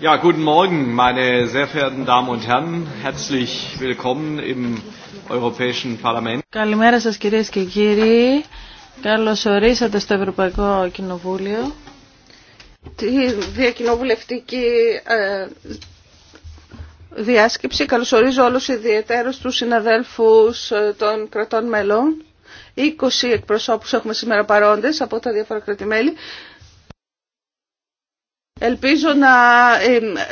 Ja, guten Morgen, meine sehr verehrten Damen und Herren. Herzlich willkommen im Europäischen Parlament. Καλημέρα σας κυρίες και κύριοι. Καλώς ορίσατε στο Ευρωπαϊκό Κοινοβούλιο. Τη διακοινοβουλευτική ε, διάσκεψη καλωσορίζω όλους ιδιαίτερους τους συναδέλφους ε, των κρατών μελών. 20 εκπροσώπους έχουμε σήμερα παρόντες από τα διάφορα κρατημέλη. Ελπίζω να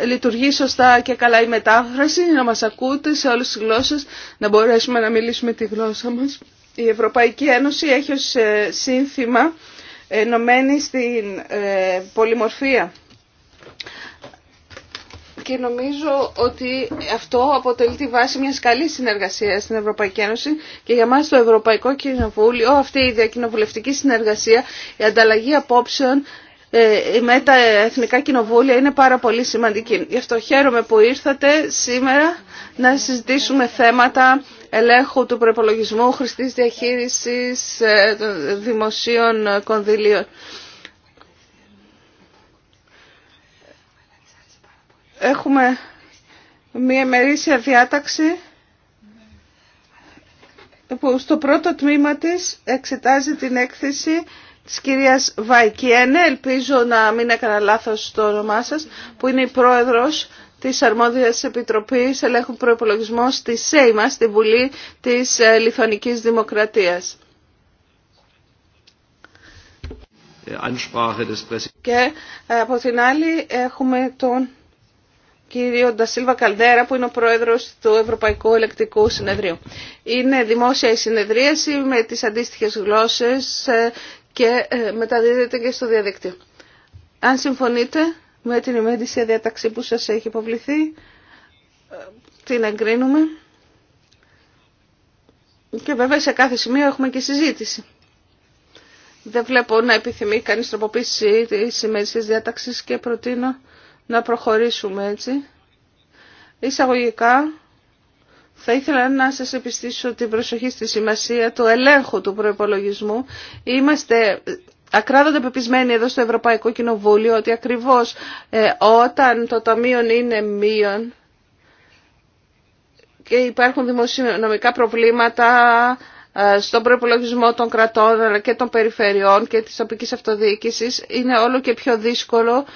λειτουργεί σωστά και καλά η μετάφραση, να μας ακούτε σε όλες τις γλώσσες, να μπορέσουμε να μιλήσουμε τη γλώσσα μας. Η Ευρωπαϊκή Ένωση έχει ως ε, σύνθημα ενωμένη στην ε, πολυμορφία. Και νομίζω ότι αυτό αποτελεί τη βάση μιας καλής συνεργασίας στην Ευρωπαϊκή Ένωση και για μας το Ευρωπαϊκό Κοινοβούλιο αυτή η διακοινοβουλευτική συνεργασία, η ανταλλαγή απόψεων ε, με τα Εθνικά Κοινοβούλια είναι πάρα πολύ σημαντική. Γι' αυτό χαίρομαι που ήρθατε σήμερα να συζητήσουμε θέματα ελέγχου του προπολογισμού χρηστής διαχείρισης ε, δημοσίων κονδυλίων. Έχουμε μία μερίσια διάταξη που στο πρώτο τμήμα της εξετάζει την έκθεση της κυρίας Βαϊκιένε, ελπίζω να μην έκανα λάθος το όνομά σας, που είναι η πρόεδρος της Αρμόδιας Επιτροπής Ελέγχου προπολογισμό στη ΣΕΙΜΑ, στη Βουλή της ε, Λιθωνικής Δημοκρατίας. Και ε, από την άλλη έχουμε τον κύριο Ντασίλβα Καλδέρα που είναι ο πρόεδρος του Ευρωπαϊκού Ελεκτικού Συνεδρίου. Είναι δημόσια η συνεδρίαση με τις αντίστοιχες γλώσσες ε, και ε, μεταδίδεται και στο διαδίκτυο. Αν συμφωνείτε με την ημέντησια διάταξη που σας έχει υποβληθεί, ε, την εγκρίνουμε. Και βέβαια σε κάθε σημείο έχουμε και συζήτηση. Δεν βλέπω να επιθυμεί κανείς τροποποίηση της ημέρησης διάταξης και προτείνω να προχωρήσουμε έτσι. Εισαγωγικά θα ήθελα να σας επιστήσω την προσοχή στη σημασία του ελέγχου του προϋπολογισμού. Είμαστε ακράδοντα πεπισμένοι εδώ στο Ευρωπαϊκό Κοινοβούλιο ότι ακριβώς ε, όταν το ταμείο είναι μείον και υπάρχουν δημοσιονομικά προβλήματα ε, στον προπολογισμό των κρατών αλλά και των περιφερειών και της τοπικής αυτοδιοίκησης είναι όλο και πιο δύσκολο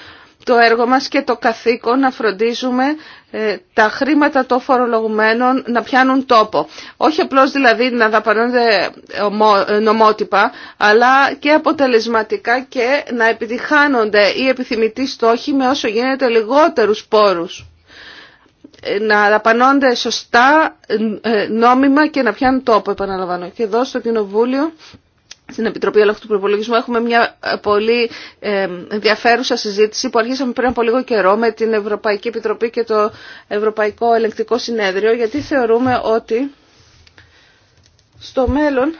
το έργο μας και το καθήκον να φροντίζουμε ε, τα χρήματα των φορολογουμένων να πιάνουν τόπο. Όχι απλώς δηλαδή να δαπανώνται νομότυπα, αλλά και αποτελεσματικά και να επιτυχάνονται οι επιθυμητοί στόχοι με όσο γίνεται λιγότερους πόρους. Ε, να δαπανώνται σωστά, ε, νόμιμα και να πιάνουν τόπο, επαναλαμβάνω. Και εδώ στο Κοινοβούλιο στην Επιτροπή Ελέγχου του Προπολογισμού έχουμε μια ε, πολύ ε, ενδιαφέρουσα συζήτηση που αρχίσαμε πριν από λίγο καιρό με την Ευρωπαϊκή Επιτροπή και το Ευρωπαϊκό Ελεγκτικό Συνέδριο γιατί θεωρούμε ότι στο μέλλον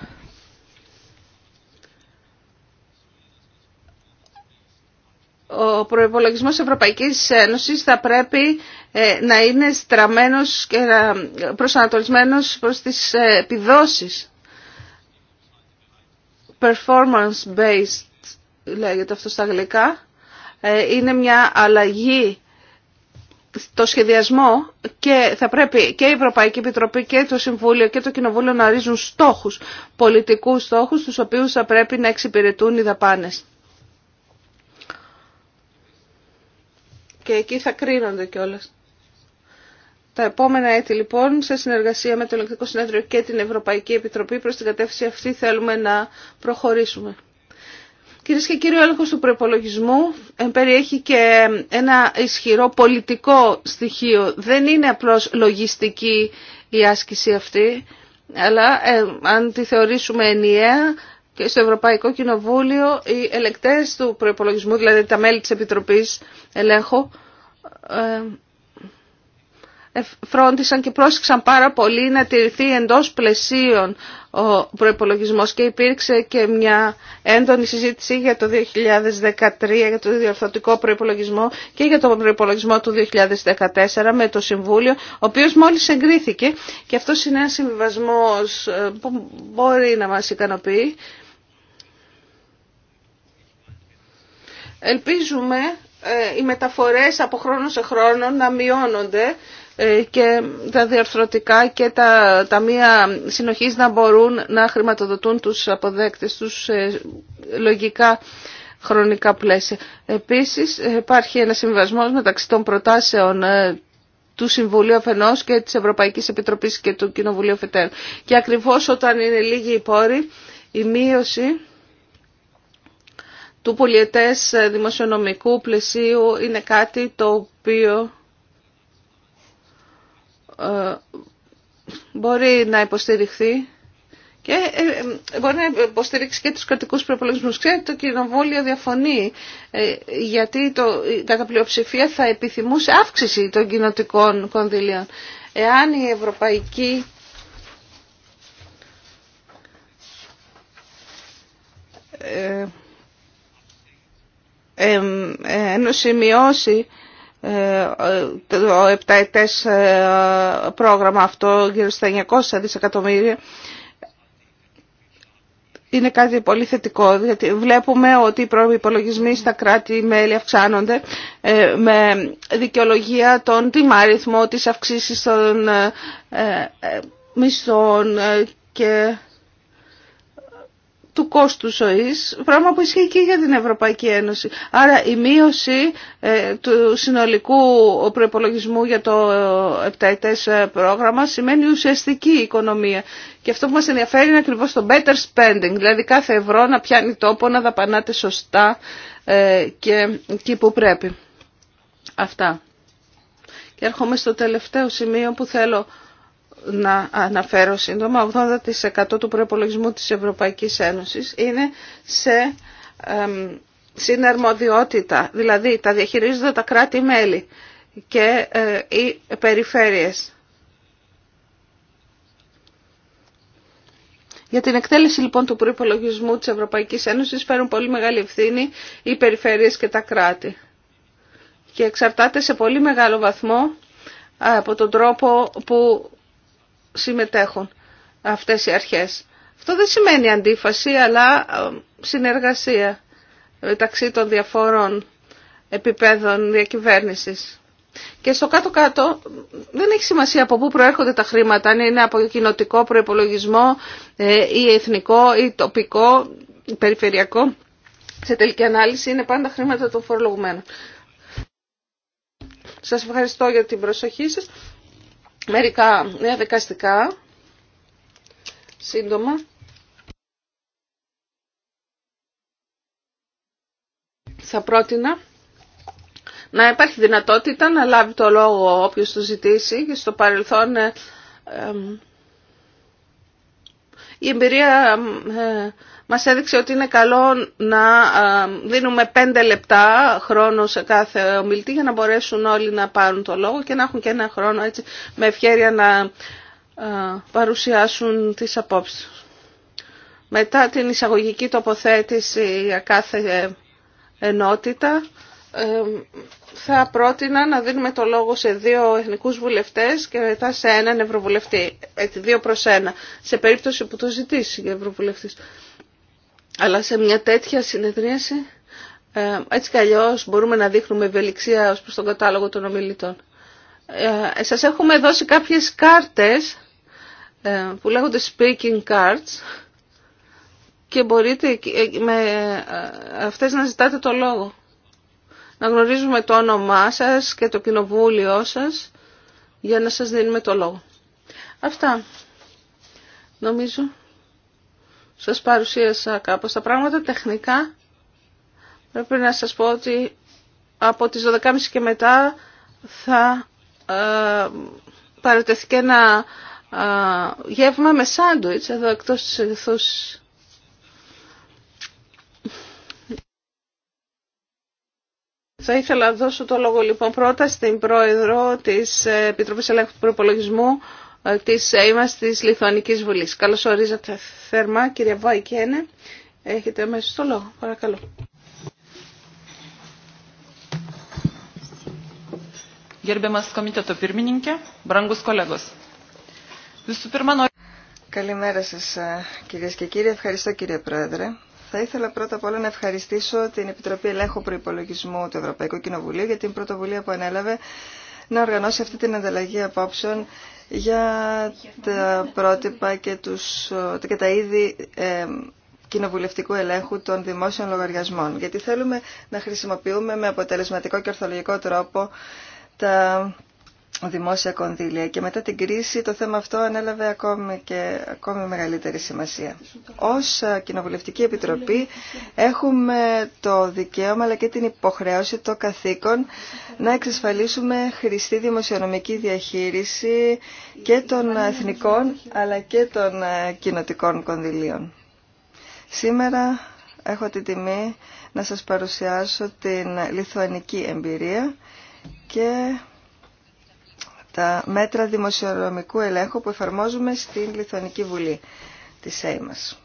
ο προϋπολογισμός Ευρωπαϊκής Ένωσης θα πρέπει ε, να είναι στραμμένος και προσανατολισμένος προς τις επιδόσεις performance-based λέγεται αυτό στα αγγλικά, ε, είναι μια αλλαγή στο σχεδιασμό και θα πρέπει και η Ευρωπαϊκή Επιτροπή και το Συμβούλιο και το Κοινοβούλιο να ρίζουν στόχους, πολιτικούς στόχους, τους οποίους θα πρέπει να εξυπηρετούν οι δαπάνες. Και εκεί θα κρίνονται κιόλας. Τα επόμενα έτη λοιπόν, σε συνεργασία με το Ελεκτικό Συνέδριο και την Ευρωπαϊκή Επιτροπή, προς την κατεύθυνση αυτή θέλουμε να προχωρήσουμε. Κυρίε και κύριοι, ο έλεγχο του προπολογισμού περιέχει και ένα ισχυρό πολιτικό στοιχείο. Δεν είναι απλώ λογιστική η άσκηση αυτή, αλλά ε, αν τη θεωρήσουμε ενιαία και στο Ευρωπαϊκό Κοινοβούλιο οι ελεκτές του προπολογισμού, δηλαδή τα μέλη της Επιτροπής Ελέγχου, ε, φρόντισαν και πρόσεξαν πάρα πολύ να τηρηθεί εντός πλαισίων ο προϋπολογισμός και υπήρξε και μια έντονη συζήτηση για το 2013, για το διορθωτικό προϋπολογισμό και για το προϋπολογισμό του 2014 με το Συμβούλιο, ο οποίος μόλις εγκρίθηκε και αυτό είναι ένα συμβιβασμό ε, που μπορεί να μας ικανοποιεί. Ελπίζουμε ε, οι μεταφορές από χρόνο σε χρόνο να μειώνονται ε, και τα διορθωτικά και τα ταμεία συνοχής να μπορούν να χρηματοδοτούν τους αποδέκτες τους ε, λογικά χρονικά πλαίσια. Επίσης υπάρχει ένα συμβασμός μεταξύ των προτάσεων ε, του Συμβουλίου αφενός και της Ευρωπαϊκής Επιτροπής και του Κοινοβουλίου Φετέρου. Και ακριβώς όταν είναι λίγοι οι πόροι, η μείωση του πολιετές δημοσιονομικού πλαισίου είναι κάτι το οποίο ε, μπορεί να υποστηριχθεί και ε, μπορεί να υποστηρίξει και τους κρατικούς προπολογισμούς. Ξέρετε, το κοινοβούλιο διαφωνεί ε, γιατί το, κατά πλειοψηφία θα επιθυμούσε αύξηση των κοινοτικών κονδυλίων. Εάν η Ευρωπαϊκή ε, ε, ε, ε, το επταετές ε, πρόγραμμα αυτό γύρω στα 900 δισεκατομμύρια είναι κάτι πολύ θετικό γιατί βλέπουμε ότι οι προϋπολογισμοί στα κράτη-μέλη αυξάνονται με δικαιολογία τον τιμάριθμο της αυξήσεις των μισθών και του κόστου ζωής, πράγμα που ισχύει και για την Ευρωπαϊκή Ένωση. Άρα η μείωση ε, του συνολικού προπολογισμού για το επταετές ε, πρόγραμμα σημαίνει ουσιαστική οικονομία. Και αυτό που μας ενδιαφέρει είναι ακριβώς το better spending, δηλαδή κάθε ευρώ να πιάνει τόπο, να δαπανάτε σωστά ε, και εκεί που πρέπει. Αυτά. Και έρχομαι στο τελευταίο σημείο που θέλω να αναφέρω σύντομα, 80% του προπολογισμού της Ευρωπαϊκής Ένωσης είναι σε συναρμοδιότητα, δηλαδή τα διαχειρίζονται τα κράτη-μέλη και ε, οι περιφέρειες. Για την εκτέλεση λοιπόν του προϋπολογισμού της Ευρωπαϊκής Ένωσης φέρουν πολύ μεγάλη ευθύνη οι περιφέρειες και τα κράτη. Και εξαρτάται σε πολύ μεγάλο βαθμό από τον τρόπο που συμμετέχουν αυτές οι αρχές. Αυτό δεν σημαίνει αντίφαση, αλλά ε, συνεργασία μεταξύ των διαφόρων επιπέδων διακυβέρνησης. Και στο κάτω-κάτω δεν έχει σημασία από πού προέρχονται τα χρήματα, αν είναι από κοινοτικό προϋπολογισμό ε, ή εθνικό ή τοπικό περιφερειακό. Σε τελική ανάλυση είναι πάντα χρήματα των φορολογουμένων. Σας ευχαριστώ για την προσοχή σας μερικά διαδικαστικά, σύντομα. Θα πρότεινα να υπάρχει δυνατότητα να λάβει το λόγο όποιος το ζητήσει και στο παρελθόν ε, ε, η εμπειρία ε, μας έδειξε ότι είναι καλό να δίνουμε πέντε λεπτά χρόνο σε κάθε ομιλητή για να μπορέσουν όλοι να πάρουν το λόγο και να έχουν και ένα χρόνο έτσι με ευχαίρεια να παρουσιάσουν τις απόψεις Μετά την εισαγωγική τοποθέτηση για κάθε ενότητα ε, θα πρότεινα να δίνουμε το λόγο σε δύο εθνικούς βουλευτές και μετά σε έναν ευρωβουλευτή, δύο προς ένα, σε περίπτωση που το ζητήσει ο ευρωβουλευτής. Αλλά σε μια τέτοια συνεδρίαση ε, έτσι κι αλλιώς μπορούμε να δείχνουμε ευελιξία ως προς τον κατάλογο των ομιλητών. Ε, σας έχουμε δώσει κάποιες κάρτες ε, που λέγονται speaking cards και μπορείτε ε, με αυτές να ζητάτε το λόγο. Να γνωρίζουμε το όνομά σας και το κοινοβούλιο σας για να σας δίνουμε το λόγο. Αυτά νομίζω σας παρουσίασα κάπως τα πράγματα τεχνικά. Πρέπει να σας πω ότι από τις 12.30 και μετά θα ε, και ένα ε, γεύμα με σάντουιτς εδώ εκτός της αιθούσης. Θα ήθελα να δώσω το λόγο λοιπόν πρώτα στην Πρόεδρο της Επιτροπής Ελέγχου του Προπολογισμού, ε, της ΕΙΜΑΣ της Λιθωανικής Βουλής. Καλώς ορίζατε θερμά, κύριε Βάικένε. Έχετε μέσα στο λόγο. Παρακαλώ. Καλημέρα σας ε, κυρίες και κύριοι. Ευχαριστώ κύριε Πρόεδρε. Θα ήθελα πρώτα απ' όλα να ευχαριστήσω την Επιτροπή Ελέγχου Προπολογισμού του Ευρωπαϊκού Κοινοβουλίου για την πρωτοβουλία που ανέλαβε να οργανώσει αυτή την ανταλλαγή απόψεων για τα πρότυπα και, τους, και τα είδη ε, κοινοβουλευτικού ελέγχου των δημόσιων λογαριασμών. Γιατί θέλουμε να χρησιμοποιούμε με αποτελεσματικό και ορθολογικό τρόπο τα δημόσια κονδύλια και μετά την κρίση το θέμα αυτό ανέλαβε ακόμη και ακόμη μεγαλύτερη σημασία. Ως Κοινοβουλευτική Επιτροπή έχουμε το δικαίωμα αλλά και την υποχρέωση το καθήκον να εξασφαλίσουμε χρηστή δημοσιονομική διαχείριση και των εθνικών αλλά και των κοινοτικών κονδυλίων. Σήμερα έχω την τιμή να σας παρουσιάσω την λιθουανική εμπειρία και τα μέτρα δημοσιονομικού ελέγχου που εφαρμόζουμε στην Λιθουανική Βουλή της ΣΕΙΜΑΣ.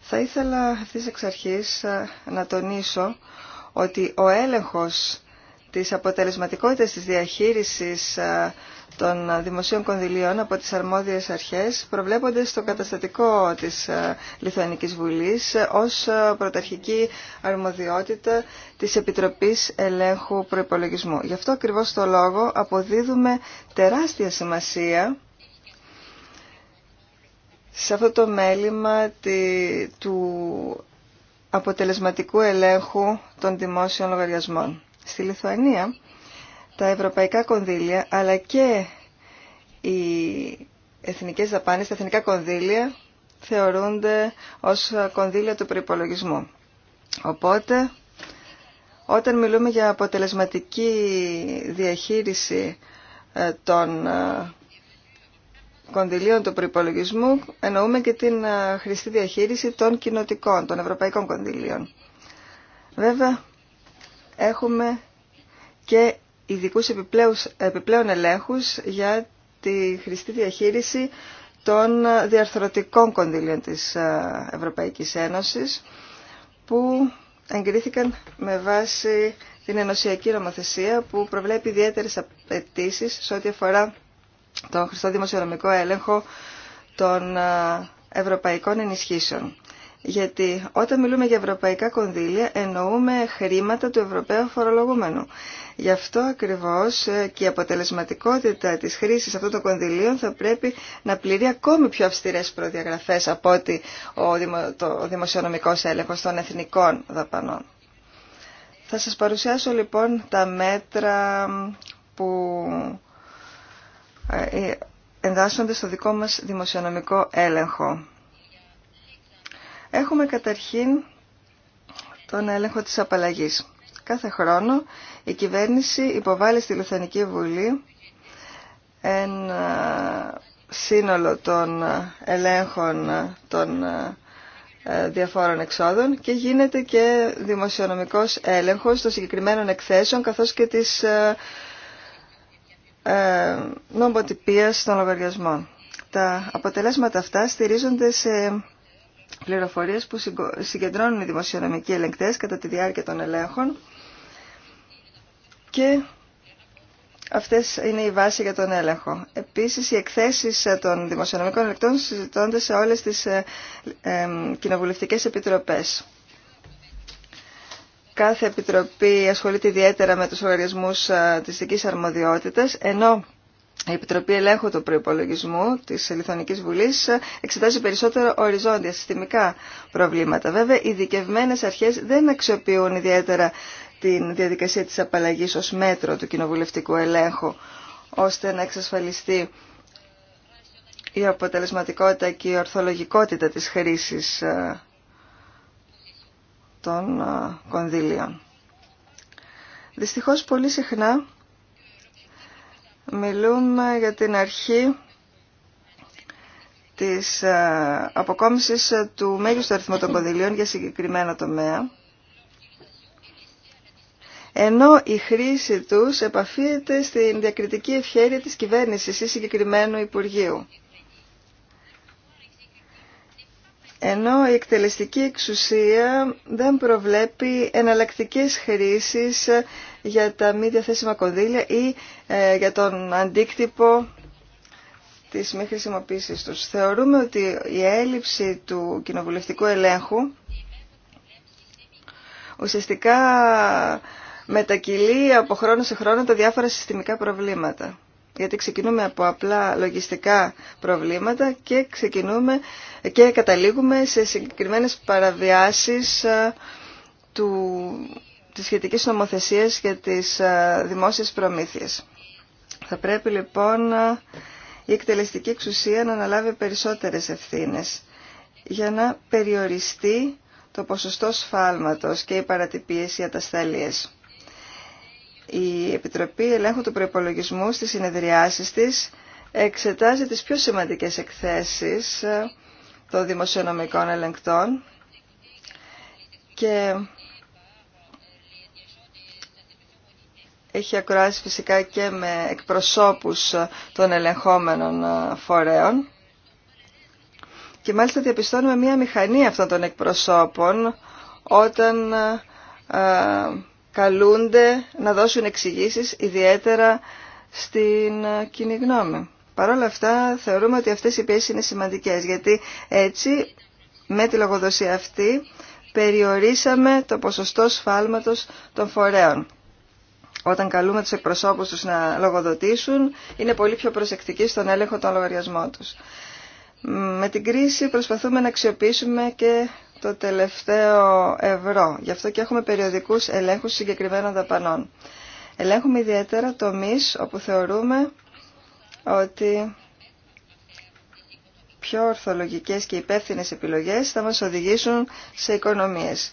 Θα ήθελα αυτής εξ αρχής να τονίσω ότι ο έλεγχος της αποτελεσματικότητας της διαχείρισης των ε, δημοσίων κονδυλίων από τις αρμόδιες αρχές προβλέπονται στο καταστατικό της ε, Λιθουανικής Βουλής ε, ως πρωταρχική αρμοδιότητα της Επιτροπής Ελέγχου Προϋπολογισμού. Γι' αυτό ακριβώς το λόγο αποδίδουμε τεράστια σημασία σε αυτό το μέλημα του αποτελεσματικού ελέγχου των δημόσιων λογαριασμών. Στη Λιθουανία τα ευρωπαϊκά κονδύλια αλλά και οι εθνικές δαπάνες, τα εθνικά κονδύλια θεωρούνται ως κονδύλια του προϋπολογισμού. Οπότε, όταν μιλούμε για αποτελεσματική διαχείριση ε, των ε, κονδυλίων του προϋπολογισμού, εννοούμε και την ε, χρηστή διαχείριση των κοινοτικών, των ευρωπαϊκών κονδυλίων. Βέβαια, έχουμε και ειδικούς επιπλέον ελέγχους για τη χρηστή διαχείριση των διαρθρωτικών κονδύλιων της ε, Ευρωπαϊκής Ένωσης που εγκρίθηκαν με βάση την ενωσιακή νομοθεσία που προβλέπει ιδιαίτερες απαιτήσει σε ό,τι αφορά τον χρηστό δημοσιονομικό έλεγχο των ε, ευρωπαϊκών ενισχύσεων. Γιατί όταν μιλούμε για ευρωπαϊκά κονδύλια εννοούμε χρήματα του Ευρωπαίου φορολογούμενου. Γι' αυτό ακριβώς ε, και η αποτελεσματικότητα της χρήσης αυτών των κονδυλίων θα πρέπει να πληρεί ακόμη πιο αυστηρές προδιαγραφές από ότι ο, δημο, το, δημοσιονομικός έλεγχος των εθνικών δαπανών. Θα σας παρουσιάσω λοιπόν τα μέτρα που ε, ε, εντάσσονται στο δικό μας δημοσιονομικό έλεγχο Έχουμε καταρχήν τον έλεγχο της απαλλαγής. Κάθε χρόνο η κυβέρνηση υποβάλλει στη Λουθανική Βουλή ένα σύνολο των ελέγχων των ε, διαφόρων εξόδων και γίνεται και δημοσιονομικός έλεγχος των συγκεκριμένων εκθέσεων καθώς και της ε, ε, νομοτυπίας των λογαριασμών. Τα αποτελέσματα αυτά στηρίζονται σε πληροφορίες που συγκεντρώνουν οι δημοσιονομικοί ελεγκτές κατά τη διάρκεια των ελέγχων και αυτές είναι η βάση για τον έλεγχο. Επίσης, οι εκθέσεις ε, των δημοσιονομικών ελεγκτών συζητώνται σε όλες τις ε, ε, κοινοβουλευτικές επιτροπές. Κάθε επιτροπή ασχολείται ιδιαίτερα με τους οργανισμούς της δικής αρμοδιότητας, ενώ η Επιτροπή Ελέγχου του Προπολογισμού τη Λιθωνική Βουλή εξετάζει περισσότερο οριζόντια συστημικά προβλήματα. Βέβαια, οι δικευμένε αρχέ δεν αξιοποιούν ιδιαίτερα τη διαδικασία τη απαλλαγή ω μέτρο του κοινοβουλευτικού ελέγχου, ώστε να εξασφαλιστεί η αποτελεσματικότητα και η ορθολογικότητα της χρήσης ε, των ε, κονδύλιων. Δυστυχώς πολύ συχνά μιλούμε για την αρχή της ε, αποκόμισης ε, του μέγιστου αριθμού των κονδυλίων για συγκεκριμένα τομέα, ενώ η χρήση τους επαφείται στην διακριτική ευχέρεια της κυβέρνησης ή συγκεκριμένου Υπουργείου. Ενώ η εκτελεστική εξουσία δεν προβλέπει εναλλακτικές χρήσεις ε, για τα μη διαθέσιμα κονδύλια ή ε, για τον αντίκτυπο της μη χρησιμοποίησης τους. Θεωρούμε ότι η έλλειψη του κοινοβουλευτικού ελέγχου ουσιαστικά μετακυλεί από χρόνο σε χρόνο τα διάφορα συστημικά προβλήματα. Γιατί ξεκινούμε από απλά λογιστικά προβλήματα και, ξεκινούμε και καταλήγουμε σε συγκεκριμένες παραβιάσεις ε, του τις σχετικές νομοθεσίες και τις ε, δημόσιες προμήθειες. Θα πρέπει λοιπόν η εκτελεστική εξουσία να αναλάβει περισσότερες ευθύνες για να περιοριστεί το ποσοστό σφάλματος και η παρατυπίες ή ατασταλίες. Η η Ελέγχου του Προϋπολογισμού στις συνεδριάσεις της εξετάζει τις πιο σημαντικές εκθέσεις ε, των δημοσιονομικών ελεγκτών και έχει ακροάσει φυσικά και με εκπροσώπους των ελεγχόμενων ε, φορέων και μάλιστα διαπιστώνουμε μία μηχανή αυτών των εκπροσώπων όταν ε, καλούνται να δώσουν εξηγήσει ιδιαίτερα στην ε, κοινή γνώμη. Παρ' όλα αυτά θεωρούμε ότι αυτές οι πιέσεις είναι σημαντικές γιατί έτσι με τη λογοδοσία αυτή περιορίσαμε το ποσοστό σφάλματος των φορέων όταν καλούμε τους εκπροσώπους τους να λογοδοτήσουν, είναι πολύ πιο προσεκτικοί στον έλεγχο των λογαριασμών τους. Με την κρίση προσπαθούμε να αξιοποιήσουμε και το τελευταίο ευρώ. Γι' αυτό και έχουμε περιοδικούς ελέγχους συγκεκριμένων δαπανών. Ελέγχουμε ιδιαίτερα τομείς όπου θεωρούμε ότι πιο ορθολογικές και υπεύθυνες επιλογές θα μας οδηγήσουν σε οικονομίες.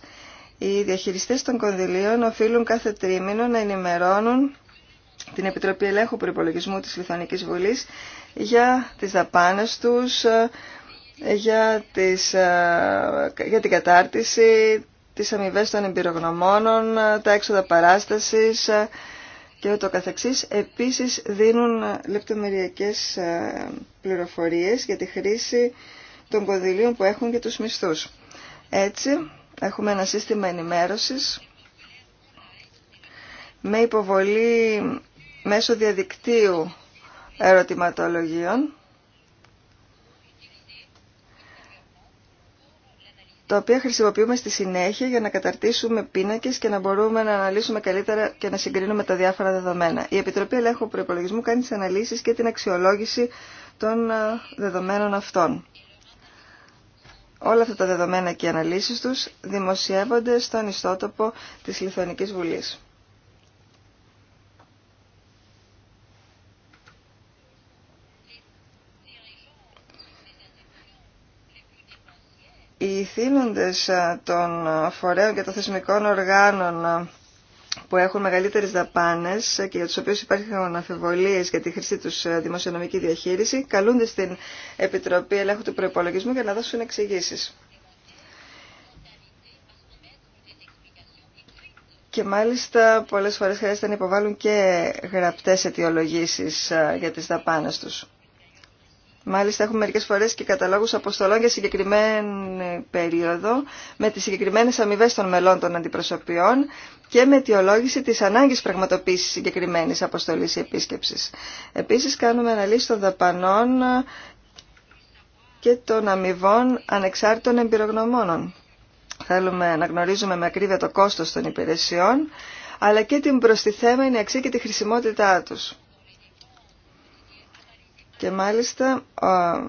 Οι διαχειριστές των κονδυλίων οφείλουν κάθε τρίμηνο να ενημερώνουν την Επιτροπή Ελέγχου Προπολογισμού της Λιθωνικής Βουλής για τις δαπάνες τους, για, τις, για την κατάρτιση, τις αμοιβέ των εμπειρογνωμόνων, τα έξοδα παράστασης και το καθεξής. Επίσης δίνουν λεπτομεριακές ε, πληροφορίες για τη χρήση των κονδυλίων που έχουν και τους μισθούς. Έτσι, Έχουμε ένα σύστημα ενημέρωσης με υποβολή μέσω διαδικτύου ερωτηματολογίων τα οποία χρησιμοποιούμε στη συνέχεια για να καταρτήσουμε πίνακες και να μπορούμε να αναλύσουμε καλύτερα και να συγκρίνουμε τα διάφορα δεδομένα. Η Επιτροπή Ελέγχου Προπολογισμού κάνει τις αναλύσεις και την αξιολόγηση των ε, δεδομένων αυτών. Όλα αυτά τα δεδομένα και οι αναλύσεις τους δημοσιεύονται στον ιστότοπο της Λιθουανικής Βουλής. Οι θύνοντες ε, των φορέων και των θεσμικών οργάνων ε, που έχουν μεγαλύτερες δαπάνες και για τους οποίους υπάρχουν αμφιβολίες για τη χρήση τους ε, δημοσιονομική διαχείριση, καλούνται στην Επιτροπή Ελέγχου του Προϋπολογισμού για να δώσουν εξηγήσεις. Και μάλιστα πολλές φορές χρειάζεται να υποβάλουν και γραπτές αιτιολογήσεις ε, για τις δαπάνες τους. Μάλιστα έχουμε μερικές φορές και καταλόγους αποστολών για συγκεκριμένη περίοδο με τις συγκεκριμένες αμοιβέ των μελών των αντιπροσωπιών και με αιτιολόγηση της ανάγκης πραγματοποίησης συγκεκριμένης αποστολής ή επίσκεψης. Επίσης κάνουμε αναλύση των δαπανών και των αμοιβών ανεξάρτητων εμπειρογνωμόνων. Θέλουμε να γνωρίζουμε με ακρίβεια το κόστος των υπηρεσιών αλλά και την προστιθέμενη αξία και τη χρησιμότητά τους. Και μάλιστα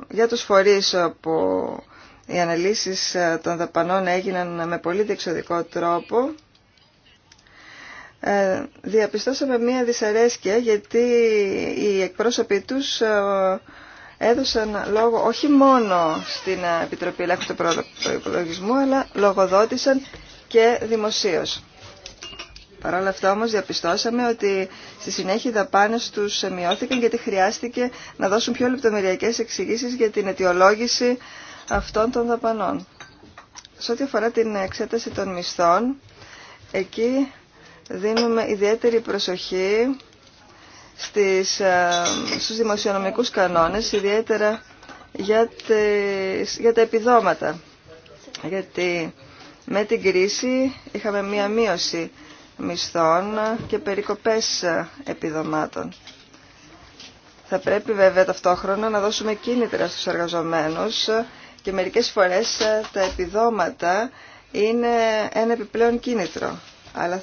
για τους φορείς που οι αναλύσεις ε, των δαπανών έγιναν με πολύ διεξοδικό τρόπο, ε, διαπιστώσαμε μία δυσαρέσκεια γιατί οι εκπρόσωποι τους ε, έδωσαν λόγο όχι μόνο στην Επιτροπή Ελέγχου του Προϋπολογισμού αλλά λογοδότησαν και δημοσίως. Παρ' όλα αυτά όμως διαπιστώσαμε ότι στη συνέχεια οι δαπάνες τους μειώθηκαν γιατί χρειάστηκε να δώσουν πιο λεπτομεριακές εξηγήσεις για την αιτιολόγηση αυτών των δαπανών. Σε ό,τι αφορά την εξέταση των μισθών, εκεί δίνουμε ιδιαίτερη προσοχή στις, ε, στους δημοσιονομικούς κανόνες, ιδιαίτερα για, για τα επιδόματα. Γιατί με την κρίση είχαμε μία μείωση μισθών και περικοπές επιδομάτων. Θα πρέπει βέβαια ταυτόχρονα να δώσουμε κίνητρα στους εργαζομένους και μερικές φορές τα επιδόματα είναι ένα επιπλέον κίνητρο. Αλλά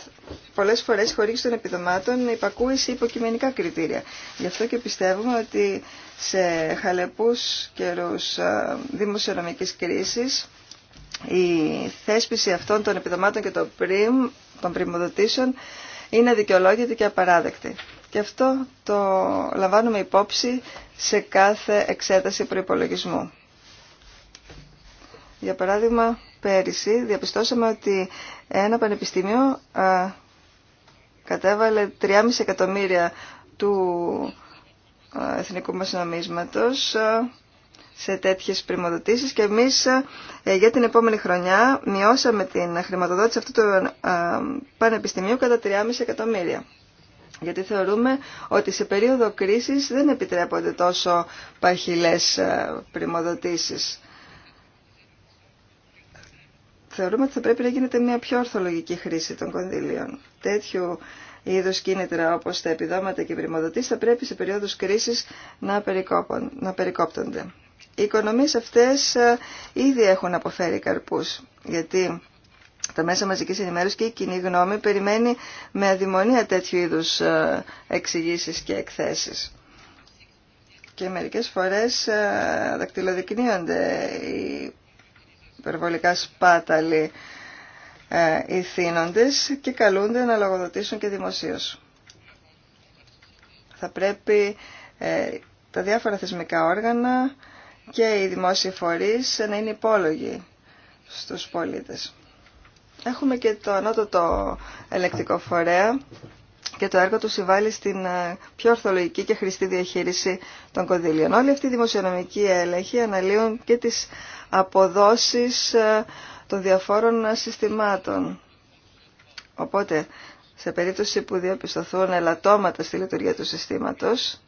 πολλές φορές η χορήγηση των επιδομάτων υπακούει σε υποκειμενικά κριτήρια. Γι' αυτό και πιστεύουμε ότι σε χαλεπούς καιρούς ε, δημοσιονομικής κρίσης η θέσπιση αυτών των επιδομάτων και των, πριμ, των είναι αδικαιολόγητη και απαράδεκτη. Και αυτό το λαμβάνουμε υπόψη σε κάθε εξέταση προϋπολογισμού. Για παράδειγμα, πέρυσι διαπιστώσαμε ότι ένα πανεπιστήμιο κατέβαλε 3,5 εκατομμύρια του Εθνικού μας Νομίσματος σε τέτοιες πρημοδοτήσεις και εμείς ε, για την επόμενη χρονιά μειώσαμε την χρηματοδότηση αυτού του ε, πανεπιστημίου κατά 3,5 εκατομμύρια. Γιατί θεωρούμε ότι σε περίοδο κρίσης δεν επιτρέπονται τόσο παχυλές ε, πρημοδοτήσεις. Θεωρούμε ότι θα πρέπει να γίνεται μια πιο ορθολογική χρήση των κονδυλίων. Τέτοιου είδου κίνητρα όπω τα επιδόματα και οι πρημοδοτήσει θα πρέπει σε περίοδου κρίση να περικόπτονται οι οικονομίες αυτές ε, ήδη έχουν αποφέρει καρπούς, γιατί τα μέσα μαζικής ενημέρωσης και η κοινή γνώμη περιμένει με αδημονία τέτοιου είδους ε, εξηγήσει και εκθέσεις. Και μερικές φορές ε, δακτυλοδεικνύονται οι υπερβολικά σπάταλοι ηθήνοντες και καλούνται να λογοδοτήσουν και δημοσίως. Θα πρέπει τα διάφορα θεσμικά όργανα και οι δημόσιοι φορείς να είναι υπόλογοι στους πολίτες. Έχουμε και το ανώτατο ελεκτικό φορέα και το έργο του συμβάλλει στην ε, πιο ορθολογική και χρηστή διαχείριση των κονδύλιων. Όλοι αυτοί οι δημοσιονομικοί έλεγχοι αναλύουν και τις αποδόσεις ε, των διαφόρων συστημάτων. Οπότε, σε περίπτωση που διαπιστωθούν ελαττώματα στη λειτουργία του συστήματος,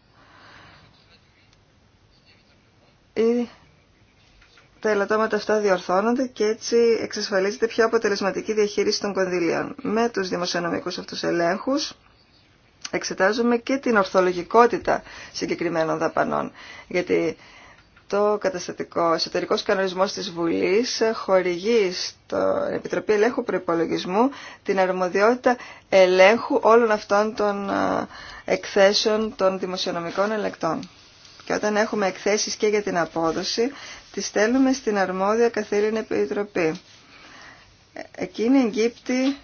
ή τα ελαττώματα αυτά διορθώνονται και έτσι εξασφαλίζεται πιο αποτελεσματική διαχείριση των κονδυλίων. Με τους δημοσιονομικούς αυτούς ελέγχους εξετάζουμε και την ορθολογικότητα συγκεκριμένων δαπανών. Γιατί το καταστατικό εσωτερικό κανονισμό τη Βουλή χορηγεί στην Επιτροπή Ελέγχου Προπολογισμού την αρμοδιότητα ελέγχου όλων αυτών των ε, εκθέσεων των δημοσιονομικών ελεκτών. Και όταν έχουμε εκθέσεις και για την απόδοση, τις στέλνουμε στην αρμόδια καθήλυνη επιτροπή. Εκείνη εγκύπτει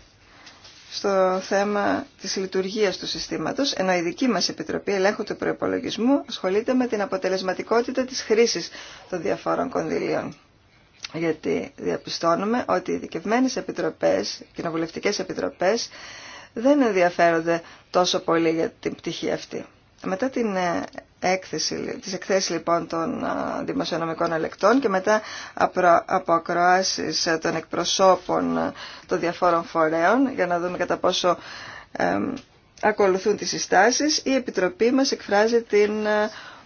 στο θέμα της λειτουργίας του συστήματος, ενώ η δική μας Επιτροπή Ελέγχου του Προϋπολογισμού ασχολείται με την αποτελεσματικότητα της χρήσης των διαφόρων κονδυλίων. Γιατί διαπιστώνουμε ότι οι δικευμένες επιτροπές, οι κοινοβουλευτικέ επιτροπές, δεν ενδιαφέρονται τόσο πολύ για την πτυχή αυτή. Μετά την ε, έκθεση, τις εκθέσεις λοιπόν των δημοσιονομικών ελεκτών και μετά από ακροάσεις των εκπροσώπων των διαφόρων φορέων για να δούμε κατά πόσο ακολουθούν τις συστάσεις η Επιτροπή μας εκφράζει την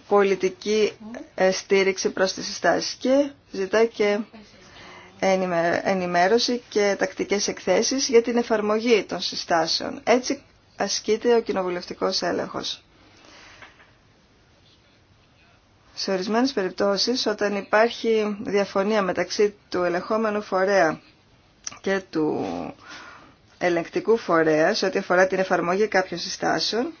πολιτική στήριξη προς τις συστάσεις και ζητά και ενημέρωση και τακτικές εκθέσεις για την εφαρμογή των συστάσεων. Έτσι ασκείται ο κοινοβουλευτικός έλεγχος. Σε ορισμένες περιπτώσεις, όταν υπάρχει διαφωνία μεταξύ του ελεγχόμενου φορέα και του ελεγκτικού φορέα σε ό,τι αφορά την εφαρμογή κάποιων συστάσεων,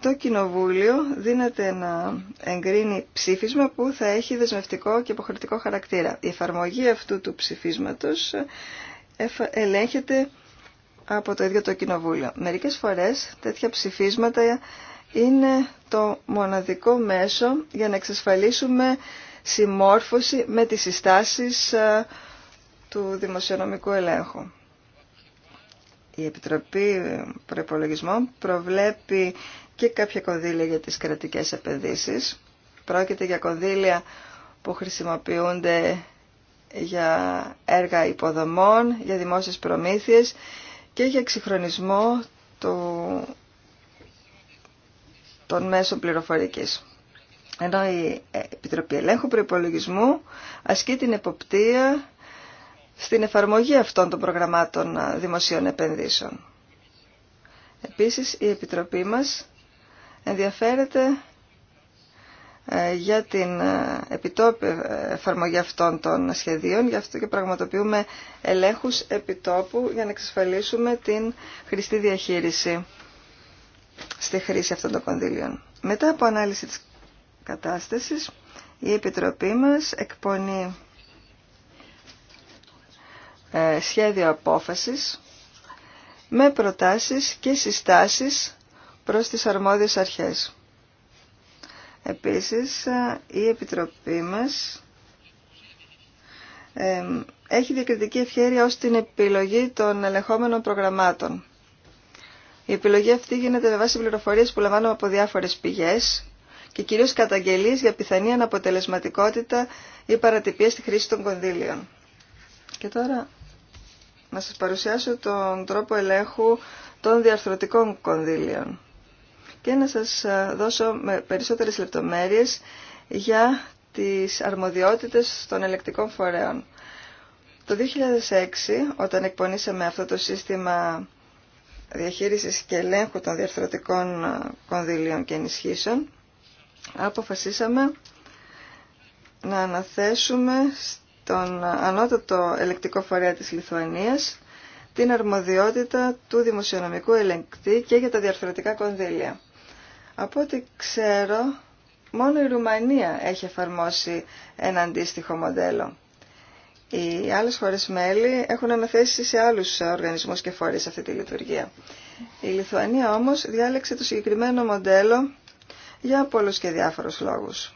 το Κοινοβούλιο δίνεται να εγκρίνει ψήφισμα που θα έχει δεσμευτικό και υποχρεωτικό χαρακτήρα. Η εφαρμογή αυτού του ψηφίσματος ελέγχεται από το ίδιο το Κοινοβούλιο. Μερικές φορές τέτοια ψηφίσματα είναι το μοναδικό μέσο για να εξασφαλίσουμε συμμόρφωση με τις συστάσεις ε, του δημοσιονομικού ελέγχου. Η Επιτροπή Προϋπολογισμών προβλέπει και κάποια κονδύλια για τις κρατικές επενδύσεις. Πρόκειται για κονδύλια που χρησιμοποιούνται για έργα υποδομών, για δημόσιες προμήθειες και για εξυγχρονισμό του των μέσων πληροφορικής. Ενώ η Επιτροπή Ελέγχου Προϋπολογισμού ασκεί την εποπτεία στην εφαρμογή αυτών των προγραμμάτων δημοσίων επενδύσεων. Επίσης, η Επιτροπή μας ενδιαφέρεται ε, για την ε, επιτόπη ε, εφαρμογή αυτών των σχεδίων. Γι' αυτό και πραγματοποιούμε ελέγχους επιτόπου για να εξασφαλίσουμε την χρηστή διαχείριση στη χρήση αυτών των κονδύλιων. Μετά από ανάλυση της κατάστασης, η Επιτροπή μας εκπονεί ε, σχέδιο απόφασης με προτάσεις και συστάσεις προς τις αρμόδιες αρχές. Επίσης, ε, η Επιτροπή μας ε, έχει διακριτική ευχαίρεια ως την επιλογή των ελεγχόμενων προγραμμάτων. Η επιλογή αυτή γίνεται με βάση πληροφορίε που λαμβάνουμε από διάφορες πηγές και κυρίω καταγγελίε για πιθανή αναποτελεσματικότητα ή παρατυπία στη χρήση των κονδύλιων. Και τώρα να σας παρουσιάσω τον τρόπο ελέγχου των διαρθρωτικών κονδύλιων και να σας ε, δώσω με περισσότερες λεπτομέρειες για τις αρμοδιότητες των ελεκτικών φορέων. Το 2006, όταν εκπονήσαμε αυτό το σύστημα διαχείρισης και ελέγχου των διαρθρωτικών ε, κονδυλίων και ενισχύσεων αποφασίσαμε να αναθέσουμε στον ανώτατο ελεκτικό φορέα της Λιθουανίας την αρμοδιότητα του δημοσιονομικού ελεγκτή και για τα διαρθρωτικά κονδύλια. Από ό,τι ξέρω, μόνο η Ρουμανία έχει εφαρμόσει ένα αντίστοιχο μοντέλο. Οι άλλες χώρες μέλη έχουν αναθέσει σε άλλους οργανισμούς και φορείς αυτή τη λειτουργία. Η Λιθουανία όμως διάλεξε το συγκεκριμένο μοντέλο για πολλούς και διάφορους λόγους.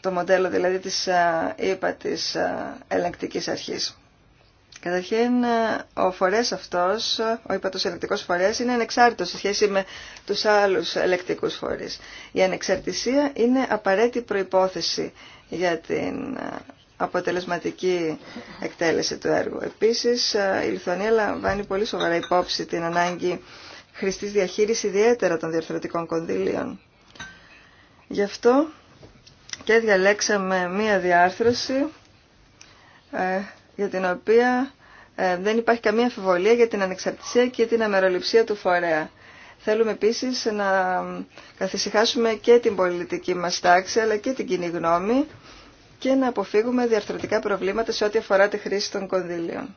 Το μοντέλο δηλαδή της ΕΠΑ της αρχής. Καταρχήν, ο φορές αυτός, ο υπατός ελεκτικός φορές, είναι ανεξάρτητος σε σχέση με τους άλλους ελεκτικούς φορείς. Η ανεξαρτησία είναι απαραίτητη προϋπόθεση για την ε, αποτελεσματική εκτέλεση του έργου. Επίσης, ε, η Λιθουανία λαμβάνει πολύ σοβαρά υπόψη την ανάγκη χρηστής διαχείρισης ιδιαίτερα των διαρθρωτικών κονδύλιων. Γι' αυτό και διαλέξαμε μία διάρθρωση ε, για την οποία δεν υπάρχει καμία αμφιβολία για την ανεξαρτησία και την αμεροληψία του φορέα. Θέλουμε επίσης να καθησυχάσουμε και την πολιτική μας τάξη αλλά και την κοινή γνώμη και να αποφύγουμε διαρθρωτικά προβλήματα σε ό,τι αφορά τη χρήση των κονδύλιων.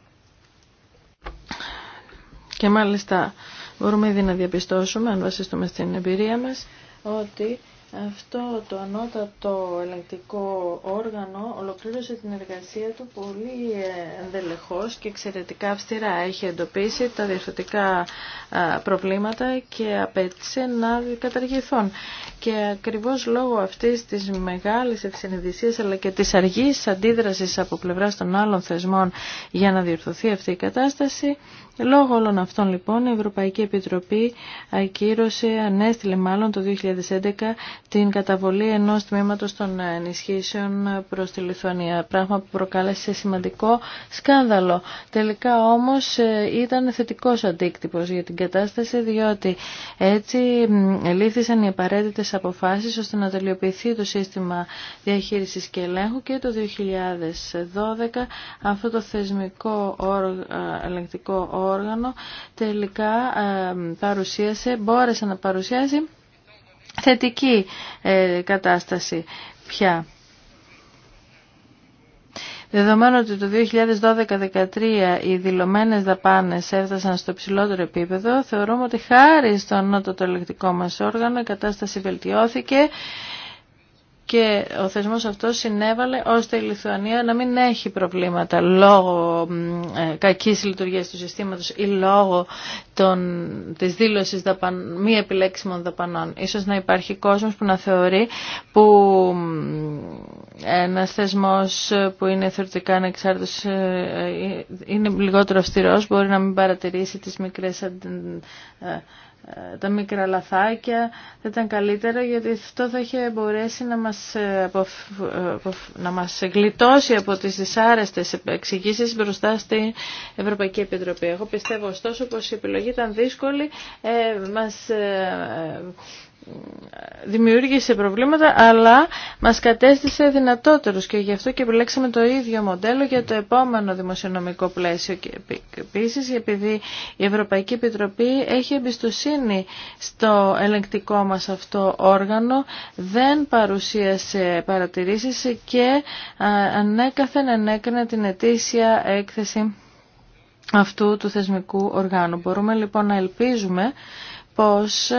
Και μάλιστα μπορούμε ήδη να διαπιστώσουμε, αν βασιστούμε στην εμπειρία μας, ότι αυτό το ανώτατο ελεγκτικό όργανο ολοκλήρωσε την εργασία του πολύ ε, ενδελεχώς και εξαιρετικά αυστηρά. Έχει εντοπίσει τα διευθυντικά προβλήματα και απέτησε να καταργηθούν. Και ακριβώς λόγω αυτής της μεγάλης ευσυνειδησίας αλλά και της αργής αντίδρασης από πλευράς των άλλων θεσμών για να διορθωθεί αυτή η κατάσταση, Λόγω όλων αυτών λοιπόν η Ευρωπαϊκή Επιτροπή ακύρωσε, ανέστηλε μάλλον το 2011 την καταβολή ενός τμήματος των ενισχύσεων προς τη Λιθουανία, πράγμα που προκάλεσε σημαντικό σκάνδαλο. Τελικά όμως ε, ήταν θετικός αντίκτυπος για την κατάσταση διότι έτσι λήφθησαν οι απαραίτητες αποφάσεις ώστε να τελειοποιηθεί το σύστημα διαχείρισης και ελέγχου και το 2012 αυτό το θεσμικό ελεγκτικό όργανο όργανο τελικά ε, παρουσίασε, μπόρεσε να παρουσιάσει θετική ε, κατάσταση πια. Δεδομένου ότι το 2012-2013 οι δηλωμένες δαπάνες έφτασαν στο ψηλότερο επίπεδο, θεωρούμε ότι χάρη στον νότο το ελεκτικό μας όργανο η κατάσταση βελτιώθηκε και ο θεσμός αυτός συνέβαλε ώστε η Λιθουανία να μην έχει προβλήματα λόγω ε, κακής λειτουργίας του συστήματος ή λόγω των, της δήλωσης δαπαν, μη επιλέξιμων δαπανών. Ίσως να υπάρχει κόσμος που να θεωρεί που ένας θεσμός που είναι θεωρητικά ανεξάρτητος ε, ε, είναι λιγότερο αυστηρός, μπορεί να μην παρατηρήσει τις μικρές ε, τα μικρά λαθάκια θα ήταν καλύτερα γιατί αυτό θα είχε μπορέσει να μας, ε, ε, να μας γλιτώσει από τις δυσάρεστες εξηγήσεις μπροστά στην Ευρωπαϊκή Επιτροπή. Εγώ πιστεύω ωστόσο πως η επιλογή ήταν δύσκολη, μας δημιούργησε προβλήματα αλλά μας κατέστησε δυνατότερους και γι' αυτό και επιλέξαμε το ίδιο μοντέλο για το επόμενο δημοσιονομικό πλαίσιο και επίσης επειδή η Ευρωπαϊκή Επιτροπή έχει εμπιστοσύνη στο ελεγκτικό μας αυτό όργανο δεν παρουσίασε παρατηρήσεις και ανέκαθεν ενέκρινε την ετήσια έκθεση αυτού του θεσμικού οργάνου. Μπορούμε λοιπόν να ελπίζουμε πως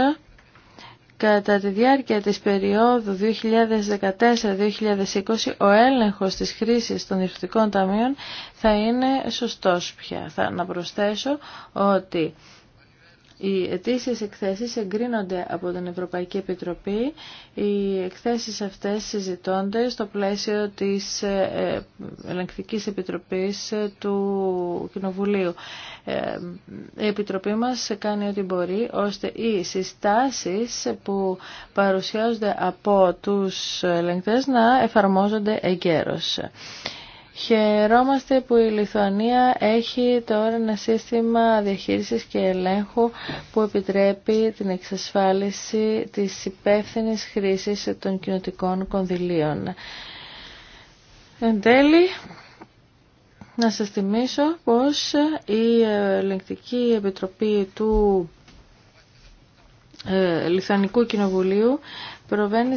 Κατά τη διάρκεια της περίοδου 2014-2020 ο έλεγχος της χρήσης των διευθυντικών ταμείων θα είναι σωστός πια. Θα να προσθέσω ότι οι ετήσιες εκθέσεις εγκρίνονται από την Ευρωπαϊκή Επιτροπή. Οι εκθέσεις αυτές συζητώνται στο πλαίσιο της ε, Ελεγκτικής Επιτροπής ε, του Κοινοβουλίου. Ε, η Επιτροπή μας κάνει ό,τι μπορεί ώστε οι συστάσεις που παρουσιάζονται από τους ελεγκτές να εφαρμόζονται εγκαίρως. Χαιρόμαστε που η Λιθουανία έχει τώρα ένα σύστημα διαχείρισης και ελέγχου που επιτρέπει την εξασφάλιση της υπεύθυνης χρήσης των κοινωτικών κονδυλίων. Εν τέλει, να σας θυμίσω πως η Ελεγκτική Επιτροπή του ε, Λιθανικού Κοινοβουλίου προβαίνει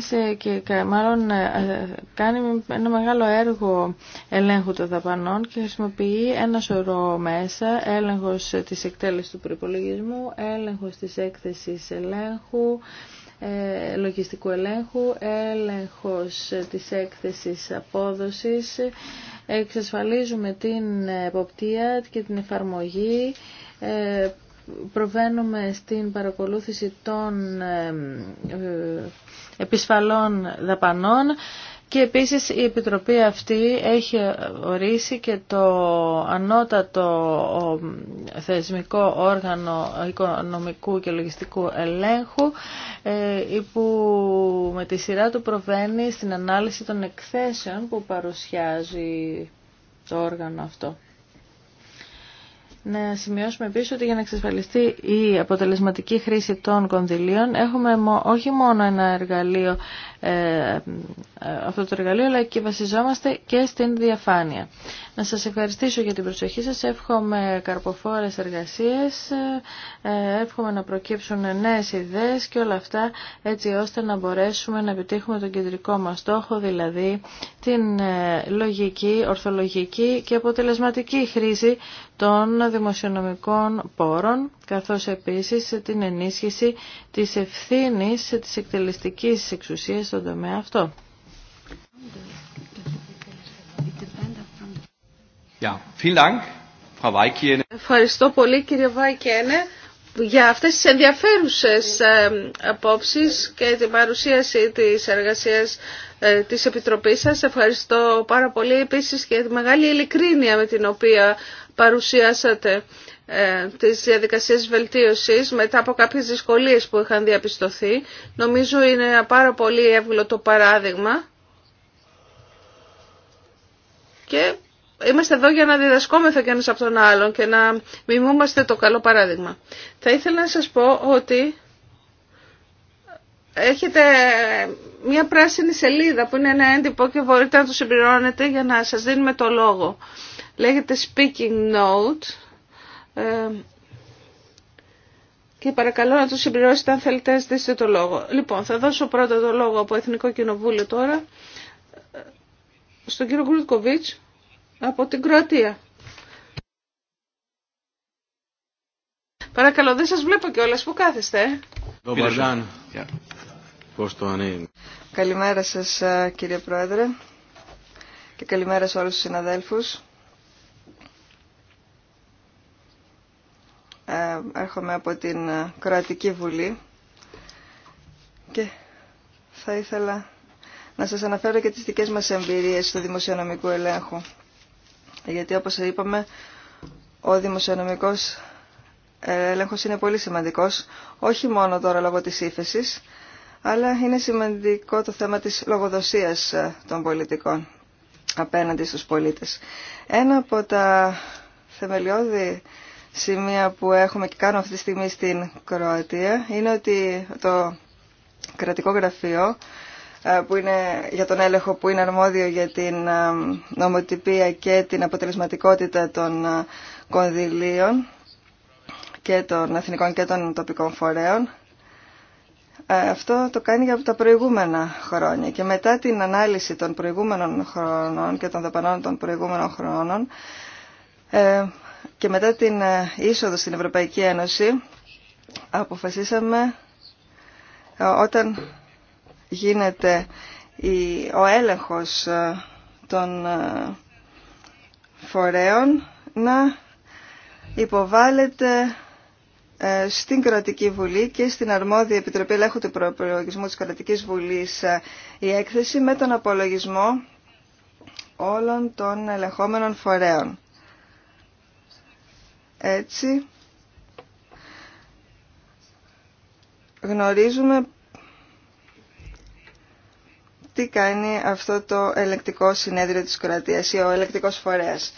και μάλλον ε, κάνει ένα μεγάλο έργο ελέγχου των δαπανών και χρησιμοποιεί ένα σωρό μέσα, έλεγχος της εκτέλεσης του προπολογισμού, έλεγχος της έκθεσης ελέγχου, ε, λογιστικού ελέγχου, έλεγχος της έκθεσης απόδοσης, εξασφαλίζουμε την εποπτεία και την εφαρμογή, προβαίνουμε στην παρακολούθηση των ε, επισφαλών δαπανών και επίσης η Επιτροπή αυτή έχει ορίσει και το ανώτατο θεσμικό όργανο οικονομικού και λογιστικού ελέγχου ε, που με τη σειρά του προβαίνει στην ανάλυση των εκθέσεων που παρουσιάζει το όργανο αυτό. Να σημειώσουμε επίσης ότι για να εξασφαλιστεί η αποτελεσματική χρήση των κονδυλίων έχουμε όχι μόνο ένα εργαλείο ε, αυτό το εργαλείο, αλλά και βασιζόμαστε και στην διαφάνεια. Να σας ευχαριστήσω για την προσοχή σας. Εύχομαι καρποφόρες εργασίες, ε, εύχομαι να προκύψουν νέες ιδέες και όλα αυτά έτσι ώστε να μπορέσουμε να επιτύχουμε τον κεντρικό μας στόχο, δηλαδή την ε, λογική, ορθολογική και αποτελεσματική χρήση των δημοσιονομικών πόρων, καθώς επίσης την ενίσχυση της ευθύνης της εκτελεστικής εξουσίας στον τομέα αυτό. Ευχαριστώ πολύ κύριε Βάικενε για αυτές τις ενδιαφέρουσες απόψεις και την παρουσίαση της εργασίας ε, της Επιτροπής σας. Ευχαριστώ πάρα πολύ επίσης και τη μεγάλη ειλικρίνεια με την οποία παρουσιάσατε ε, τις διαδικασίες βελτίωσης μετά από κάποιες δυσκολίες που είχαν διαπιστωθεί. Νομίζω είναι ένα πάρα πολύ εύγλωτο παράδειγμα και είμαστε εδώ για να διδασκόμεθα κι ένας από τον άλλον και να μιμούμαστε το καλό παράδειγμα. Θα ήθελα να σας πω ότι έχετε μια πράσινη σελίδα που είναι ένα έντυπο και μπορείτε να το συμπληρώνετε για να σας δίνουμε το λόγο. Λέγεται Speaking Note ε, και παρακαλώ να τους συμπληρώσετε αν θέλετε να ζητήσετε το λόγο. Λοιπόν, θα δώσω πρώτα το λόγο από Εθνικό Κοινοβούλιο τώρα ε, στον κύριο Γκρούτκοβιτς από την Κροατία. Παρακαλώ, δεν σας βλέπω κιόλα Πού κάθεστε. Ε? Καλημέρα σας κύριε Πρόεδρε και καλημέρα σε όλους τους συναδέλφους. Ε, έρχομαι από την ε, Κροατική Βουλή και θα ήθελα να σας αναφέρω και τις δικές μας εμπειρίες στο δημοσιονομικό ελέγχο. Γιατί όπως είπαμε, ο δημοσιονομικός ε, έλεγχος είναι πολύ σημαντικός, όχι μόνο τώρα λόγω της ύφεση, αλλά είναι σημαντικό το θέμα της λογοδοσίας των πολιτικών απέναντι στους πολίτες. Ένα από τα θεμελιώδη σημεία που έχουμε και κάνουμε αυτή τη στιγμή στην Κροατία είναι ότι το κρατικό γραφείο ε, που είναι για τον έλεγχο που είναι αρμόδιο για την ε, νομοτυπία και την αποτελεσματικότητα των ε, κονδυλίων και των εθνικών και των τοπικών φορέων. Αυτό το κάνει για τα προηγούμενα χρόνια και μετά την ανάλυση των προηγούμενων χρόνων και των δαπανών των προηγούμενων χρόνων και μετά την ε, είσοδο στην Ευρωπαϊκή Ένωση αποφασίσαμε ε, όταν γίνεται ο έλεγχος ε, των φορέων να υποβάλλεται στην Κρατική Βουλή και στην αρμόδια Επιτροπή Ελέγχου του Προπολογισμού της Κρατικής Βουλής η έκθεση με τον απολογισμό όλων των ελεγχόμενων φορέων. Έτσι γνωρίζουμε τι κάνει αυτό το ελεκτικό συνέδριο της Κροατίας ή ο ελεκτικός φορέας.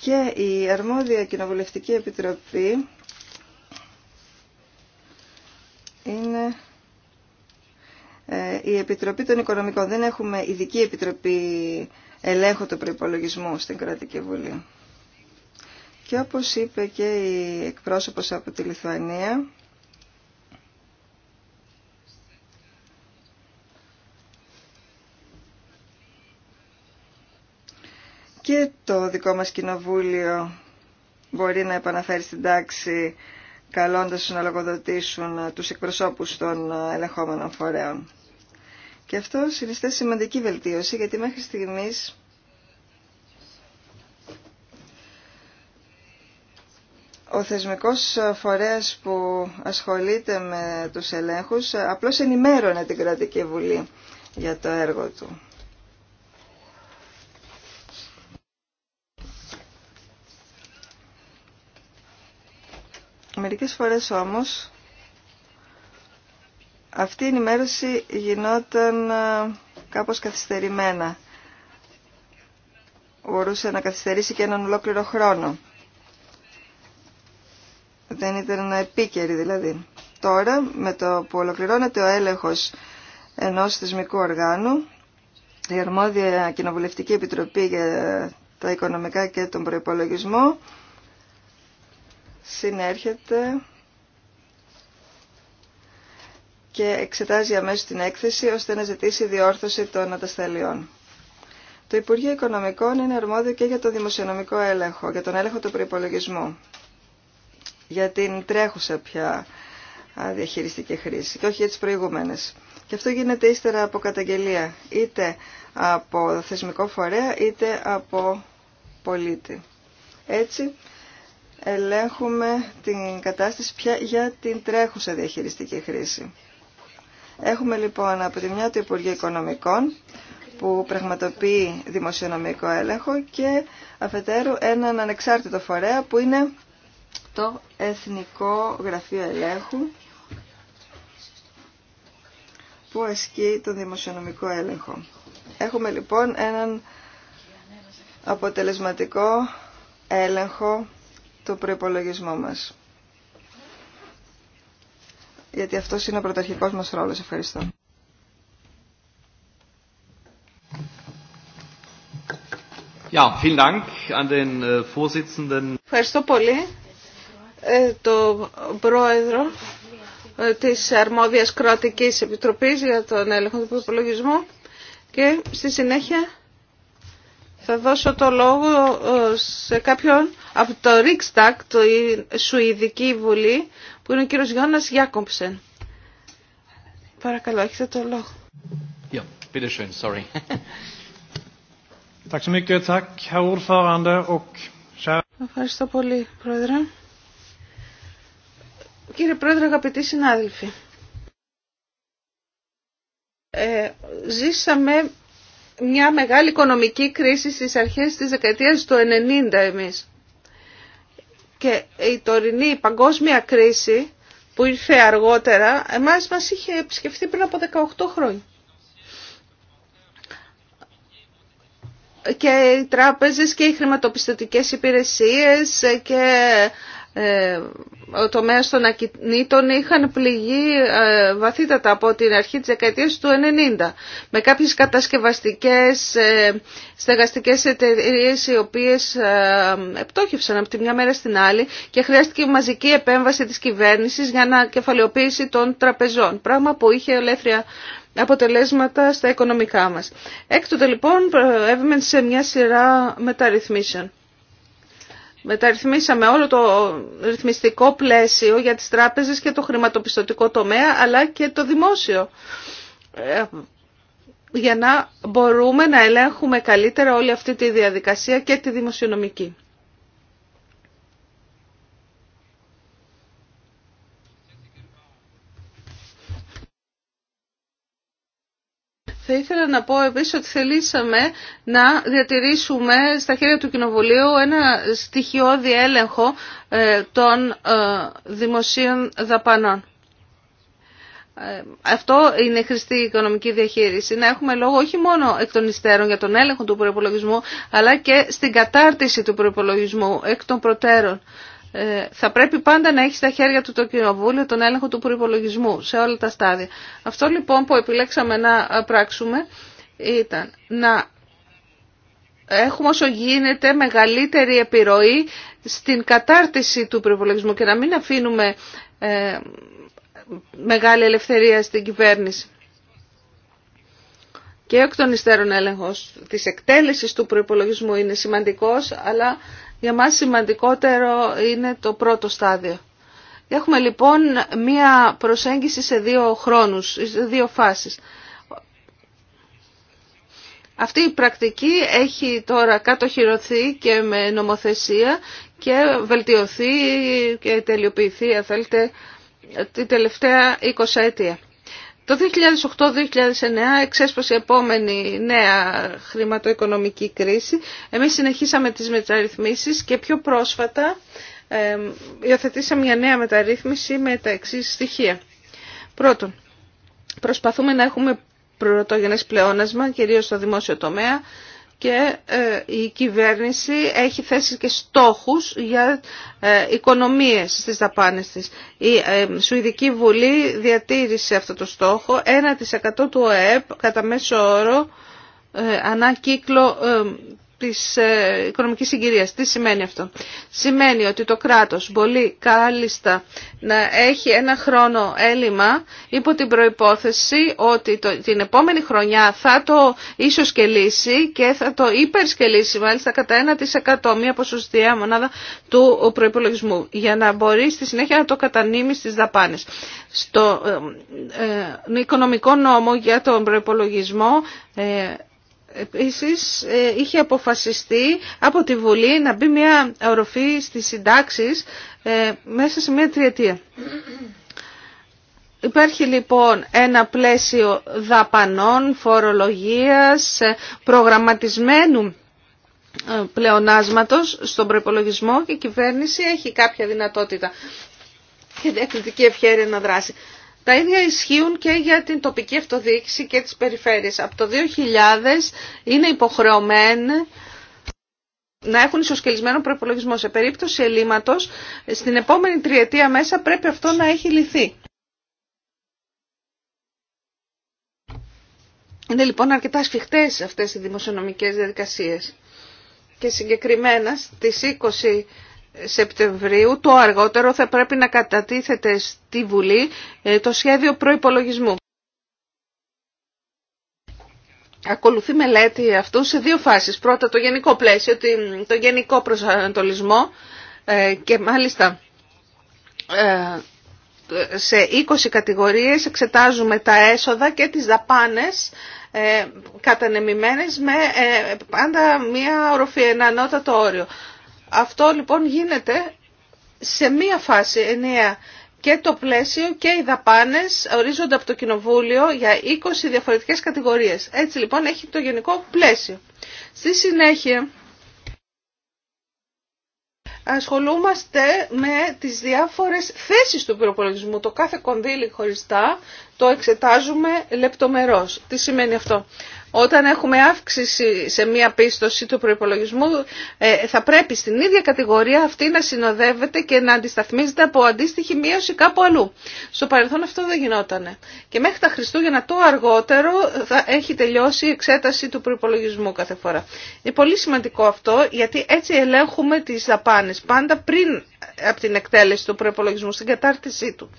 Και η αρμόδια κοινοβουλευτική επιτροπή είναι ε, η Επιτροπή των Οικονομικών. Δεν έχουμε ειδική επιτροπή ελέγχου του προϋπολογισμού στην Κρατική Βουλή. Και όπως είπε και η εκπρόσωπος από τη Λιθουανία, και το δικό μας κοινοβούλιο μπορεί να επαναφέρει στην τάξη καλώντας να λογοδοτήσουν τους εκπροσώπους των ελεγχόμενων φορέων. Και αυτό συνιστά σημαντική βελτίωση γιατί μέχρι στιγμής ο θεσμικός φορέας που ασχολείται με τους ελέγχους απλώς ενημέρωνε την κρατική βουλή για το έργο του. Μερικές φορές όμως αυτή η ενημέρωση γινόταν ε, κάπως καθυστερημένα. Μπορούσε να καθυστερήσει και έναν ολόκληρο χρόνο δεν ήταν επίκαιρη δηλαδή. Τώρα με το που ολοκληρώνεται ο έλεγχος ενός θεσμικού οργάνου, η αρμόδια Κοινοβουλευτική Επιτροπή για τα Οικονομικά και τον Προϋπολογισμό συνέρχεται και εξετάζει αμέσως την έκθεση ώστε να ζητήσει διόρθωση των ατασταλιών. Το Υπουργείο Οικονομικών είναι αρμόδιο και για το δημοσιονομικό έλεγχο, για τον έλεγχο του προϋπολογισμού για την τρέχουσα πια διαχειριστική χρήση και όχι για τις προηγούμενες. Και αυτό γίνεται ύστερα από καταγγελία, είτε από θεσμικό φορέα, είτε από πολίτη. Έτσι, ελέγχουμε την κατάσταση πια για την τρέχουσα διαχειριστική χρήση. Έχουμε λοιπόν από τη μια το Υπουργείο Οικονομικών που πραγματοποιεί δημοσιονομικό έλεγχο και αφετέρου έναν ανεξάρτητο φορέα που είναι το Εθνικό Γραφείο Ελέγχου που ασκεί το δημοσιονομικό έλεγχο. Έχουμε λοιπόν έναν αποτελεσματικό έλεγχο του προϋπολογισμού μας. Γιατί αυτός είναι ο πρωταρχικός μας ρόλος. Ευχαριστώ. Äh, Ευχαριστώ πολύ ε, το πρόεδρο ε, της αρμόδιας κρατικής επιτροπής για τον έλεγχο του προπολογισμού και στη συνέχεια θα δώσω το λόγο ε, σε κάποιον από το Ρίξτακ, το Σουηδική Βουλή, που είναι ο κύριος Γιώνας Γιάκομψεν. Παρακαλώ, έχετε το λόγο. Ευχαριστώ πολύ, Πρόεδρε. Κύριε Πρόεδρε, αγαπητοί συνάδελφοι, ε, ζήσαμε μια μεγάλη οικονομική κρίση στις αρχές της δεκαετίας του 90 εμείς. Και η τωρινή παγκόσμια κρίση που ήρθε αργότερα, εμάς μας είχε επισκεφθεί πριν από 18 χρόνια. Και οι τράπεζες και οι χρηματοπιστωτικές υπηρεσίες και ε, ο τομέας των ακινήτων είχαν πληγεί ε, βαθύτατα από την αρχή της δεκαετίας του 90 με κάποιες κατασκευαστικές ε, στεγαστικές εταιρείες οι οποίες επτόχευσαν από τη μια μέρα στην άλλη και χρειάστηκε μαζική επέμβαση της κυβέρνησης για να κεφαλαιοποίηση των τραπεζών πράγμα που είχε ελεύθερα αποτελέσματα στα οικονομικά μας. Έκτοτε λοιπόν έβημεν σε μια σειρά μεταρρυθμίσεων. Μεταρρυθμίσαμε όλο το ρυθμιστικό πλαίσιο για τις τράπεζες και το χρηματοπιστωτικό τομέα αλλά και το δημόσιο ε, για να μπορούμε να ελέγχουμε καλύτερα όλη αυτή τη διαδικασία και τη δημοσιονομική. Θα ήθελα να πω επίσης ότι θελήσαμε να διατηρήσουμε στα χέρια του Κοινοβουλίου ένα στοιχειώδη έλεγχο ε, των ε, δημοσίων δαπανών. Ε, αυτό είναι χρηστή οικονομική διαχείριση. Να έχουμε λόγο όχι μόνο εκ των υστέρων για τον έλεγχο του προπολογισμού, αλλά και στην κατάρτιση του προπολογισμού εκ των προτέρων. Ε, θα πρέπει πάντα να έχει στα χέρια του το κοινοβούλιο τον έλεγχο του προπολογισμού σε όλα τα στάδια. Αυτό λοιπόν που επιλέξαμε να ε, πράξουμε ήταν να έχουμε όσο γίνεται μεγαλύτερη επιρροή στην κατάρτιση του προπολογισμού και να μην αφήνουμε ε, μεγάλη ελευθερία στην κυβέρνηση. Και εκ των υστέρων έλεγχος της εκτέλεσης του προϋπολογισμού είναι σημαντικός, αλλά για μας σημαντικότερο είναι το πρώτο στάδιο. Έχουμε λοιπόν μία προσέγγιση σε δύο χρόνους, σε δύο φάσεις. Αυτή η πρακτική έχει τώρα κατοχυρωθεί και με νομοθεσία και βελτιωθεί και τελειοποιηθεί, αν θέλετε, την τελευταία 20 αιτία. Το 2008-2009 εξέσπασε η επόμενη νέα χρηματοοικονομική κρίση. Εμείς συνεχίσαμε τις μεταρρυθμίσεις και πιο πρόσφατα ε, υιοθετήσαμε μια νέα μεταρρύθμιση με τα εξή στοιχεία. Πρώτον, προσπαθούμε να έχουμε πρωτογενές πλεόνασμα, κυρίως στο δημόσιο τομέα, και ε, η κυβέρνηση έχει θέσει και στόχους για ε, οικονομίες στις δαπάνες της. Η ε, Σουηδική Βουλή διατήρησε αυτό το στόχο, 1% του ΟΕΠ κατά μέσο όρο ανά κύκλο της ε, οικονομικής συγκυρίας. Τι σημαίνει αυτό. Σημαίνει ότι το κράτος μπορεί κάλλιστα να έχει ένα χρόνο έλλειμμα υπό την προϋπόθεση ότι την επόμενη χρονιά θα το ίσως και λύσει και θα το υπερσκελίσει μάλιστα κατά 1% μια ποσοστιαία μονάδα του προϋπολογισμού για να μπορεί στη συνέχεια να το κατανείμει στις δαπάνες. Στο ε, ε, οικονομικό νόμο για τον προϋπολογισμό Επίσης ε, είχε αποφασιστεί από τη Βουλή να μπει μια οροφή στις συντάξεις ε, μέσα σε μια τριετία. Υπάρχει λοιπόν ένα πλαίσιο δαπανών, φορολογίας, ε, προγραμματισμένου πλεονάσματος στον προϋπολογισμό και η κυβέρνηση έχει κάποια δυνατότητα και διακριτική ευχαίρεια να δράσει. Τα ίδια ισχύουν και για την τοπική αυτοδιοίκηση και τις περιφέρειες. Από το 2000 είναι υποχρεωμένοι να έχουν ισοσκελισμένο προπολογισμό. Σε περίπτωση ελλείμματος, στην επόμενη τριετία μέσα πρέπει αυτό να έχει λυθεί. Είναι λοιπόν αρκετά σφιχτές αυτές οι δημοσιονομικές διαδικασίες. Και συγκεκριμένα στις Σεπτεμβρίου, το αργότερο, θα πρέπει να κατατίθεται στη Βουλή ε, το σχέδιο προϋπολογισμού. Ακολουθεί μελέτη αυτού σε δύο φάσεις. Πρώτα το γενικό πλαίσιο, το γενικό προσανατολισμό ε, και μάλιστα ε, σε 20 κατηγορίες εξετάζουμε τα έσοδα και τις δαπάνες κατανεμημένες με πάντα μία οροφή, ένα ανώτατο όριο. Αυτό λοιπόν γίνεται σε μία φάση ενιαία και το πλαίσιο και οι δαπάνες ορίζονται από το Κοινοβούλιο για 20 διαφορετικές κατηγορίες. Έτσι λοιπόν έχει το γενικό πλαίσιο. Στη συνέχεια ασχολούμαστε με τις διάφορες θέσεις του πυροπολογισμού, Το κάθε κονδύλι χωριστά το εξετάζουμε λεπτομερώς. Τι σημαίνει αυτό. Όταν έχουμε αύξηση σε μία πίστοση του προϋπολογισμού ε, θα πρέπει στην ίδια κατηγορία αυτή να συνοδεύεται και να αντισταθμίζεται από αντίστοιχη μείωση κάπου αλλού. Στο παρελθόν αυτό δεν γινόταν. Και μέχρι τα Χριστούγεννα το αργότερο θα έχει τελειώσει η εξέταση του προϋπολογισμού κάθε φορά. Είναι πολύ σημαντικό αυτό γιατί έτσι ελέγχουμε τις δαπάνες πάντα πριν ε, από την εκτέλεση του προϋπολογισμού, στην κατάρτισή του.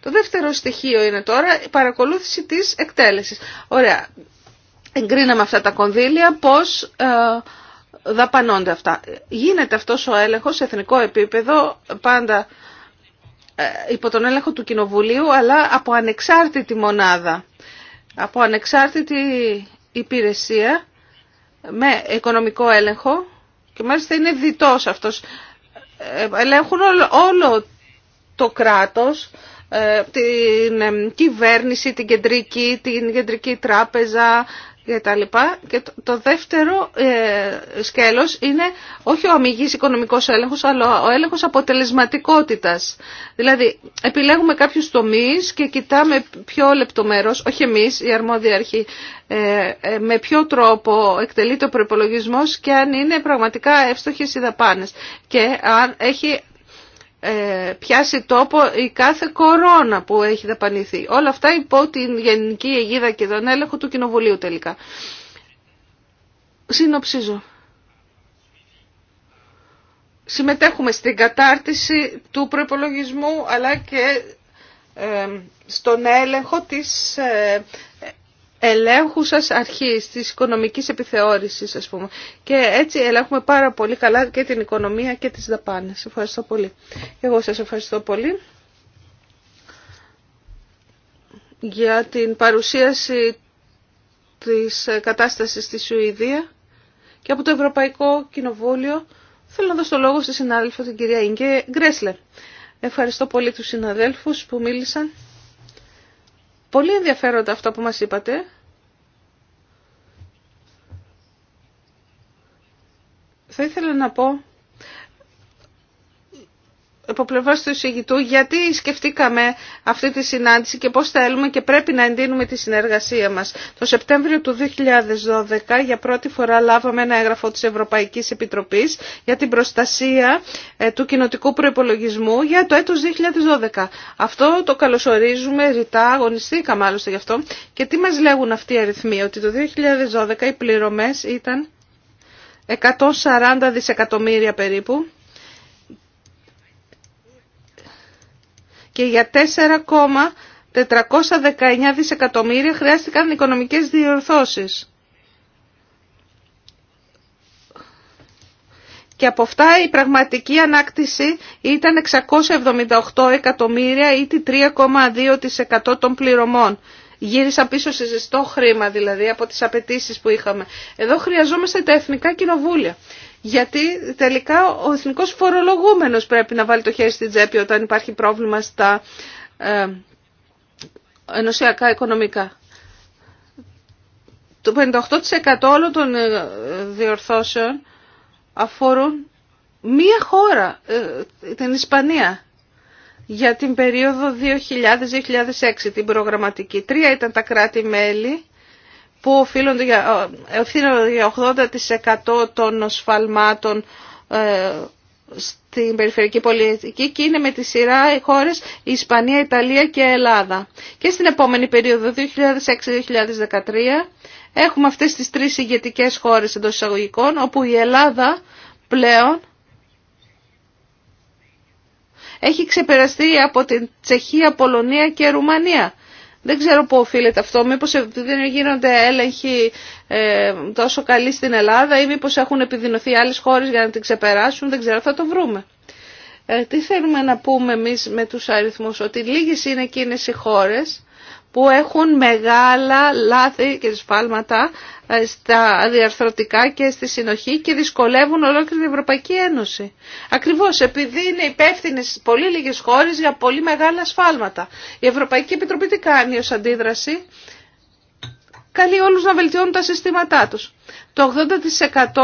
Το δεύτερο στοιχείο είναι τώρα η παρακολούθηση της εκτέλεσης. Ωραία, εγκρίναμε αυτά τα κονδύλια, πώς ε, δαπανώνται αυτά. Γίνεται αυτός ο έλεγχος σε εθνικό επίπεδο πάντα ε, υπό τον έλεγχο του Κοινοβουλίου, αλλά από ανεξάρτητη μονάδα, από ανεξάρτητη υπηρεσία με οικονομικό έλεγχο και μάλιστα είναι διτός αυτός. Ε, ελέγχουν όλο το κράτος, την κυβέρνηση, την κεντρική, την κεντρική τράπεζα, και τα λοιπά. Και το, δεύτερο ε, σκέλος είναι όχι ο αμυγής οικονομικός έλεγχος, αλλά ο έλεγχος αποτελεσματικότητας. Δηλαδή, επιλέγουμε κάποιους τομείς και κοιτάμε πιο λεπτομέρως, όχι εμείς, η αρμόδια αρχή, ε, ε, με ποιο τρόπο εκτελείται ο προπολογισμό και αν είναι πραγματικά εύστοχες οι δαπάνες και αν έχει ε, πιάσει τόπο η κάθε κορώνα που έχει δαπανηθεί. Όλα αυτά υπό την γενική αιγίδα και τον έλεγχο του Κοινοβουλίου τελικά. Συνοψίζω. Συμμετέχουμε στην κατάρτιση του προϋπολογισμού αλλά και ε, στον έλεγχο της ε, ελέγχουσας αρχής της οικονομικής επιθεώρησης ας πούμε. Και έτσι ελέγχουμε πάρα πολύ καλά και την οικονομία και τις δαπάνες. Ευχαριστώ πολύ. Εγώ σας ευχαριστώ πολύ για την παρουσίαση της κατάστασης στη Σουηδία και από το Ευρωπαϊκό Κοινοβούλιο θέλω να δώσω το λόγο στη συνάδελφο την κυρία Ινγκέ Γκρέσλερ. Ευχαριστώ πολύ τους συναδέλφους που μίλησαν. Πολύ ενδιαφέροντα αυτά που μας είπατε. Θα ήθελα να πω από πλευρά του εισηγητού γιατί σκεφτήκαμε αυτή τη συνάντηση και πώς θέλουμε και πρέπει να εντείνουμε τη συνεργασία μας. Το Σεπτέμβριο του 2012 για πρώτη φορά λάβαμε ένα έγγραφο της Ευρωπαϊκής Επιτροπής για την προστασία ε, του κοινοτικού προϋπολογισμού για το έτος 2012. Αυτό το καλωσορίζουμε ρητά, αγωνιστήκαμε άλλωστε γι' αυτό. Και τι μας λέγουν αυτοί οι αριθμοί, ότι το 2012 οι πληρωμές ήταν 140 δισεκατομμύρια περίπου και για 4,419 δισεκατομμύρια χρειάστηκαν οικονομικές διορθώσεις. Και από αυτά η πραγματική ανάκτηση ήταν 678 εκατομμύρια ή 3,2% των πληρωμών. Γύρισα πίσω σε ζεστό χρήμα δηλαδή από τις απαιτήσει που είχαμε. Εδώ χρειαζόμαστε τα εθνικά κοινοβούλια. Γιατί τελικά ο εθνικός φορολογούμενος πρέπει να βάλει το χέρι στην τσέπη όταν υπάρχει πρόβλημα στα ε, ενωσιακά οικονομικά. Το 58% όλων των ε, διορθώσεων αφορούν μία χώρα, ε, την Ισπανία για την περίοδο 2000-2006, την προγραμματική. Τρία ήταν τα κράτη-μέλη που οφείλονται για, ε, οφείλονται 80% των ασφαλμάτων ε, στην περιφερειακή πολιτική και είναι με τη σειρά οι χώρες Ισπανία, Ιταλία και Ελλάδα. Και στην επόμενη περίοδο 2006-2013 έχουμε αυτές τις τρεις ηγετικές χώρες εντός εισαγωγικών όπου η Ελλάδα πλέον έχει ξεπεραστεί από την Τσεχία, Πολωνία και Ρουμανία. Δεν ξέρω πού οφείλεται αυτό, μήπως δεν γίνονται έλεγχοι ε, τόσο καλοί στην Ελλάδα ή μήπως έχουν επιδεινωθεί άλλες χώρες για να την ξεπεράσουν, δεν ξέρω, θα το βρούμε. Ε, τι θέλουμε να πούμε εμείς με τους αριθμούς, ότι λίγες είναι εκείνες οι χώρες που έχουν μεγάλα λάθη και σφάλματα ε, στα διαρθρωτικά και στη συνοχή και δυσκολεύουν ολόκληρη την Ευρωπαϊκή Ένωση. Ακριβώς επειδή είναι υπεύθυνε πολύ λίγες χώρες για πολύ μεγάλα σφάλματα. Η Ευρωπαϊκή Επιτροπή τι κάνει ως αντίδραση. Καλεί όλους να βελτιώνουν τα συστήματά τους. Το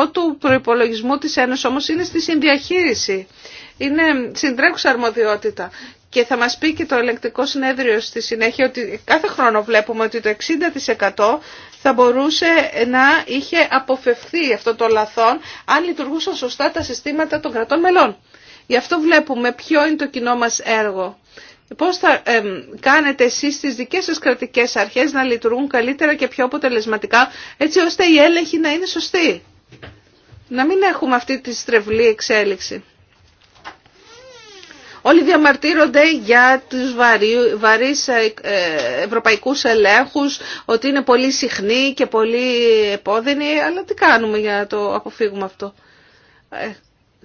80% του προϋπολογισμού της Ένωσης όμως είναι στη συνδιαχείριση. Είναι συντρέχουσα αρμοδιότητα και θα μας πει και το ελεκτικό συνέδριο στη συνέχεια ότι κάθε χρόνο βλέπουμε ότι το 60% θα μπορούσε να είχε αποφευθεί αυτό το λαθόν αν λειτουργούσαν σωστά τα συστήματα των κρατών μελών. Γι' αυτό βλέπουμε ποιο είναι το κοινό μας έργο. Πώς θα κάνετε εσείς τις δικές σας κρατικές αρχές να λειτουργούν καλύτερα και πιο αποτελεσματικά έτσι ώστε η έλεγχη να είναι σωστή. Να μην έχουμε αυτή τη στρεβλή εξέλιξη. Όλοι διαμαρτύρονται για τους βαρύς ε, ε, ευρωπαϊκούς ελέγχους, ότι είναι πολύ συχνή και πολύ επώδυνοι, αλλά τι κάνουμε για να το αποφύγουμε αυτό. Ε,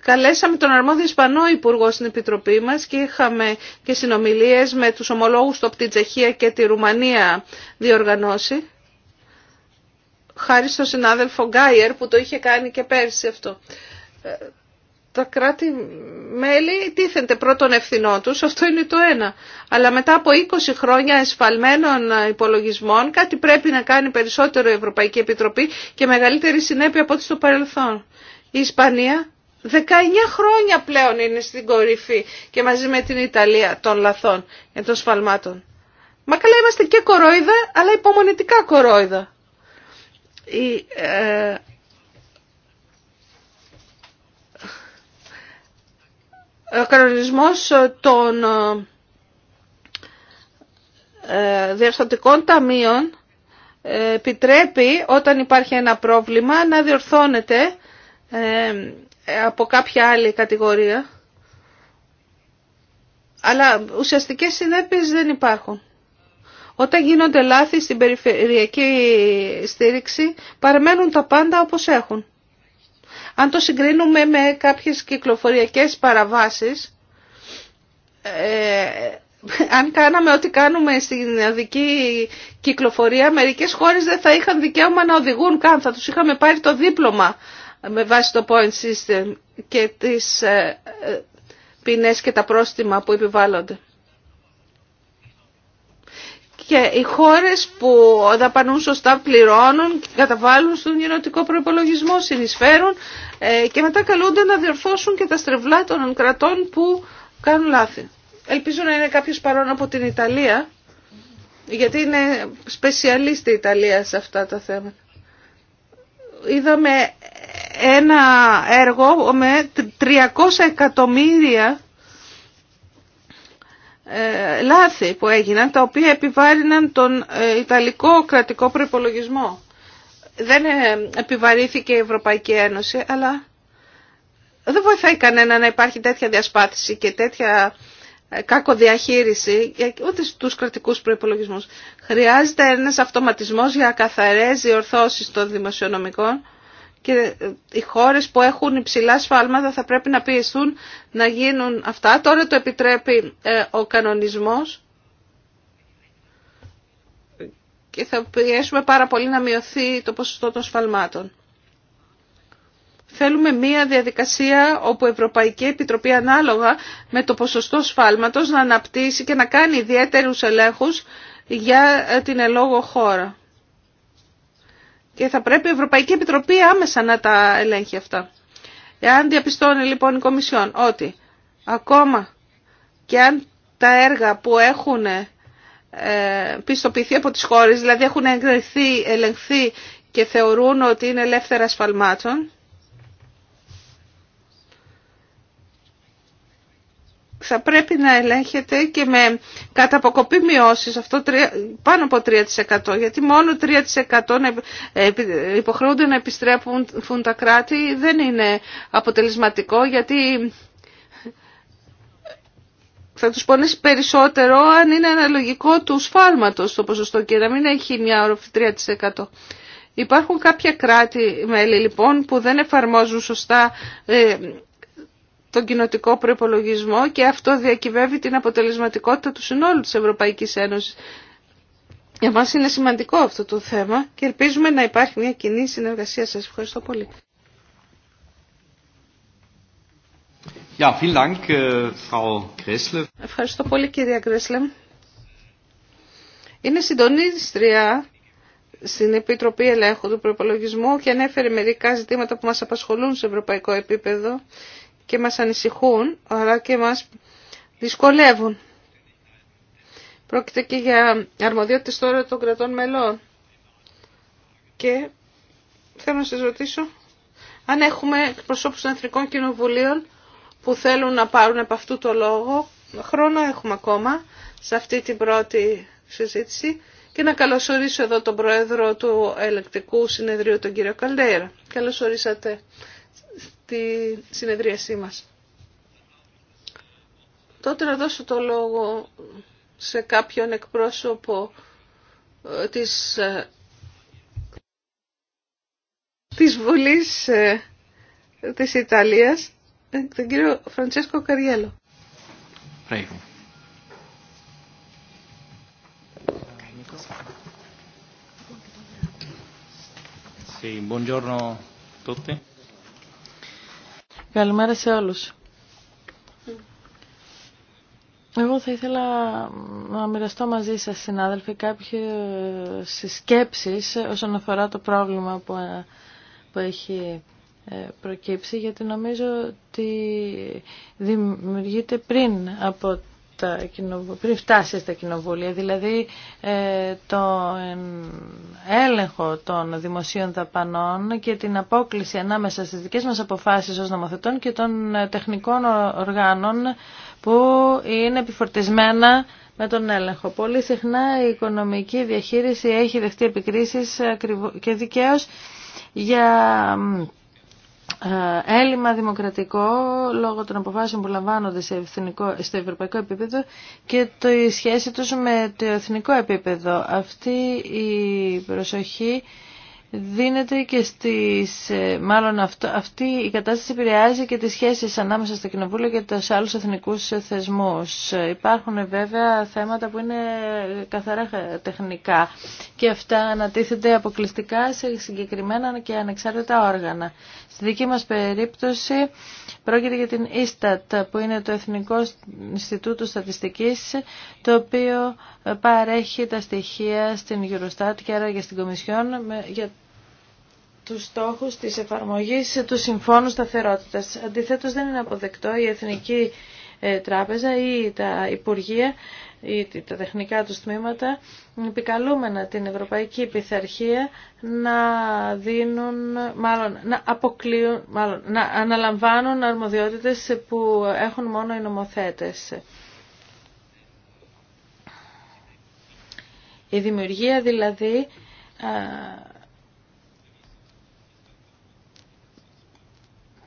καλέσαμε τον αρμόδιο Ισπανό Υπουργό στην Επιτροπή μας και είχαμε και συνομιλίες με τους ομολόγους του από την Τσεχία και τη Ρουμανία διοργανώσει. Χάρη στον συνάδελφο Γκάιερ που το είχε κάνει και πέρσι αυτό τα κράτη-μέλη τίθενται πρώτον ευθυνών τους, αυτό είναι το ένα. Αλλά μετά από 20 χρόνια εσφαλμένων υπολογισμών κάτι πρέπει να κάνει περισσότερο η Ευρωπαϊκή Επιτροπή και μεγαλύτερη συνέπεια από ό,τι στο παρελθόν. Η Ισπανία 19 χρόνια πλέον είναι στην κορυφή και μαζί με την Ιταλία των λαθών και των σφαλμάτων. Μα καλά είμαστε και κορόιδα αλλά υπομονητικά κορόιδα. Η, ε, Ο ε, κανονισμός ε, των ε, διαρθωτικών ταμείων επιτρέπει όταν υπάρχει ένα πρόβλημα να διορθώνεται από κάποια άλλη κατηγορία. Αλλά ουσιαστικές συνέπειες δεν υπάρχουν. Όταν γίνονται λάθη στην περιφερειακή στήριξη παραμένουν τα πάντα όπως έχουν. Αν το συγκρίνουμε με κάποιες κυκλοφοριακές παραβάσεις, ε, αν κάναμε ό,τι κάνουμε στην οδική κυκλοφορία, μερικές χώρες δεν θα είχαν δικαίωμα να οδηγούν καν, θα τους είχαμε πάρει το δίπλωμα με βάση το point system και τις ε, ε, ποινές και τα πρόστιμα που επιβάλλονται και οι χώρες που δαπανούν σωστά πληρώνουν, καταβάλουν στον γενωτικό προπολογισμό, συνεισφέρουν ε, και μετά καλούνται να διορθώσουν και τα στρεβλά των κρατών που κάνουν λάθη. Ελπίζω να είναι κάποιος παρόν από την Ιταλία, γιατί είναι σπεσιαλίστη η Ιταλία σε αυτά τα θέματα. Είδαμε ένα έργο με 300 εκατομμύρια ε, λάθη που έγιναν, τα οποία επιβάρυναν τον ε, Ιταλικό κρατικό προϋπολογισμό. Δεν ε, επιβαρύθηκε η Ευρωπαϊκή Ένωση, αλλά δεν βοηθάει κανένα να υπάρχει τέτοια διασπάθηση και τέτοια κακοδιαχείριση, ούτε στους κρατικούς προϋπολογισμούς. Χρειάζεται ένας αυτοματισμός για καθαρές διορθώσεις των δημοσιονομικών και ε, οι χώρες που έχουν υψηλά σφάλματα θα πρέπει να πιεστούν να γίνουν αυτά. Τώρα το επιτρέπει ε, ο κανονισμός και θα πιέσουμε πάρα πολύ να μειωθεί το ποσοστό των σφαλμάτων. Θέλουμε μία διαδικασία όπου η Ευρωπαϊκή Επιτροπή ανάλογα με το ποσοστό σφάλματος να αναπτύσσει και να κάνει ιδιαίτερους ελέγχους για ε, την ελόγω χώρα. Και θα πρέπει η Ευρωπαϊκή Επιτροπή άμεσα να τα ελέγχει αυτά. Εάν διαπιστώνει λοιπόν η Κομισιόν ότι ακόμα και αν τα έργα που έχουν ε, πιστοποιηθεί από τις χώρες, δηλαδή έχουν εγκριθεί, ελεγχθεί και θεωρούν ότι είναι ελεύθερα ασφαλμάτων, θα πρέπει να ελέγχεται και με καταποκοπή μειώσεις, αυτό πάνω από 3%, γιατί μόνο 3% υποχρεούνται να επιστρέφουν τα κράτη δεν είναι αποτελεσματικό, γιατί θα τους πονέσει περισσότερο αν είναι αναλογικό του σφάλματος το ποσοστό και να μην έχει μια όροφη 3%. Υπάρχουν κάποια κράτη-μέλη λοιπόν που δεν εφαρμόζουν σωστά ε, τον κοινοτικό προπολογισμό και αυτό διακυβεύει την αποτελεσματικότητα του συνόλου της Ευρωπαϊκής Ένωσης. Για μας είναι σημαντικό αυτό το θέμα και ελπίζουμε να υπάρχει μια κοινή συνεργασία σας. Ευχαριστώ πολύ. Ja, vielen Dank, äh, Frau Ευχαριστώ πολύ κυρία Γκρέσλε. Είναι συντονίστρια στην Επιτροπή Ελέγχου του Προπολογισμού και ανέφερε μερικά ζητήματα που μας απασχολούν σε ευρωπαϊκό επίπεδο και μας ανησυχούν, αλλά και μας δυσκολεύουν. Πρόκειται και για αρμοδιότητες τώρα των κρατών μελών. Και θέλω να σας ρωτήσω αν έχουμε εκπροσώπους των Εθνικών Κοινοβουλίων που θέλουν να πάρουν από αυτού το λόγο. Χρόνο έχουμε ακόμα σε αυτή την πρώτη συζήτηση και να καλωσορίσω εδώ τον Πρόεδρο του Ελεκτικού Συνεδρίου, τον κύριο Καλτέρα. Καλωσορίσατε τη συνεδρίασή μας. Τότε να δώσω το λόγο σε κάποιον εκπρόσωπο ε, της, ε, της Βουλής ε, της Ιταλίας, τον κύριο Φραντσέσκο Καριέλο. buongiorno a tutti. Καλημέρα σε όλους. Εγώ θα ήθελα να μοιραστώ μαζί σας, συνάδελφοι, κάποιες σκέψεις όσον αφορά το πρόβλημα που, ε, που έχει ε, προκύψει, γιατί νομίζω ότι δημιουργείται πριν από τα πριν φτάσει στα κοινοβούλια, δηλαδή ε, το έλεγχο των δημοσίων δαπανών και την απόκληση ανάμεσα στις δικές μας αποφάσεις ως νομοθετών και των ε, τεχνικών οργάνων που είναι επιφορτισμένα με τον έλεγχο. Πολύ συχνά η οικονομική διαχείριση έχει δεχτεί επικρίσεις ε, και δικαίως για ε, έλλειμμα δημοκρατικό λόγω των αποφάσεων που λαμβάνονται σε εθνικό, στο ευρωπαϊκό επίπεδο και το, σχέση τους με το εθνικό επίπεδο. Αυτή η προσοχή δίνεται και στις, ε, μάλλον αυτό, αυτή η κατάσταση επηρεάζει και τις σχέσεις ανάμεσα στο Κοινοβούλιο και τους άλλους εθνικούς θεσμούς. Υπάρχουν βέβαια θέματα που είναι καθαρά τεχνικά και αυτά ανατίθεται αποκλειστικά σε συγκεκριμένα και ανεξάρτητα όργανα. Στη δική μας περίπτωση πρόκειται για την Ίστατ που είναι το Εθνικό Ινστιτούτο Στατιστικής το οποίο παρέχει τα στοιχεία στην Eurostat και άρα και στην Κομισιόν για τους στόχους της εφαρμογής του Συμφώνου Σταθερότητας. Αντιθέτως δεν είναι αποδεκτό η Εθνική ε, Τράπεζα ή τα Υπουργεία ή τα τεχνικά τους τμήματα επικαλούμενα την ευρωπαϊκή πειθαρχία να δίνουν, μάλλον να αποκλείουν, μάλλον να αναλαμβάνουν αρμοδιότητες που έχουν μόνο οι νομοθέτες. Η τα τεχνικα του τμηματα επικαλουμενα την ευρωπαικη πειθαρχια να δινουν μαλλον να αποκλειουν δηλαδή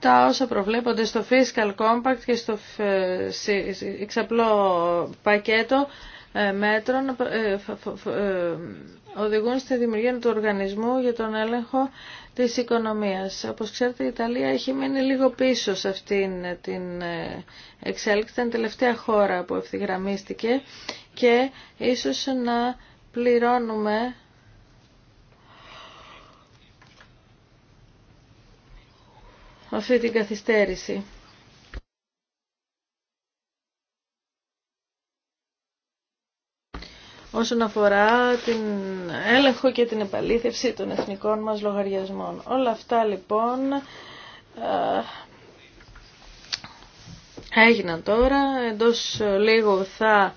τα όσα προβλέπονται στο Fiscal Compact και στο εξαπλό πακέτο ε, μέτρων ε, ε, οδηγούν στη δημιουργία του οργανισμού για τον έλεγχο της οικονομίας. Όπως ξέρετε η Ιταλία έχει μείνει λίγο πίσω σε αυτήν την εξέλιξη. Ήταν τελευταία χώρα που ευθυγραμμίστηκε και ίσως να πληρώνουμε αυτή την καθυστέρηση. όσον αφορά την έλεγχο και την επαλήθευση των εθνικών μας λογαριασμών. Όλα αυτά λοιπόν ε, έγιναν τώρα. Εντός λίγο θα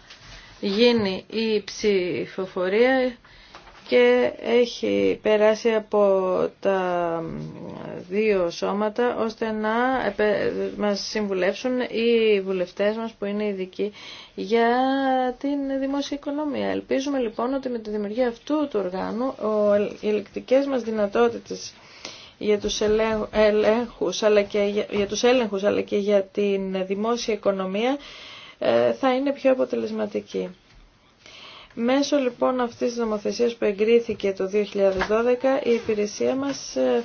γίνει η ψηφοφορία και έχει περάσει από τα δύο σώματα ώστε να μας συμβουλεύσουν οι βουλευτές μας που είναι ειδικοί για την δημόσια οικονομία. Ελπίζουμε λοιπόν ότι με τη δημιουργία αυτού του οργάνου οι ελεκτικές μας δυνατότητες για τους ελέγχους, αλλά και για, έλεγχους αλλά και για την δημόσια οικονομία ε, θα είναι πιο αποτελεσματική. Μέσω λοιπόν αυτής της νομοθεσίας που εγκρίθηκε το 2012 η υπηρεσία μας ε,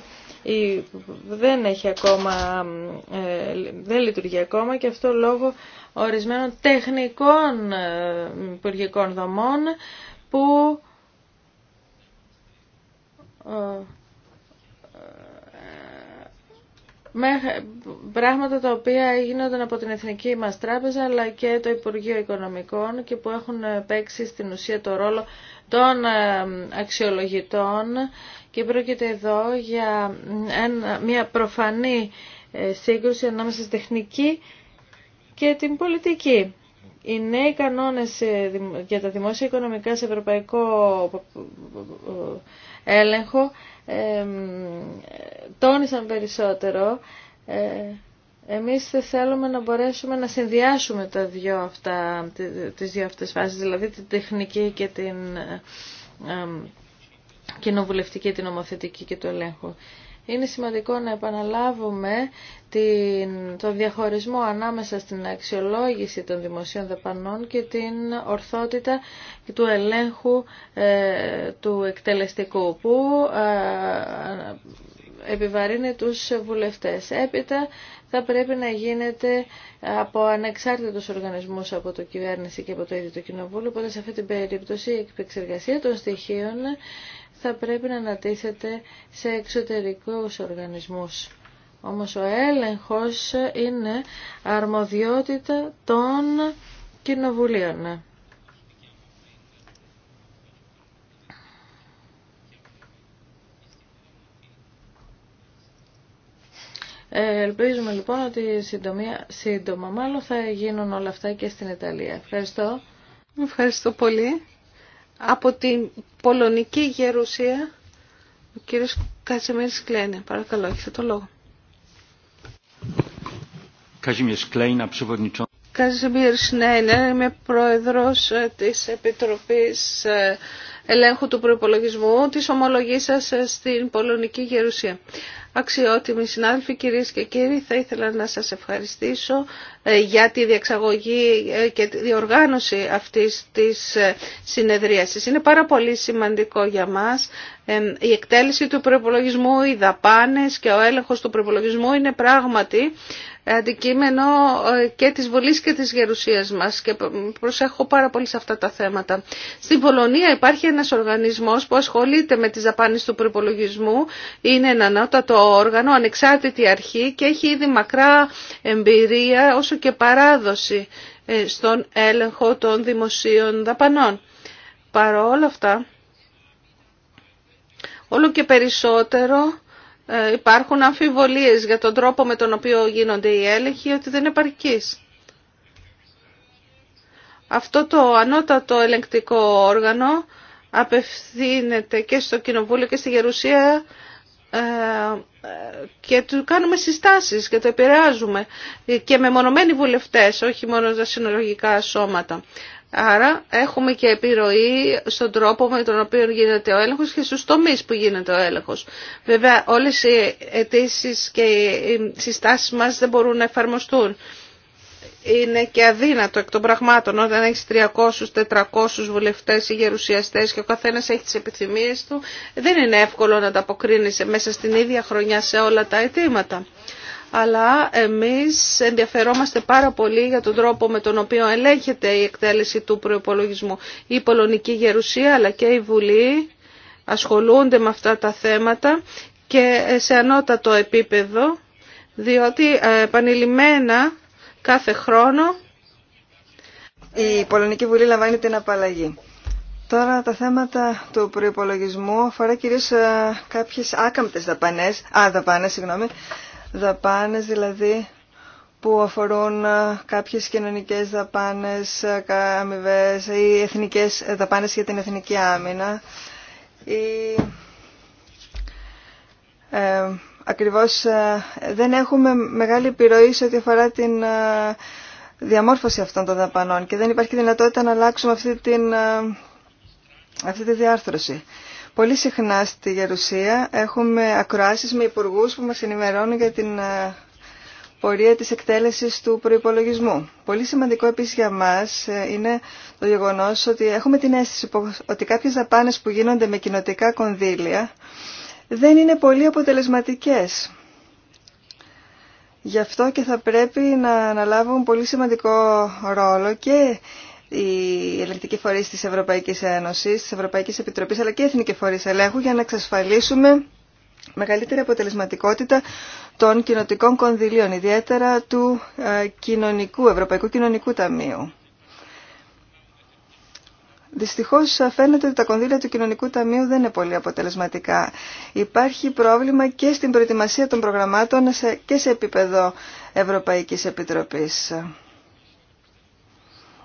δεν, έχει ακόμα, ε, δεν λειτουργεί ακόμα και αυτό λόγω ορισμένων τεχνικών ε, υπουργικών δομών που με πράγματα τα οποία γίνονταν από την Εθνική μας Τράπεζα αλλά και το Υπουργείο Οικονομικών και που έχουν παίξει στην ουσία το ρόλο των ε, αξιολογητών και πρόκειται εδώ για μια προφανή ε, σύγκρουση ανάμεσα στη τεχνική και την πολιτική. Οι νέοι κανόνες ε, για τα δημόσια οικονομικά σε ευρωπαϊκό έλεγχο τόνισαν περισσότερο. Ε, εμείς θέλουμε να μπορέσουμε να συνδυάσουμε τα δύο αυτά, τις δύο αυτές φάσεις, δηλαδή την τεχνική και την κοινοβουλευτική, την ομοθετική και το ελέγχο είναι σημαντικό να επαναλάβουμε την, τον διαχωρισμό ανάμεσα στην αξιολόγηση των δημοσίων δαπανών και την ορθότητα του ελέγχου ε, του εκτελεστικού που ε, επιβαρύνει τους βουλευτές. Έπειτα θα πρέπει να γίνεται από ανεξάρτητους οργανισμούς από το κυβέρνηση και από το ίδιο το κοινοβούλιο, οπότε σε αυτή την περίπτωση η επεξεργασία των στοιχείων θα πρέπει να ανατίθεται σε εξωτερικούς οργανισμούς. Όμως ο έλεγχος είναι αρμοδιότητα των κοινοβουλίων. ελπίζουμε λοιπόν ότι σύντομα μάλλον θα γίνουν όλα αυτά και στην Ιταλία. Ευχαριστώ. Ευχαριστώ πολύ. Από την Πολωνική Γερουσία, ο κύριος Καζιμίρ Σκλένε. Παρακαλώ, έχετε το λόγο. Καζιμίρ Σνέινερ, είμαι πρόεδρος ε, της Επιτροπής ε, Ελέγχου του Προϋπολογισμού της ομολογής σας ε, στην Πολωνική Γερουσία. Αξιότιμοι συνάδελφοι, κυρίες και κύριοι, θα ήθελα να σας ευχαριστήσω για τη διεξαγωγή και τη διοργάνωση αυτής της συνεδρίασης. Είναι πάρα πολύ σημαντικό για μας. Η εκτέλεση του προπολογισμού, οι δαπάνες και ο έλεγχος του προπολογισμού είναι πράγματι αντικείμενο ε, και της βολής και της Γερουσίας μας και προσέχω πάρα πολύ σε αυτά τα θέματα. Στην Βολονία υπάρχει ένας οργανισμός που ασχολείται με τις δαπάνες του προπολογισμού, είναι ένα ανώτατο όργανο, ανεξάρτητη αρχή και έχει ήδη μακρά εμπειρία όσο και παράδοση ε, στον έλεγχο των δημοσίων δαπανών. Παρόλα αυτά, όλο και περισσότερο ε, υπάρχουν αμφιβολίες για τον τρόπο με τον οποίο γίνονται οι έλεγχοι ότι δεν είναι παρκής. Αυτό το ανώτατο ελεγκτικό όργανο απευθύνεται και στο Κοινοβούλιο και στη Γερουσία ε, και του κάνουμε συστάσεις και το επηρεάζουμε και με μονομένοι βουλευτές, όχι μόνο τα συνολογικά σώματα. Άρα έχουμε και επιρροή στον τρόπο με τον οποίο γίνεται ο έλεγχος και στους τομείς που γίνεται ο έλεγχος. Βέβαια όλες οι αιτήσει και οι συστάσεις μας δεν μπορούν να εφαρμοστούν. Είναι και αδύνατο εκ των πραγμάτων έχει έχεις 300-400 βουλευτές ή γερουσιαστές και ο καθένας έχει τις επιθυμίες του. Δεν είναι εύκολο να τα αποκρίνει μέσα στην ίδια χρονιά σε όλα τα αιτήματα αλλά εμείς ενδιαφερόμαστε πάρα πολύ για τον τρόπο με τον οποίο ελέγχεται η εκτέλεση του προϋπολογισμού. Η Πολωνική Γερουσία αλλά και η Βουλή ασχολούνται με αυτά τα θέματα και σε ανώτατο επίπεδο, διότι ε, επανειλημμένα κάθε χρόνο η Πολωνική Βουλή λαμβάνει την απαλλαγή. Τώρα τα θέματα του προϋπολογισμού αφορά κυρίως ε, κάποιες άκαμπτες δαπανές, α, συγγνώμη, δαπάνες, δηλαδή που αφορούν κάποιες κοινωνικές δαπάνες, αμοιβές ή εθνικές ε, δαπάνες για την εθνική άμυνα ή ε, ακριβώς δεν έχουμε μεγάλη επιρροή σε ό,τι αφορά την διαμόρφωση αυτών των δαπανών και δεν υπάρχει δυνατότητα να αλλάξουμε αυτή, την, αυτή τη διάρθρωση. Πολύ συχνά στη Γερουσία έχουμε ακροάσεις με υπουργούς που μας ενημερώνουν για την ε, πορεία της εκτέλεσης του προϋπολογισμού. Πολύ σημαντικό επίσης για μας ε, είναι το γεγονός ότι έχουμε την αίσθηση ότι κάποιες δαπάνες που γίνονται με κοινοτικά κονδύλια δεν είναι πολύ αποτελεσματικές. Γι' αυτό και θα πρέπει να αναλάβουν πολύ σημαντικό ρόλο και οι ελεγκτικοί φορεί τη Ευρωπαϊκή Ένωση, τη Ευρωπαϊκή Επιτροπή, αλλά και οι εθνικοί φορεί ελέγχου για να εξασφαλίσουμε μεγαλύτερη αποτελεσματικότητα των κοινοτικών κονδυλίων, ιδιαίτερα του ε, κοινωνικού, Ευρωπαϊκού Κοινωνικού Ταμείου. Δυστυχώ φαίνεται ότι τα κονδύλια του Κοινωνικού Ταμείου δεν είναι πολύ αποτελεσματικά. Υπάρχει πρόβλημα και στην προετοιμασία των προγραμμάτων και σε επίπεδο Ευρωπαϊκής Επιτροπής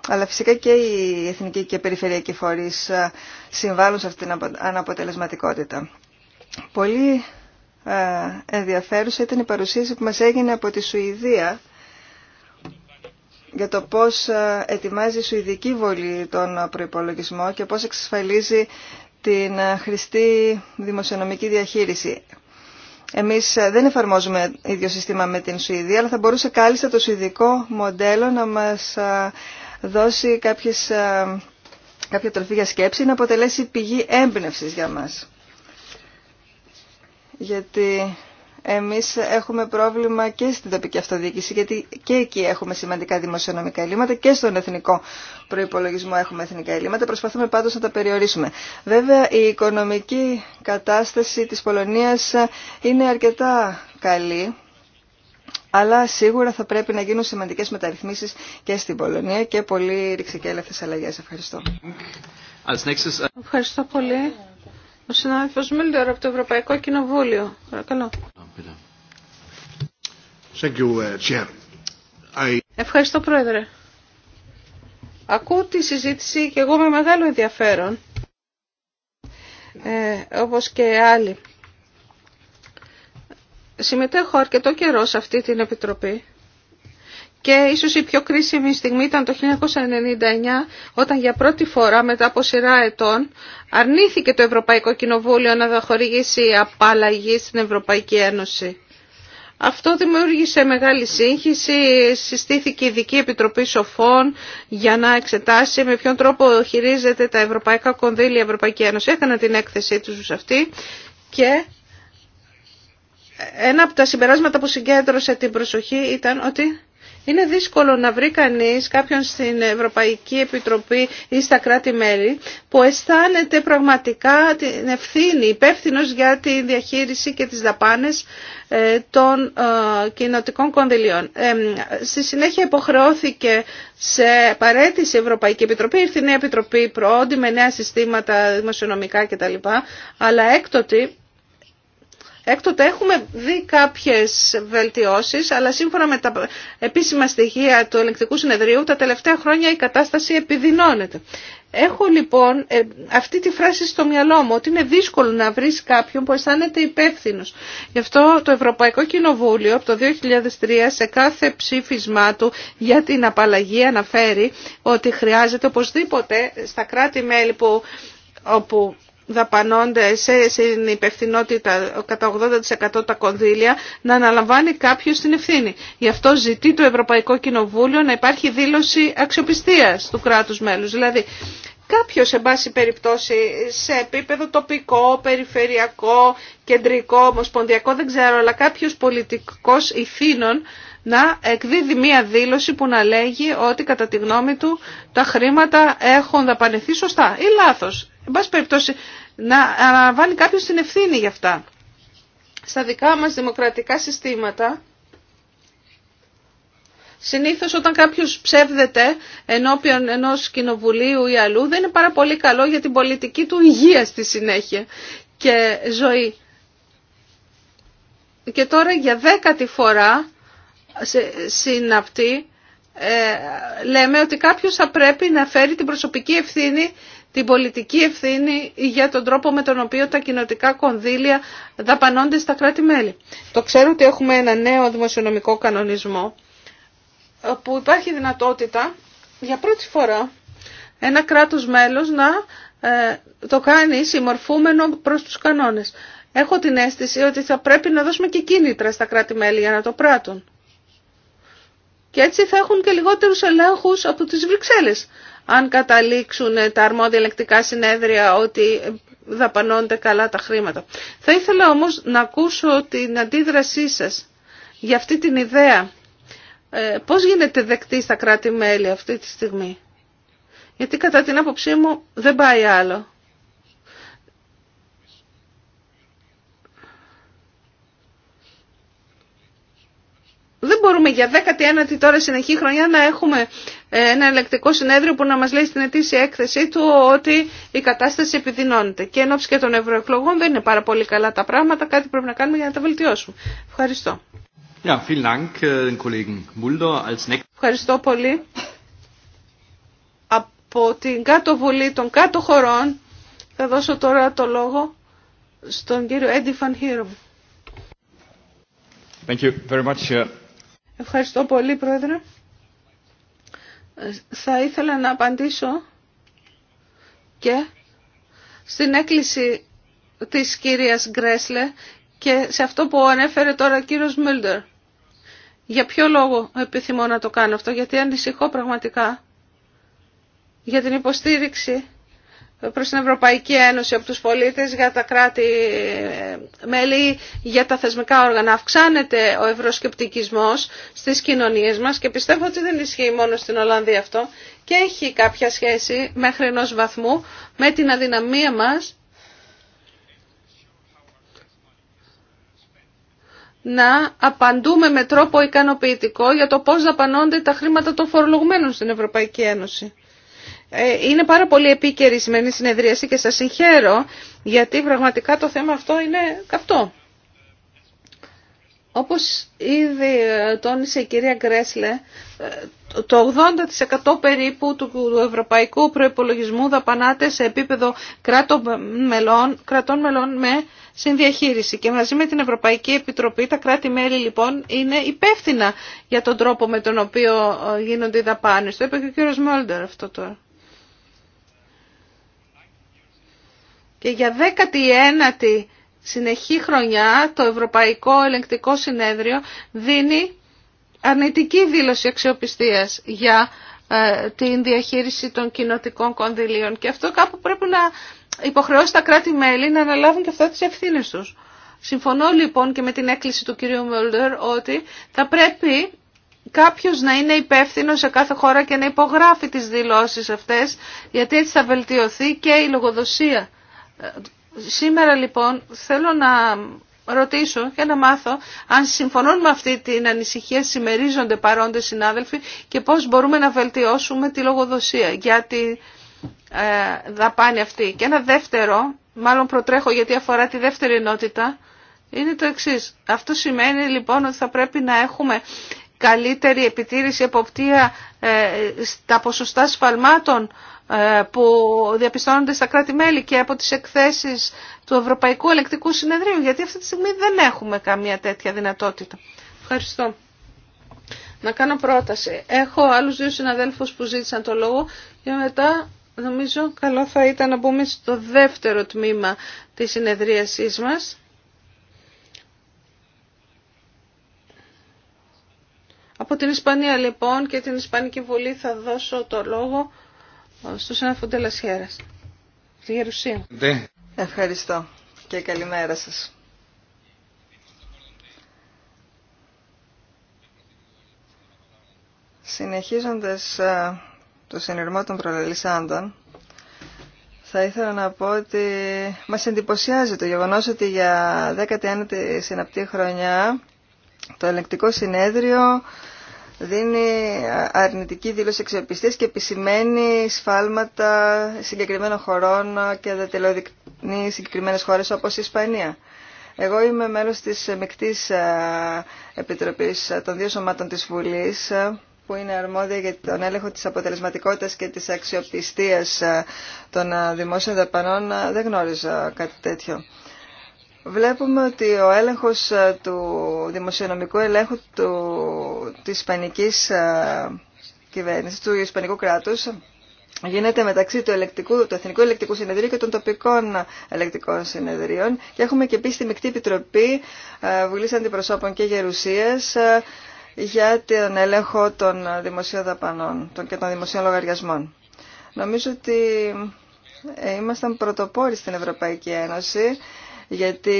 αλλά φυσικά και οι εθνικοί και περιφερειακοί φορείς ε, συμβάλλουν σε αυτήν την αναποτελεσματικότητα. Πολύ ε, ενδιαφέρουσα ήταν η παρουσίαση που μας έγινε από τη Σουηδία για το πώς ε, ετοιμάζει η Σουηδική Βολή τον προϋπολογισμό και πώς εξασφαλίζει την χρηστή δημοσιονομική διαχείριση. Εμείς δεν εφαρμόζουμε ίδιο σύστημα με την Σουηδία, αλλά θα μπορούσε κάλλιστα το σουηδικό μοντέλο να μας δώσει κάποιες, ε, κάποια τροφή για σκέψη, να αποτελέσει πηγή έμπνευσης για μας. Γιατί εμείς έχουμε πρόβλημα και στην τοπική αυτοδιοίκηση, γιατί και εκεί έχουμε σημαντικά δημοσιονομικά ελλείμματα και στον εθνικό προϋπολογισμό έχουμε εθνικά ελλείμματα. Προσπαθούμε πάντως να τα περιορίσουμε. Βέβαια, η οικονομική κατάσταση της Πολωνίας είναι αρκετά καλή αλλά σίγουρα θα πρέπει να γίνουν σημαντικές μεταρρυθμίσεις και στην Πολωνία και πολύ ρηξικέλευτες αλλαγές. Ευχαριστώ. Ευχαριστώ πολύ. Ο συνάδελφος Μίλτερ από το Ευρωπαϊκό Κοινοβούλιο. Παρακαλώ. Uh, Ευχαριστώ, Πρόεδρε. Ακούω τη συζήτηση και εγώ με μεγάλο ενδιαφέρον, ε, όπως και άλλοι συμμετέχω αρκετό καιρό σε αυτή την Επιτροπή και ίσως η πιο κρίσιμη στιγμή ήταν το 1999 όταν για πρώτη φορά μετά από σειρά ετών αρνήθηκε το Ευρωπαϊκό Κοινοβούλιο να χορηγήσει απαλλαγή στην Ευρωπαϊκή Ένωση. Αυτό δημιούργησε μεγάλη σύγχυση, συστήθηκε η Ειδική Επιτροπή Σοφών για να εξετάσει με ποιον τρόπο χειρίζεται τα ευρωπαϊκά κονδύλια η Ευρωπαϊκή Ένωση. Έκανα την έκθεσή τους αυτή και ένα από τα συμπεράσματα που συγκέντρωσε την προσοχή ήταν ότι είναι δύσκολο να βρει κανείς κάποιον στην Ευρωπαϊκή Επιτροπή ή στα κράτη-μέλη που αισθάνεται πραγματικά την ευθύνη, υπεύθυνο για τη διαχείριση και τις δαπάνες ε, των ε, κοινοτικών κονδυλίων. Ε, στη συνέχεια υποχρεώθηκε σε παρέτηση Ευρωπαϊκή Επιτροπή, ήρθε η Νέα Επιτροπή πρώτη με νέα συστήματα δημοσιονομικά κτλ. Αλλά έκτοτε Έκτοτε έχουμε δει κάποιες βελτιώσεις, αλλά σύμφωνα με τα επίσημα στοιχεία του ελεγκτικού συνεδρίου, τα τελευταία χρόνια η κατάσταση επιδεινώνεται. Έχω λοιπόν ε, αυτή τη φράση στο μυαλό μου, ότι είναι δύσκολο να βρεις κάποιον που αισθάνεται υπεύθυνο. Γι' αυτό το Ευρωπαϊκό Κοινοβούλιο από το 2003 σε κάθε ψήφισμά του για την απαλλαγή αναφέρει ότι χρειάζεται οπωσδήποτε στα κράτη-μέλη που δαπανώνται σε, στην υπευθυνότητα κατά 80% τα κονδύλια να αναλαμβάνει κάποιος την ευθύνη. Γι' αυτό ζητεί το Ευρωπαϊκό Κοινοβούλιο να υπάρχει δήλωση αξιοπιστίας του κράτους μέλους. Δηλαδή κάποιος σε πάση περιπτώσει σε επίπεδο τοπικό, περιφερειακό, κεντρικό, ομοσπονδιακό δεν ξέρω αλλά κάποιος πολιτικός ηθήνων να εκδίδει μία δήλωση που να λέγει ότι κατά τη γνώμη του τα χρήματα έχουν δαπανηθεί σωστά ή λάθος εν πάση περιπτώσει, να αναλαμβάνει κάποιο την ευθύνη για αυτά. Στα δικά μα δημοκρατικά συστήματα, Συνήθω όταν κάποιο ψεύδεται ενώπιον ενό κοινοβουλίου ή αλλού, δεν είναι πάρα πολύ καλό για την πολιτική του υγεία στη συνέχεια και ζωή. Και τώρα για δέκατη φορά συναπτή, ε, λέμε ότι κάποιος θα πρέπει να φέρει την προσωπική ευθύνη την πολιτική ευθύνη για τον τρόπο με τον οποίο τα κοινοτικά κονδύλια δαπανώνται στα κράτη-μέλη. Το ξέρω ότι έχουμε ένα νέο δημοσιονομικό κανονισμό που υπάρχει δυνατότητα για πρώτη φορά ένα κράτος μέλος να ε, το κάνει συμμορφούμενο προς τους κανόνες. Έχω την αίσθηση ότι θα πρέπει να δώσουμε και κίνητρα στα κράτη-μέλη για να το πράττουν. Και έτσι θα έχουν και λιγότερους ελέγχους από τις Βρυξέλλες αν καταλήξουν τα αρμόδια ελεκτικά συνέδρια ότι δαπανώνται καλά τα χρήματα. Θα ήθελα όμως να ακούσω την αντίδρασή σας για αυτή την ιδέα. Ε, πώς γίνεται δεκτή στα κράτη-μέλη αυτή τη στιγμή. Γιατί κατά την άποψή μου δεν πάει άλλο. Δεν μπορούμε για 19η τώρα συνεχή χρονιά να έχουμε ε, ένα ελεκτικό συνέδριο που να μας λέει στην ετήσια έκθεσή του ότι η κατάσταση επιδεινώνεται. Και ενώψη και των ευρωεκλογών δεν είναι πάρα πολύ καλά τα πράγματα, κάτι πρέπει να κάνουμε για να τα βελτιώσουμε. Ευχαριστώ. Ja, vielen Dank, äh, den Kollegen Mulder. Als Ευχαριστώ πολύ. Από την κάτω βουλή των κάτω χωρών θα δώσω τώρα το λόγο στον κύριο Έντι Φαν Thank Ευχαριστώ πολύ, Πρόεδρε θα ήθελα να απαντήσω και στην έκκληση της κυρίας Γκρέσλε και σε αυτό που ανέφερε τώρα ο κύριος Μιλντερ. Για ποιο λόγο επιθυμώ να το κάνω αυτό, γιατί ανησυχώ πραγματικά για την υποστήριξη προς την Ευρωπαϊκή Ένωση από τους πολίτες για τα κράτη-μέλη, ε, για τα θεσμικά όργανα. Αυξάνεται ο ευρωσκεπτικισμός στις κοινωνίες μας και πιστεύω ότι δεν ισχύει μόνο στην Ολλανδία αυτό και έχει κάποια σχέση μέχρι ενός βαθμού με την αδυναμία μας να απαντούμε με τρόπο ικανοποιητικό για το πώς δαπανώνται τα χρήματα των φορολογουμένων στην Ευρωπαϊκή Ένωση. Ε, είναι πάρα πολύ επίκαιρη η σημερινή συνεδρίαση και σας συγχαίρω γιατί πραγματικά το θέμα αυτό είναι καυτό. Όπως ήδη ε, τόνισε η κυρία Γκρέσλε, ε, το 80% περίπου του ευρωπαϊκού προϋπολογισμού δαπανάται σε επίπεδο κράτων μελών, κρατών μελών με συνδιαχείριση. Και μαζί με την Ευρωπαϊκή Επιτροπή τα κράτη-μέλη λοιπόν είναι υπεύθυνα για τον τρόπο με τον οποίο γίνονται οι δαπάνες. Το είπε και ο κύριος Μόλντερ αυτό τώρα. Και για 19η συνεχή χρονιά το Ευρωπαϊκό Ελεγκτικό Συνέδριο δίνει αρνητική δήλωση αξιοπιστίας για ε, την διαχείριση των κοινοτικών κονδυλίων. Και αυτό κάπου πρέπει να υποχρεώσει τα κράτη-μέλη να αναλάβουν και αυτά τις ευθύνες τους. Συμφωνώ λοιπόν και με την έκκληση του κυρίου Μιλντέρ ότι θα πρέπει κάποιος να είναι υπεύθυνος σε κάθε χώρα και να υπογράφει τις δηλώσεις αυτές γιατί έτσι θα βελτιωθεί και η λογοδοσία Σήμερα λοιπόν θέλω να ρωτήσω και να μάθω αν συμφωνούν με αυτή την ανησυχία συμμερίζονται παρόντες συνάδελφοι και πώς μπορούμε να βελτιώσουμε τη λογοδοσία για τη ε, δαπάνη αυτή. Και ένα δεύτερο, μάλλον προτρέχω γιατί αφορά τη δεύτερη ενότητα, είναι το εξή. Αυτό σημαίνει λοιπόν ότι θα πρέπει να έχουμε καλύτερη επιτήρηση, εποπτεία ε, στα ποσοστά σφαλμάτων ε, που διαπιστώνονται στα κράτη-μέλη και από τις εκθέσεις του Ευρωπαϊκού Ελεκτικού Συνεδρίου, γιατί αυτή τη στιγμή δεν έχουμε καμία τέτοια δυνατότητα. Ευχαριστώ. Να κάνω πρόταση. Έχω άλλους δύο συναδέλφους που ζήτησαν το λόγο και μετά νομίζω καλό θα ήταν να μπούμε στο δεύτερο τμήμα της συνεδρίασής μας. Από την Ισπανία λοιπόν και την Ισπανική Βουλή θα δώσω το λόγο Στη Γερουσία. Ναι. Ευχαριστώ και καλημέρα σας. Συνεχίζοντας το συνειρμό των προλαλήσαντων, θα ήθελα να πω ότι μας εντυπωσιάζει το γεγονός ότι για 19η συναπτή χρονιά το ελεκτικό συνέδριο δίνει αρνητική δήλωση αξιοπιστίας και επισημαίνει σφάλματα συγκεκριμένων χωρών και δετελεοδεικνύει συγκεκριμένες χώρες όπως η Ισπανία. Εγώ είμαι μέλος της Μεκτής ε, Επιτροπής των δύο σωμάτων της Βουλής ε, που είναι αρμόδια για τον έλεγχο της αποτελεσματικότητας και της αξιοπιστίας ε, των δημόσιων δαπανών. Δεν γνώριζα κάτι τέτοιο. Βλέπουμε ότι ο έλεγχος ε, του δημοσιονομικού ελέγχου του, της Ισπανικής ε, κυβέρνησης, του Ισπανικού κράτους, γίνεται μεταξύ του, ελεκτικού, του Εθνικού Ελεκτικού Συνεδρίου και των τοπικών ελεκτικών συνεδρίων και έχουμε και επίσης τη Μικτή Επιτροπή ε, Βουλής Αντιπροσώπων και Γερουσίας για τον έλεγχο των δημοσίων δαπανών και των δημοσίων λογαριασμών. Νομίζω ότι ήμασταν πρωτοπόροι στην Ευρωπαϊκή Ένωση γιατί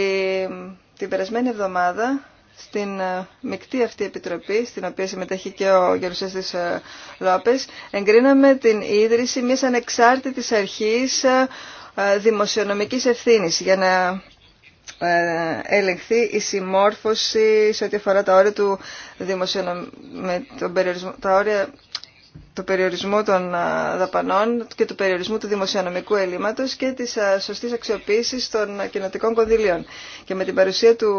την περασμένη εβδομάδα στην ε, μεικτή αυτή επιτροπή, στην οποία συμμετέχει και ο τη ε, Λόπες, εγκρίναμε την ίδρυση μιας ανεξάρτητης αρχής ε, δημοσιονομικής ευθύνης για να ελεγχθεί η συμμόρφωση σε ό,τι αφορά τα όρια του με τον περιορισμό, τα όρια του περιορισμού των δαπανών και του περιορισμού του δημοσιονομικού ελλείμματος και της σωστής αξιοποίησης των κοινοτικών κονδυλίων. Και με την παρουσία του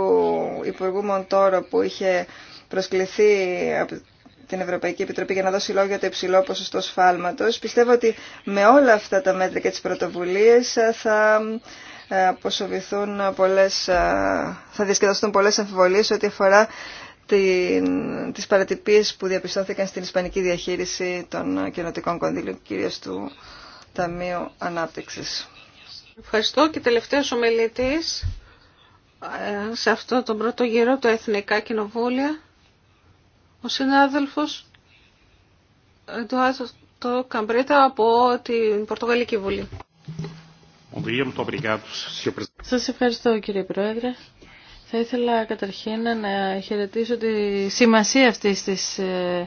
Υπουργού Μοντόρο που είχε προσκληθεί από την Ευρωπαϊκή Επιτροπή για να δώσει λόγια το υψηλό ποσοστό σφάλματος, πιστεύω ότι με όλα αυτά τα μέτρα και τις πρωτοβουλίες θα πολλές, θα διασκεδαστούν πολλές αμφιβολίες ό,τι αφορά την, τις παρατυπίες που διαπιστώθηκαν στην ισπανική διαχείριση των κοινοτικών κονδύλων, κυρίως του Ταμείου Ανάπτυξης. Ευχαριστώ και τελευταίος ο ε, σε αυτό τον πρώτο γύρο, το Εθνικά Κοινοβούλια, ο συνάδελφος του το Καμπρίτα από την Πορτογαλική Βουλή. Ε, Σας ευχαριστώ κύριε Πρόεδρε. Θα ήθελα καταρχήν να χαιρετήσω τη σημασία αυτής της ε,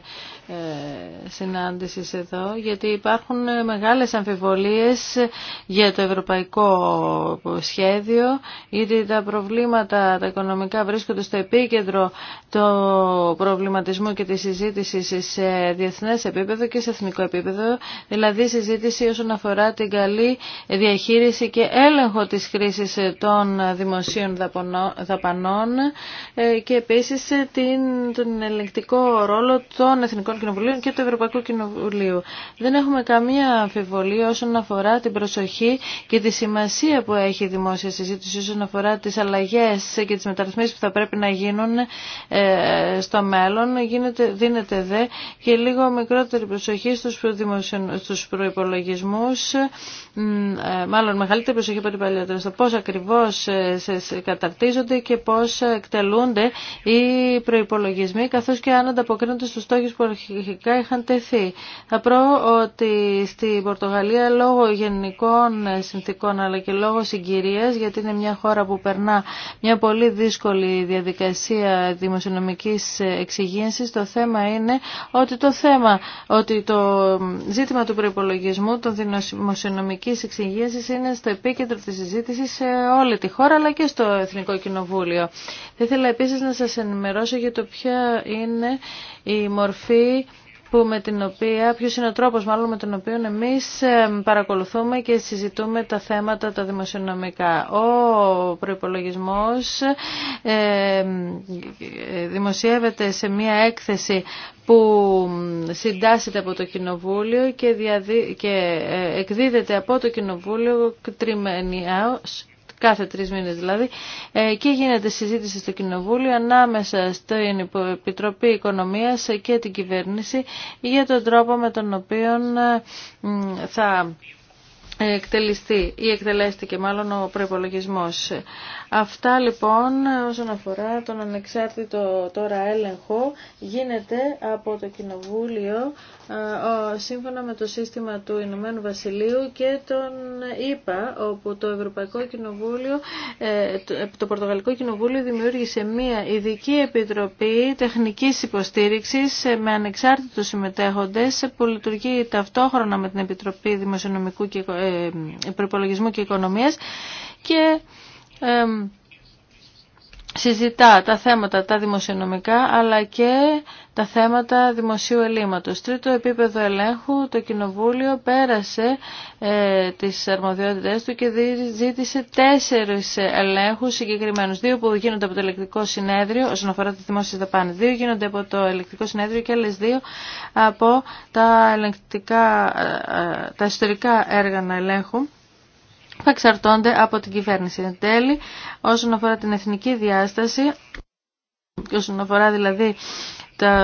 ε, συνάντησης εδώ, γιατί υπάρχουν μεγάλες αμφιβολίες για το ευρωπαϊκό σχέδιο, γιατί τα προβλήματα τα οικονομικά βρίσκονται στο επίκεντρο του προβληματισμού και της συζήτηση σε διεθνές επίπεδο και σε εθνικό επίπεδο, δηλαδή συζήτηση όσον αφορά την καλή διαχείριση και έλεγχο της χρήσης των δημοσίων δαπανών ε, και επίσης την, τον ελεγκτικό ρόλο των εθνικών Ευρωπαϊκού και του Ευρωπαϊκού Κοινοβουλίου. Δεν έχουμε καμία αμφιβολία όσον αφορά την προσοχή και τη σημασία που έχει η δημόσια συζήτηση όσον αφορά τι αλλαγέ και τι μεταρρυθμίσεις που θα πρέπει να γίνουν ε, στο μέλλον. Γίνεται, δίνεται δε και λίγο μικρότερη προσοχή στους, προπολογισμού, ε, μάλλον μεγαλύτερη προσοχή από την παλιότερα, στο πώς ακριβώς ε, καταρτίζονται και πώ εκτελούνται οι προπολογισμοί καθώ και αν ανταποκρίνονται στου στόχου που αρχικά είχαν τεθεί. Θα πω ότι στην Πορτογαλία λόγω γενικών συνθήκων αλλά και λόγω συγκυρίας, γιατί είναι μια χώρα που περνά μια πολύ δύσκολη διαδικασία δημοσιονομικής εξυγίανσης, το θέμα είναι ότι το θέμα, ότι το ζήτημα του προπολογισμού, των δημοσιονομικής εξυγίανσης είναι στο επίκεντρο της συζήτησης σε όλη τη χώρα αλλά και στο Εθνικό Κοινοβούλιο. Θα ήθελα επίσης να σας ενημερώσω για το ποια είναι η μορφή που με την οποία, ποιος είναι ο τρόπος μάλλον με τον οποίο εμείς ε, παρακολουθούμε και συζητούμε τα θέματα τα δημοσιονομικά. Ο προϋπολογισμός ε, ε, δημοσιεύεται σε μια έκθεση που συντάσσεται από το Κοινοβούλιο και, εκδίδεται από το Κοινοβούλιο τριμενιαίως κάθε τρει μήνες δηλαδή, ε, και γίνεται συζήτηση στο Κοινοβούλιο ανάμεσα στην Επιτροπή Οικονομίας και την Κυβέρνηση για τον τρόπο με τον οποίο ε, θα εκτελεστεί ή εκτελέστηκε μάλλον ο προϋπολογισμός. Αυτά λοιπόν όσον αφορά τον ανεξάρτητο τώρα έλεγχο γίνεται από το Κοινοβούλιο ε, σύμφωνα με το σύστημα του Ηνωμένου Βασιλείου και τον ΙΠΑ όπου το Ευρωπαϊκό Κοινοβούλιο, ε, ε, το Πορτογαλικό Κοινοβούλιο δημιούργησε μία ειδική επιτροπή τεχνικής υποστήριξης με ανεξάρτητους συμμετέχοντες που λειτουργεί ταυτόχρονα με την Επιτροπή Δημοσιονομικού και, Προπολογισμού και Οικονομίας και συζητά τα θέματα τα δημοσιονομικά αλλά και τα θέματα δημοσίου ελλείμματος. Τρίτο επίπεδο ελέγχου το Κοινοβούλιο πέρασε ε, τις αρμοδιότητες του και ζήτησε τέσσερις ελέγχους συγκεκριμένους. Δύο που γίνονται από το ελεκτικό συνέδριο όσον αφορά τις δημόσιες δαπάνες. Δύο γίνονται από το ελεκτικό συνέδριο και άλλες δύο από τα, ε, ε, τα ιστορικά έργα ελέγχου θα εξαρτώνται από την κυβέρνηση. Εν τέλει, όσον αφορά την εθνική διάσταση, όσον αφορά δηλαδή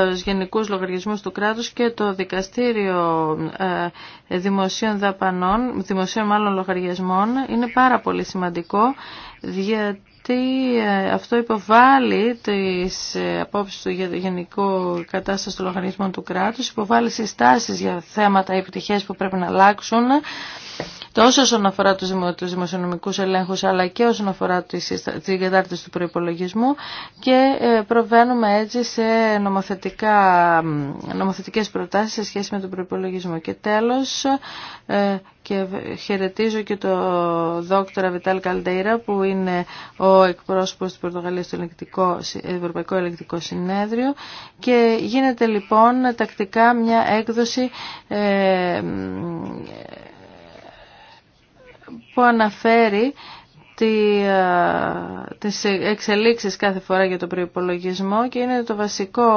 τους γενικούς λογαριασμούς του κράτους και το Δικαστήριο ε, Δημοσίων Δαπανών, Δημοσίων μάλλον Λογαριασμών, είναι πάρα πολύ σημαντικό γιατί ε, αυτό υποβάλλει τις ε, απόψεις του για το γενικό κατάσταση των λογαριασμών του κράτους, υποβάλλει συστάσεις για θέματα επιτυχίες που πρέπει να αλλάξουν τόσο όσον αφορά τους, δημο, τους δημοσιονομικούς ελέγχους αλλά και όσον αφορά την κατάρτιση του προϋπολογισμού και ε, προβαίνουμε έτσι σε νομοθετικά, νομοθετικές προτάσεις σε σχέση με τον προϋπολογισμό. Και τέλος ε, και χαιρετίζω και το δόκτωρα Βιτάλ Καλντέιρα που είναι ο εκπρόσωπος της Πορτογαλίας στο Ελεκτικό, Ευρωπαϊκό Ελεκτικό Συνέδριο και γίνεται λοιπόν τακτικά μια έκδοση ε, που αναφέρει τη, ε, τις εξελίξεις κάθε φορά για τον προϋπολογισμό και είναι το βασικό,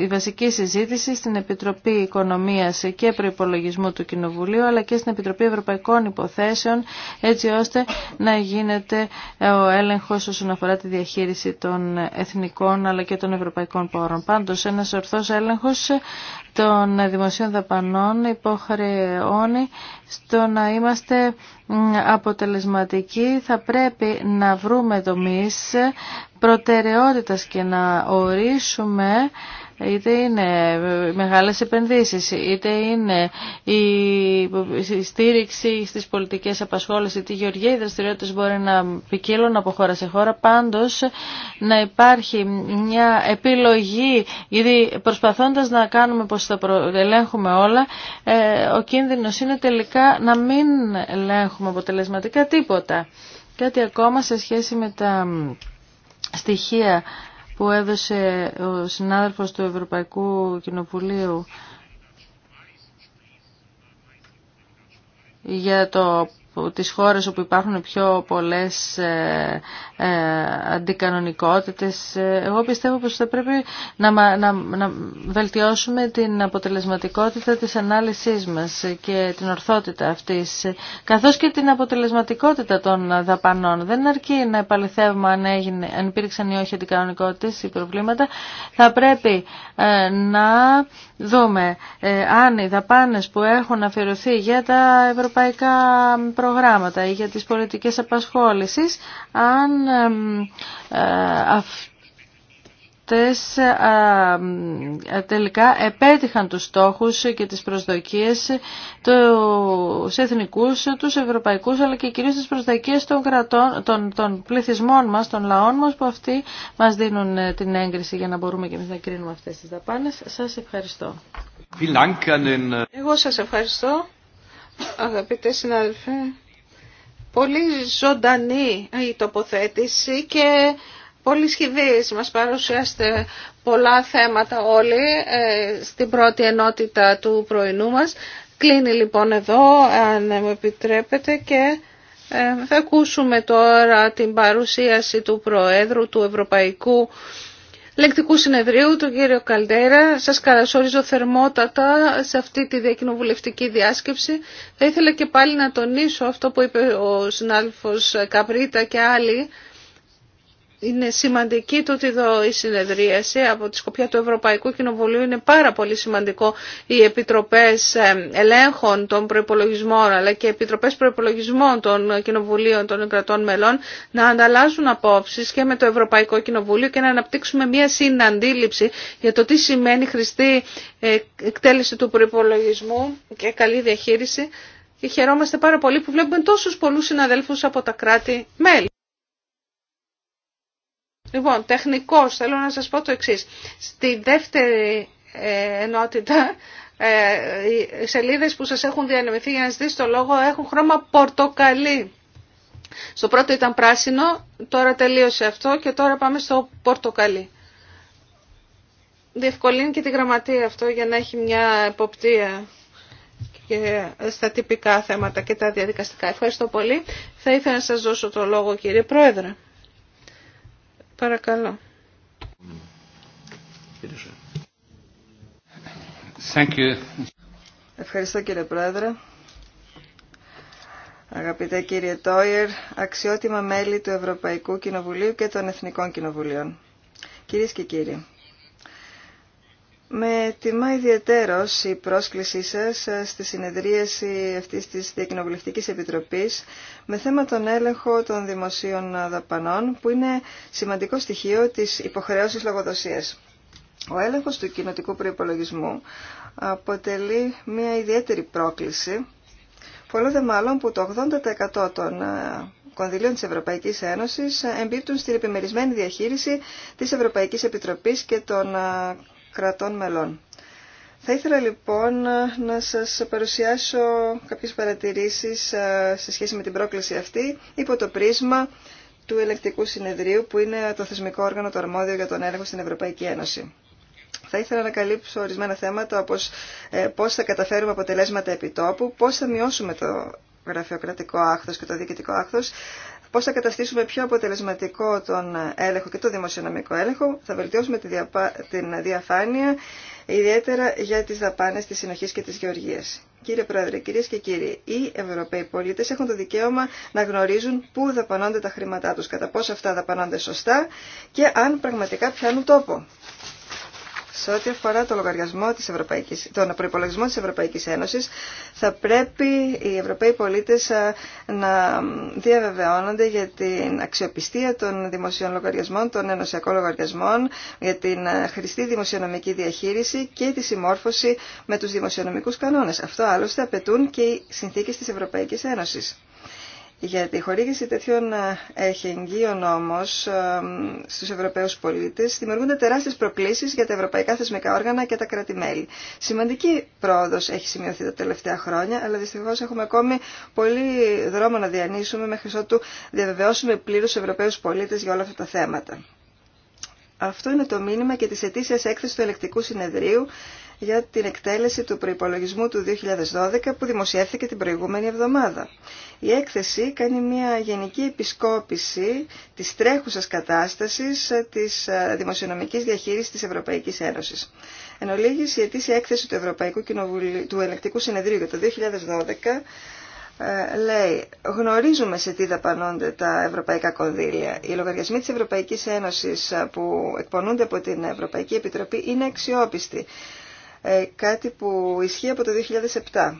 η βασική συζήτηση στην Επιτροπή Οικονομίας και Προϋπολογισμού του Κοινοβουλίου αλλά και στην Επιτροπή Ευρωπαϊκών Υποθέσεων έτσι ώστε να γίνεται ε, ο έλεγχος όσον αφορά τη διαχείριση των εθνικών αλλά και των ευρωπαϊκών πόρων. Πάντως ένας ορθός έλεγχος των δημοσίων δαπανών υποχρεώνει στο να είμαστε αποτελεσματικοί θα πρέπει να βρούμε δομής προτεραιότητας και να ορίσουμε είτε είναι μεγάλες επενδύσεις, είτε είναι η στήριξη στις πολιτικές απασχόλησης, τη γεωργία, οι δραστηριότητες μπορεί να ποικίλουν από χώρα σε χώρα, πάντως να υπάρχει μια επιλογή, γιατί προσπαθώντας να κάνουμε πως θα ελέγχουμε όλα, ε, ο κίνδυνος είναι τελικά να μην ελέγχουμε αποτελεσματικά τίποτα. Κάτι ακόμα σε σχέση με τα στοιχεία που έδωσε ο συνάδελφος του Ευρωπαϊκού Κοινοβουλίου για το τις χώρες όπου υπάρχουν πιο πολλές ε, ε αντικανονικότητες. Ε, εγώ πιστεύω πως θα πρέπει να, να, βελτιώσουμε την αποτελεσματικότητα της ανάλυσής μας και την ορθότητα αυτής, καθώς και την αποτελεσματικότητα των δαπανών. Δεν αρκεί να επαληθεύουμε αν, έγινε, αν υπήρξαν ή όχι αντικανονικότητες ή προβλήματα. Θα πρέπει ε, να δούμε αν οι δαπάνες που έχουν αφιερωθεί για τα ευρωπαϊκά προβλήματα προγράμματα ή για τις πολιτικές απασχόλησης, αν ε, αυτές ε, τελικά επέτυχαν τους στόχους και τις προσδοκίες τους εθνικούς, τους ευρωπαϊκούς, αλλά και κυρίως τις προσδοκίες των, κρατών, των, των πληθυσμών μας, των λαών μας, που αυτοί μας δίνουν ε, την έγκριση για να μπορούμε και εμείς να κρίνουμε αυτές τις δαπάνες. Σας ευχαριστώ. Εγώ σας ευχαριστώ αγαπητέ συνάδελφε. Πολύ ζωντανή η τοποθέτηση και πολύ σχηδής. Μας παρουσιάσετε πολλά θέματα όλοι ε, στην πρώτη ενότητα του πρωινού μας. Κλείνει λοιπόν εδώ, αν μου επιτρέπετε, και ε, θα ακούσουμε τώρα την παρουσίαση του Προέδρου του Ευρωπαϊκού Λεκτικού Συνεδρίου, του κύριο Καλτέρα. Σας καλωσορίζω θερμότατα σε αυτή τη διακοινοβουλευτική διάσκεψη. Θα ήθελα και πάλι να τονίσω αυτό που είπε ο συνάδελφος Καπρίτα και άλλοι είναι σημαντική τούτη εδώ η συνεδρίαση από τη σκοπιά του Ευρωπαϊκού Κοινοβουλίου. Είναι πάρα πολύ σημαντικό οι επιτροπές ε, ελέγχων των προπολογισμών αλλά και οι επιτροπές προπολογισμών των κοινοβουλίων των κρατών μελών να ανταλλάζουν απόψεις και με το Ευρωπαϊκό Κοινοβούλιο και να αναπτύξουμε μια συναντήληψη για το τι σημαίνει χρηστή ε, εκτέλεση του προπολογισμού και καλή διαχείριση. Και χαιρόμαστε πάρα πολύ που βλέπουμε τόσους πολλούς συναδέλφου από τα κράτη-μέλη. Λοιπόν, τεχνικώ θέλω να σα πω το εξή. Στη δεύτερη ε, ενότητα ε, οι σελίδε που σα έχουν διανεμηθεί για να δείξω το λόγο έχουν χρώμα πορτοκαλί. Στο πρώτο ήταν πράσινο, τώρα τελείωσε αυτό και τώρα πάμε στο πορτοκαλί. Διευκολύνει και τη γραμματεία αυτό για να έχει μια εποπτεία και στα τυπικά θέματα και τα διαδικαστικά. Ευχαριστώ πολύ. Θα ήθελα να σας δώσω το λόγο κύριε Πρόεδρε. Παρακαλώ. Ευχαριστώ κύριε Πρόεδρε. Αγαπητέ κύριε Τόιερ, αξιότιμα μέλη του Ευρωπαϊκού Κοινοβουλίου και των Εθνικών Κοινοβουλίων. Κυρίες και κύριοι, με τιμά ιδιαίτερο η πρόσκλησή σα ε, στη συνεδρίαση αυτής της Διακοινοβουλευτική Επιτροπής με θέμα τον έλεγχο των δημοσίων δαπανών που είναι σημαντικό στοιχείο της υποχρεώση λογοδοσία. Ο έλεγχος του κοινοτικού προϋπολογισμού αποτελεί μια ιδιαίτερη πρόκληση πολλό δε μάλλον που το 80% των ε, κονδυλίων της Ευρωπαϊκής Ένωσης ε, εμπίπτουν στην επιμερισμένη διαχείριση της Ευρωπαϊκής Επιτροπής και των κρατών μελών. Θα ήθελα λοιπόν να σας παρουσιάσω κάποιες παρατηρήσεις ε, σε σχέση με την πρόκληση αυτή υπό το πρίσμα του Ελεκτικού Συνεδρίου που είναι το θεσμικό όργανο το αρμόδιο για τον έλεγχο στην Ευρωπαϊκή Ένωση. Θα ήθελα να καλύψω ορισμένα θέματα όπως ε, πώς θα καταφέρουμε αποτελέσματα επιτόπου, πώς θα μειώσουμε το γραφειοκρατικό άχθος και το διοικητικό άχθος, πώς θα καταστήσουμε πιο αποτελεσματικό τον έλεγχο και το δημοσιονομικό έλεγχο, θα βελτιώσουμε τη την διαφάνεια, ιδιαίτερα για τις δαπάνες της συνοχής και της γεωργίας. Κύριε Πρόεδρε, κυρίες και κύριοι, οι Ευρωπαίοι πολίτες έχουν το δικαίωμα να γνωρίζουν πού δαπανώνται τα χρήματά τους, κατά πόσο αυτά δαπανώνται σωστά και αν πραγματικά πιάνουν τόπο σε ό,τι αφορά το λογαριασμό της Ευρωπαϊκής, τον προπολογισμό της Ευρωπαϊκής Ένωσης, θα πρέπει οι Ευρωπαίοι πολίτες ε, να διαβεβαιώνονται για την αξιοπιστία των δημοσίων λογαριασμών, των ενωσιακών λογαριασμών, για την ε, χρηστή δημοσιονομική διαχείριση και τη συμμόρφωση με τους δημοσιονομικούς κανόνες. Αυτό άλλωστε απαιτούν και οι συνθήκες της Ευρωπαϊκής Ένωσης. Για η χορήγηση τέτοιων ε, εχεγγύων όμω ε, στου Ευρωπαίου πολίτε δημιουργούνται τεράστιε προκλήσει για τα ευρωπαϊκά θεσμικά όργανα και τα κράτη-μέλη. Σημαντική πρόοδο έχει σημειωθεί τα τελευταία χρόνια, αλλά δυστυχώ έχουμε ακόμη πολύ δρόμο να διανύσουμε μέχρι ότου διαβεβαιώσουμε πλήρους του Ευρωπαίου πολίτε για όλα αυτά τα θέματα. Αυτό είναι το μήνυμα και τη ετήσια έκθεση του Ελεκτικού Συνεδρίου για την εκτέλεση του προϋπολογισμού του 2012 που δημοσιεύθηκε την προηγούμενη εβδομάδα. Η έκθεση κάνει μια γενική επισκόπηση της τρέχουσας κατάστασης ε, της ε, δημοσιονομικής διαχείρισης της Ευρωπαϊκής Ένωσης. Εν ολίγης, η ετήσια έκθεση του Ευρωπαϊκού Κοινοβουλίου, του Ελεκτικού Συνεδρίου για το 2012 ε, λέει «Γνωρίζουμε σε τι δαπανώνται τα ευρωπαϊκά κονδύλια. Οι λογαριασμοί της Ευρωπαϊκής Ένωσης που εκπονούνται από την Ευρωπαϊκή Επιτροπή είναι αξιόπιστοι ε, κάτι που ισχύει από το 2007.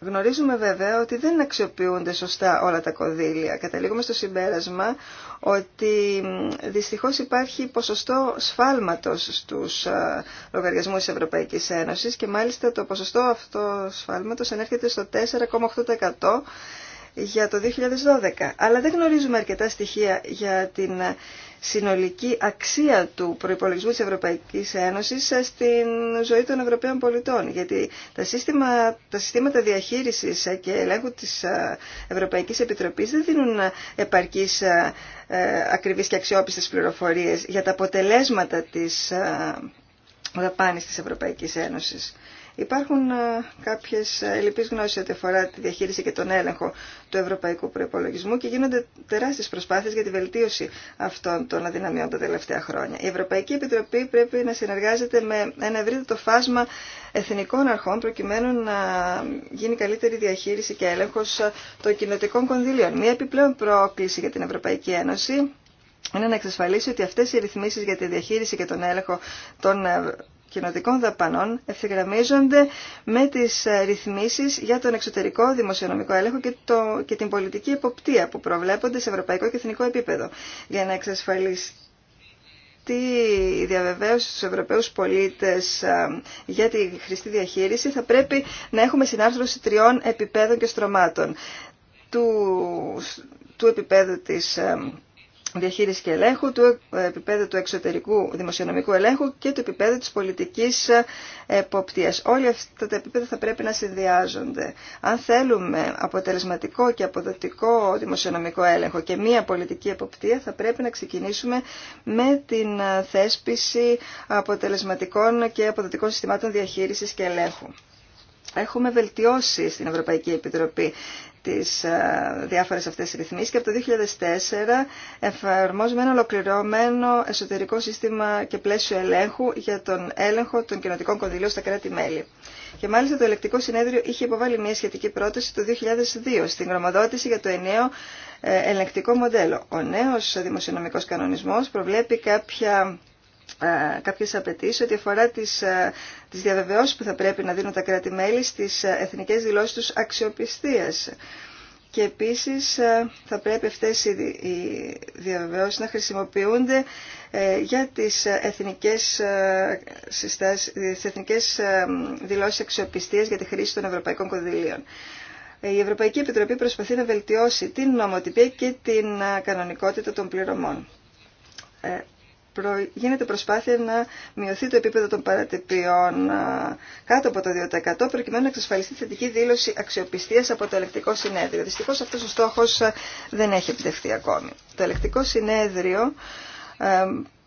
Γνωρίζουμε βέβαια ότι δεν αξιοποιούνται σωστά όλα τα κονδύλια. Καταλήγουμε στο συμπέρασμα ότι δυστυχώς υπάρχει ποσοστό σφάλματος στους ε, λογαριασμούς της Ευρωπαϊκής Ένωσης και μάλιστα το ποσοστό αυτό σφάλματος ανέρχεται στο 4,8% για το 2012, αλλά δεν γνωρίζουμε αρκετά στοιχεία για την συνολική αξία του προϋπολογισμού της Ευρωπαϊκής Ένωσης στην ζωή των Ευρωπαίων πολιτών. Γιατί τα, τα συστήματα διαχείρισης και ελέγχου της Ευρωπαϊκής Επιτροπής δεν δίνουν επαρκείς ε, ακριβείς και αξιόπιστες πληροφορίες για τα αποτελέσματα της ε, δαπάνης της Ευρωπαϊκής Ένωσης. Υπάρχουν ε, κάποιε ελλειπεί γνώσει ό,τι αφορά τη διαχείριση και τον έλεγχο του ευρωπαϊκού προπολογισμού και γίνονται τεράστιε προσπάθειε για τη βελτίωση αυτών των αδυναμιών τα τελευταία χρόνια. Η Ευρωπαϊκή Επιτροπή πρέπει να συνεργάζεται με ένα ευρύτερο φάσμα εθνικών αρχών προκειμένου να γίνει καλύτερη διαχείριση και έλεγχο των κοινοτικών κονδύλιων. Μία επιπλέον πρόκληση για την Ευρωπαϊκή Ένωση είναι να εξασφαλίσει ότι αυτές οι ρυθμίσεις για τη διαχείριση και τον έλεγχο των κοινοτικών δαπανών ευθυγραμμίζονται με τις ε, ρυθμίσεις για τον εξωτερικό δημοσιονομικό έλεγχο και, το, και την πολιτική εποπτεία που προβλέπονται σε ευρωπαϊκό και εθνικό επίπεδο για να εξασφαλίσει η διαβεβαίωση στους Ευρωπαίους πολίτες ε, για τη χρηστή διαχείριση θα πρέπει να έχουμε συνάρθρωση τριών επιπέδων και στρωμάτων του, του επίπεδου της ε, διαχείριση και ελέγχου, του επίπεδου του εξωτερικού δημοσιονομικού ελέγχου και του επίπεδου της πολιτικής εποπτείας. Όλοι αυτά τα επίπεδα θα πρέπει να συνδυάζονται. Αν θέλουμε αποτελεσματικό και αποδοτικό δημοσιονομικό έλεγχο και μία πολιτική εποπτεία, θα πρέπει να ξεκινήσουμε με την θέσπιση αποτελεσματικών και αποδοτικών συστημάτων διαχείρισης και ελέγχου. Έχουμε βελτιώσει στην Ευρωπαϊκή Επιτροπή τις ε, διάφορες αυτές ρυθμίσεις και από το 2004 εφαρμόζουμε ένα ολοκληρωμένο εσωτερικό σύστημα και πλαίσιο ελέγχου για τον έλεγχο των κοινοτικών κονδυλίων στα κράτη-μέλη. Και μάλιστα το ελεκτικό συνέδριο είχε υποβάλει μια σχετική πρόταση το 2002 στην γραμματότηση για το ενιαίο ε, ελεκτικό μοντέλο. Ο νέος δημοσιονομικός κανονισμός προβλέπει κάποια ε, κάποιες απαιτήσει ότι αφορά τις, ε, τις που θα πρέπει να δίνουν τα κράτη-μέλη στις ε, εθνικές δηλώσεις τους αξιοπιστίας. Και επίσης θα πρέπει αυτές οι διαβεβαιώσεις να χρησιμοποιούνται για τις εθνικές, συστάσεις, τις εθνικές δηλώσεις αξιοπιστίας για τη χρήση των ευρωπαϊκών κονδυλίων. Η Ευρωπαϊκή Επιτροπή προσπαθεί να βελτιώσει την νομοτυπία και την κανονικότητα των πληρωμών γίνεται προσπάθεια να μειωθεί το επίπεδο των παρατυπιών κάτω από το 2% προκειμένου να εξασφαλιστεί θετική δήλωση αξιοπιστίας από το ελεκτικό συνέδριο. Δυστυχώς αυτός ο στόχος δεν έχει επιτευχθεί ακόμη. Το ελεκτικό συνέδριο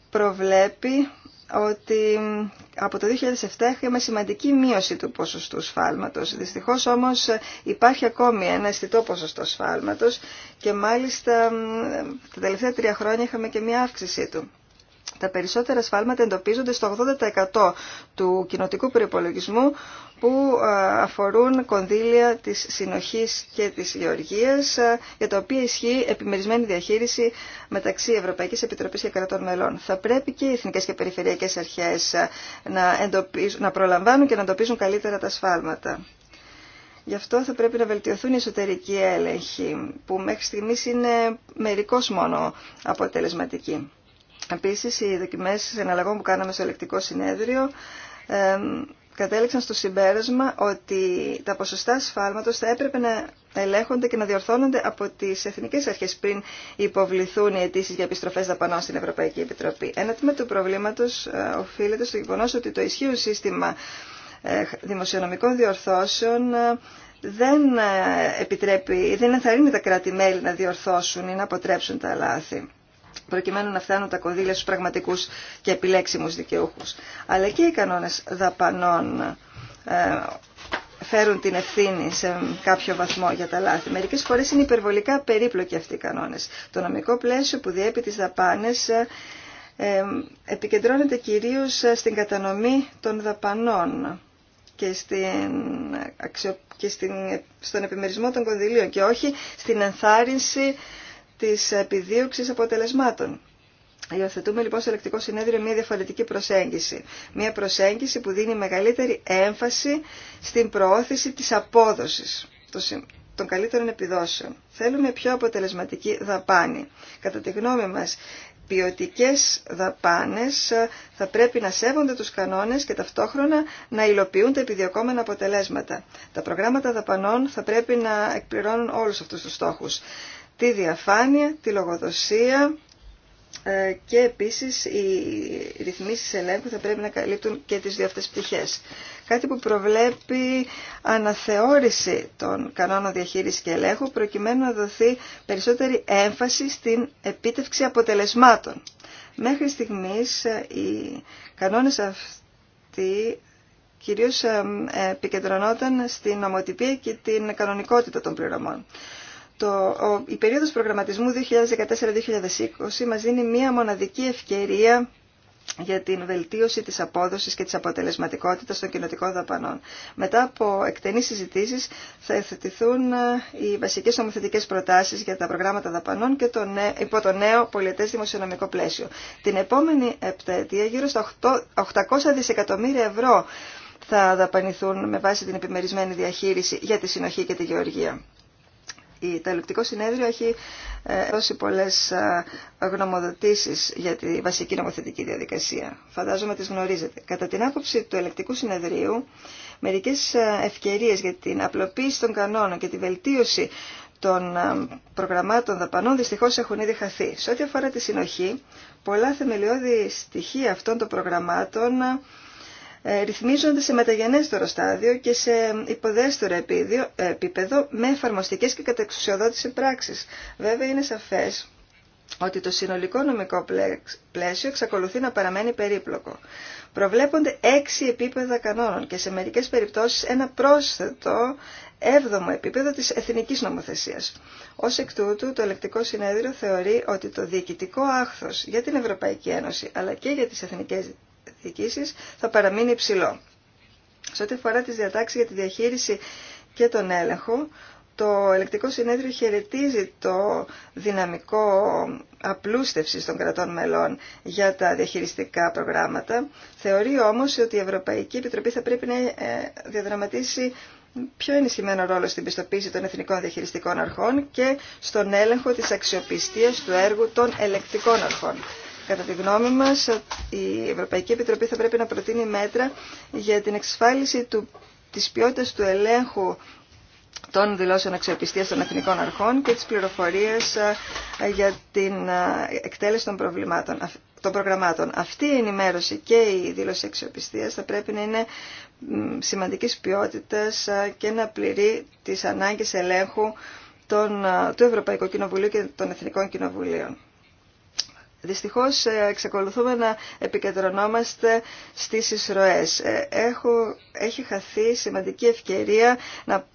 προβλέπει ότι από το 2007 είχαμε σημαντική μείωση του ποσοστού σφάλματος. Δυστυχώς όμως υπάρχει ακόμη ένα αισθητό ποσοστό σφάλματος και μάλιστα τα τελευταία τρία χρόνια είχαμε και μια αύξησή του. Τα περισσότερα σφάλματα εντοπίζονται στο 80% του κοινοτικού προπολογισμού που ε, αφορούν κονδύλια της συνοχής και της γεωργίας ε, για τα οποία ισχύει επιμερισμένη διαχείριση μεταξύ Ευρωπαϊκής Επιτροπής και κρατών μελών. Θα πρέπει και οι εθνικές και περιφερειακές αρχές ε, να, να προλαμβάνουν και να εντοπίζουν καλύτερα τα σφάλματα. Γι' αυτό θα πρέπει να βελτιωθούν οι εσωτερικοί έλεγχοι που μέχρι στιγμής είναι μερικώς μόνο αποτελεσματικοί. Επίσης, οι δοκιμές εναλλαγών που κάναμε στο ελεκτικό συνέδριο κατέληξαν στο συμπέρασμα ότι τα ποσοστά σφάλματος θα έπρεπε να ελέγχονται και να διορθώνονται από τις εθνικές αρχές πριν υποβληθούν οι αιτήσει για επιστροφές δαπανών στην Ευρωπαϊκή Επιτροπή. Ένα τμήμα του προβλήματος ε, οφείλεται στο γεγονός ότι το ισχύον σύστημα ε, δημοσιονομικών διορθώσεων ε, δεν επιτρέπει, δεν ενθαρρύνει τα κράτη-μέλη να διορθώσουν ή να αποτρέψουν τα λάθη προκειμένου να φτάνουν τα κονδύλια στους πραγματικούς και επιλέξιμους δικαιούχους. Αλλά και οι κανόνες δαπανών ε, φέρουν την ευθύνη σε κάποιο βαθμό για τα λάθη. Μερικές φορές είναι υπερβολικά περίπλοκοι αυτοί οι κανόνες. Το νομικό πλαίσιο που διέπει τις δαπάνες ε, ε, επικεντρώνεται κυρίως στην κατανομή των δαπανών και, στην, και στην, στον επιμερισμό των κονδυλίων και όχι στην ενθάρρυνση της επιδίωξης αποτελεσμάτων. Υιοθετούμε λοιπόν στο ελεκτικό συνέδριο μια διαφορετική προσέγγιση. Μια προσέγγιση που δίνει μεγαλύτερη έμφαση στην προώθηση της απόδοσης των καλύτερων επιδόσεων. Θέλουμε πιο αποτελεσματική δαπάνη. Κατά τη γνώμη μας, ποιοτικέ δαπάνες ε, θα πρέπει να σέβονται τους κανόνες και ταυτόχρονα να υλοποιούν τα επιδιωκόμενα αποτελέσματα. Τα προγράμματα δαπανών θα πρέπει να εκπληρώνουν όλους αυτούς τους στόχους τη διαφάνεια, τη λογοδοσία ε, και επίσης οι ρυθμίσεις ελέγχου θα πρέπει να καλύπτουν και τις δύο αυτές πτυχές. Κάτι που προβλέπει αναθεώρηση των κανόνων διαχείρισης και ελέγχου προκειμένου να δοθεί περισσότερη έμφαση στην επίτευξη αποτελεσμάτων. Μέχρι στιγμής ε, οι κανόνες αυτοί κυρίως ε, επικεντρωνόταν στην ομοτυπία και την κανονικότητα των πληρωμών το, ο, η περίοδος προγραμματισμού 2014-2020 μας δίνει μία μοναδική ευκαιρία για την βελτίωση της απόδοσης και της αποτελεσματικότητας των κοινοτικών δαπανών. Μετά από εκτενείς συζητήσεις θα εθετηθούν ε, οι βασικές νομοθετικές προτάσεις για τα προγράμματα δαπανών και το νέο, υπό το νέο πολιετές δημοσιονομικό πλαίσιο. Την επόμενη επταετία γύρω στα 800 δισεκατομμύρια ευρώ θα δαπανηθούν με βάση την επιμερισμένη διαχείριση για τη συνοχή και τη γεωργία. Το ελεκτικό συνέδριο έχει ε, δώσει πολλές ε, γνωμοδοτήσεις για τη βασική νομοθετική διαδικασία. Φαντάζομαι τις γνωρίζετε. Κατά την άποψη του ελεκτικού συνεδρίου, μερικές ε, ευκαιρίες για την απλοποίηση των κανόνων και τη βελτίωση των προγραμμάτων δαπανών δυστυχώς έχουν ήδη χαθεί. Σε ό,τι αφορά τη συνοχή, πολλά θεμελιώδη στοιχεία αυτών των προγραμμάτων ε, ρυθμίζονται σε μεταγενέστερο στάδιο και σε υποδέστερο επίπεδο με εφαρμοστικές και κατεξουσιοδότηση πράξεις. Βέβαια είναι σαφές ότι το συνολικό νομικό πλαίσιο εξακολουθεί να παραμένει περίπλοκο. Προβλέπονται έξι επίπεδα κανόνων και σε μερικές περιπτώσεις ένα πρόσθετο έβδομο επίπεδο της εθνικής νομοθεσίας. Ως εκ τούτου, το Ελεκτικό Συνέδριο θεωρεί ότι το διοικητικό άχθος για την Ευρωπαϊκή Ένωση αλλά και για τις εθνικές θα παραμείνει υψηλό. Σε ό,τι αφορά τις διατάξεις για τη διαχείριση και τον έλεγχο, το ελεκτικό συνέδριο χαιρετίζει το δυναμικό απλούστευση των κρατών μελών για τα διαχειριστικά προγράμματα. Θεωρεί όμως ότι η Ευρωπαϊκή Επιτροπή θα πρέπει να ε, διαδραματίσει πιο ενισχυμένο ρόλο στην πιστοποίηση των εθνικών διαχειριστικών αρχών και στον έλεγχο της αξιοπιστίας του έργου των ελεκτικών αρχών. Κατά τη γνώμη μας, η Ευρωπαϊκή Επιτροπή θα πρέπει να προτείνει μέτρα για την εξασφάλιση του, της ποιότητας του ελέγχου των δηλώσεων αξιοπιστίας των εθνικών αρχών και τις πληροφορίες για την εκτέλεση των, προβλημάτων, προγραμμάτων. Αυτή η ενημέρωση και η δήλωση αξιοπιστίας θα πρέπει να είναι σημαντικής ποιότητας και να πληρεί τις ανάγκες ελέγχου του Ευρωπαϊκού Κοινοβουλίου και των Εθνικών Κοινοβουλίων. Δυστυχώς ε, εξακολουθούμε να επικεντρωνόμαστε στις εισρωές. Ε, έχω, έχει χαθεί σημαντική ευκαιρία να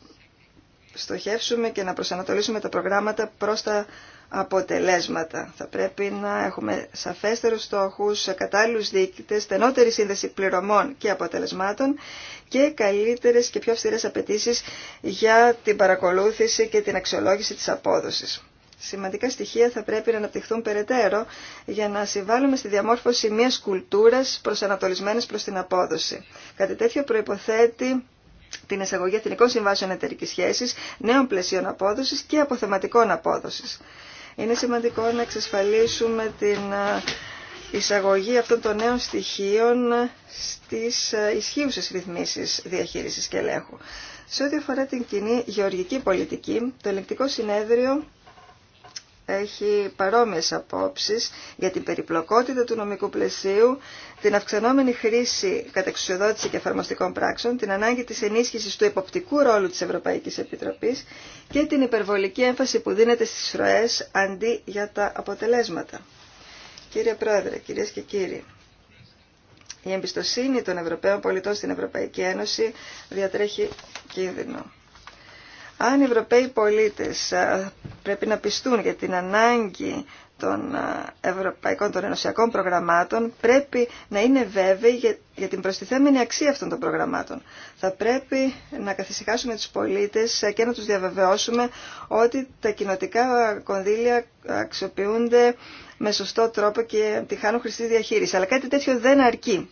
στοχεύσουμε και να προσανατολίσουμε τα προγράμματα προς τα αποτελέσματα. Θα πρέπει να έχουμε σαφέστερους στόχους, κατάλληλους δείκτες, στενότερη σύνδεση πληρωμών και αποτελεσμάτων και καλύτερες και πιο αυστηρές απαιτήσει για την παρακολούθηση και την αξιολόγηση της απόδοσης σημαντικά στοιχεία θα πρέπει να αναπτυχθούν περαιτέρω για να συμβάλλουμε στη διαμόρφωση μιας κουλτούρας προσανατολισμένης προς την απόδοση. Κάτι τέτοιο προϋποθέτει την εισαγωγή εθνικών συμβάσεων εταιρική σχέση, νέων πλαισίων απόδοση και αποθεματικών απόδοση. Είναι σημαντικό να εξασφαλίσουμε την ε, εισαγωγή αυτών των νέων στοιχείων στι ε, ισχύουσε ρυθμίσει διαχείριση και ελέγχου. Σε ό,τι αφορά την κοινή γεωργική πολιτική, το ελεγκτικό συνέδριο έχει παρόμοιες απόψεις για την περιπλοκότητα του νομικού πλαισίου, την αυξανόμενη χρήση κατεξουσιοδότηση και εφαρμοστικών πράξεων, την ανάγκη της ενίσχυσης του υποπτικού ρόλου της Ευρωπαϊκής Επιτροπής και την υπερβολική έμφαση που δίνεται στις ροές αντί για τα αποτελέσματα. Κύριε Πρόεδρε, κυρίες και κύριοι, η εμπιστοσύνη των Ευρωπαίων πολιτών στην Ευρωπαϊκή Ένωση διατρέχει κίνδυνο. Αν οι Ευρωπαίοι πολίτες ε, πρέπει να πιστούν για την ανάγκη των ε, ευρωπαϊκών, των ενωσιακών προγραμμάτων πρέπει να είναι βέβαιοι για, την προστιθέμενη αξία αυτών των προγραμμάτων. Θα πρέπει να καθησυχάσουμε τους πολίτες ε, και να τους διαβεβαιώσουμε ότι τα κοινοτικά κονδύλια αξιοποιούνται με σωστό τρόπο και χάνουν χρηστή διαχείριση. Αλλά κάτι τέτοιο δεν αρκεί.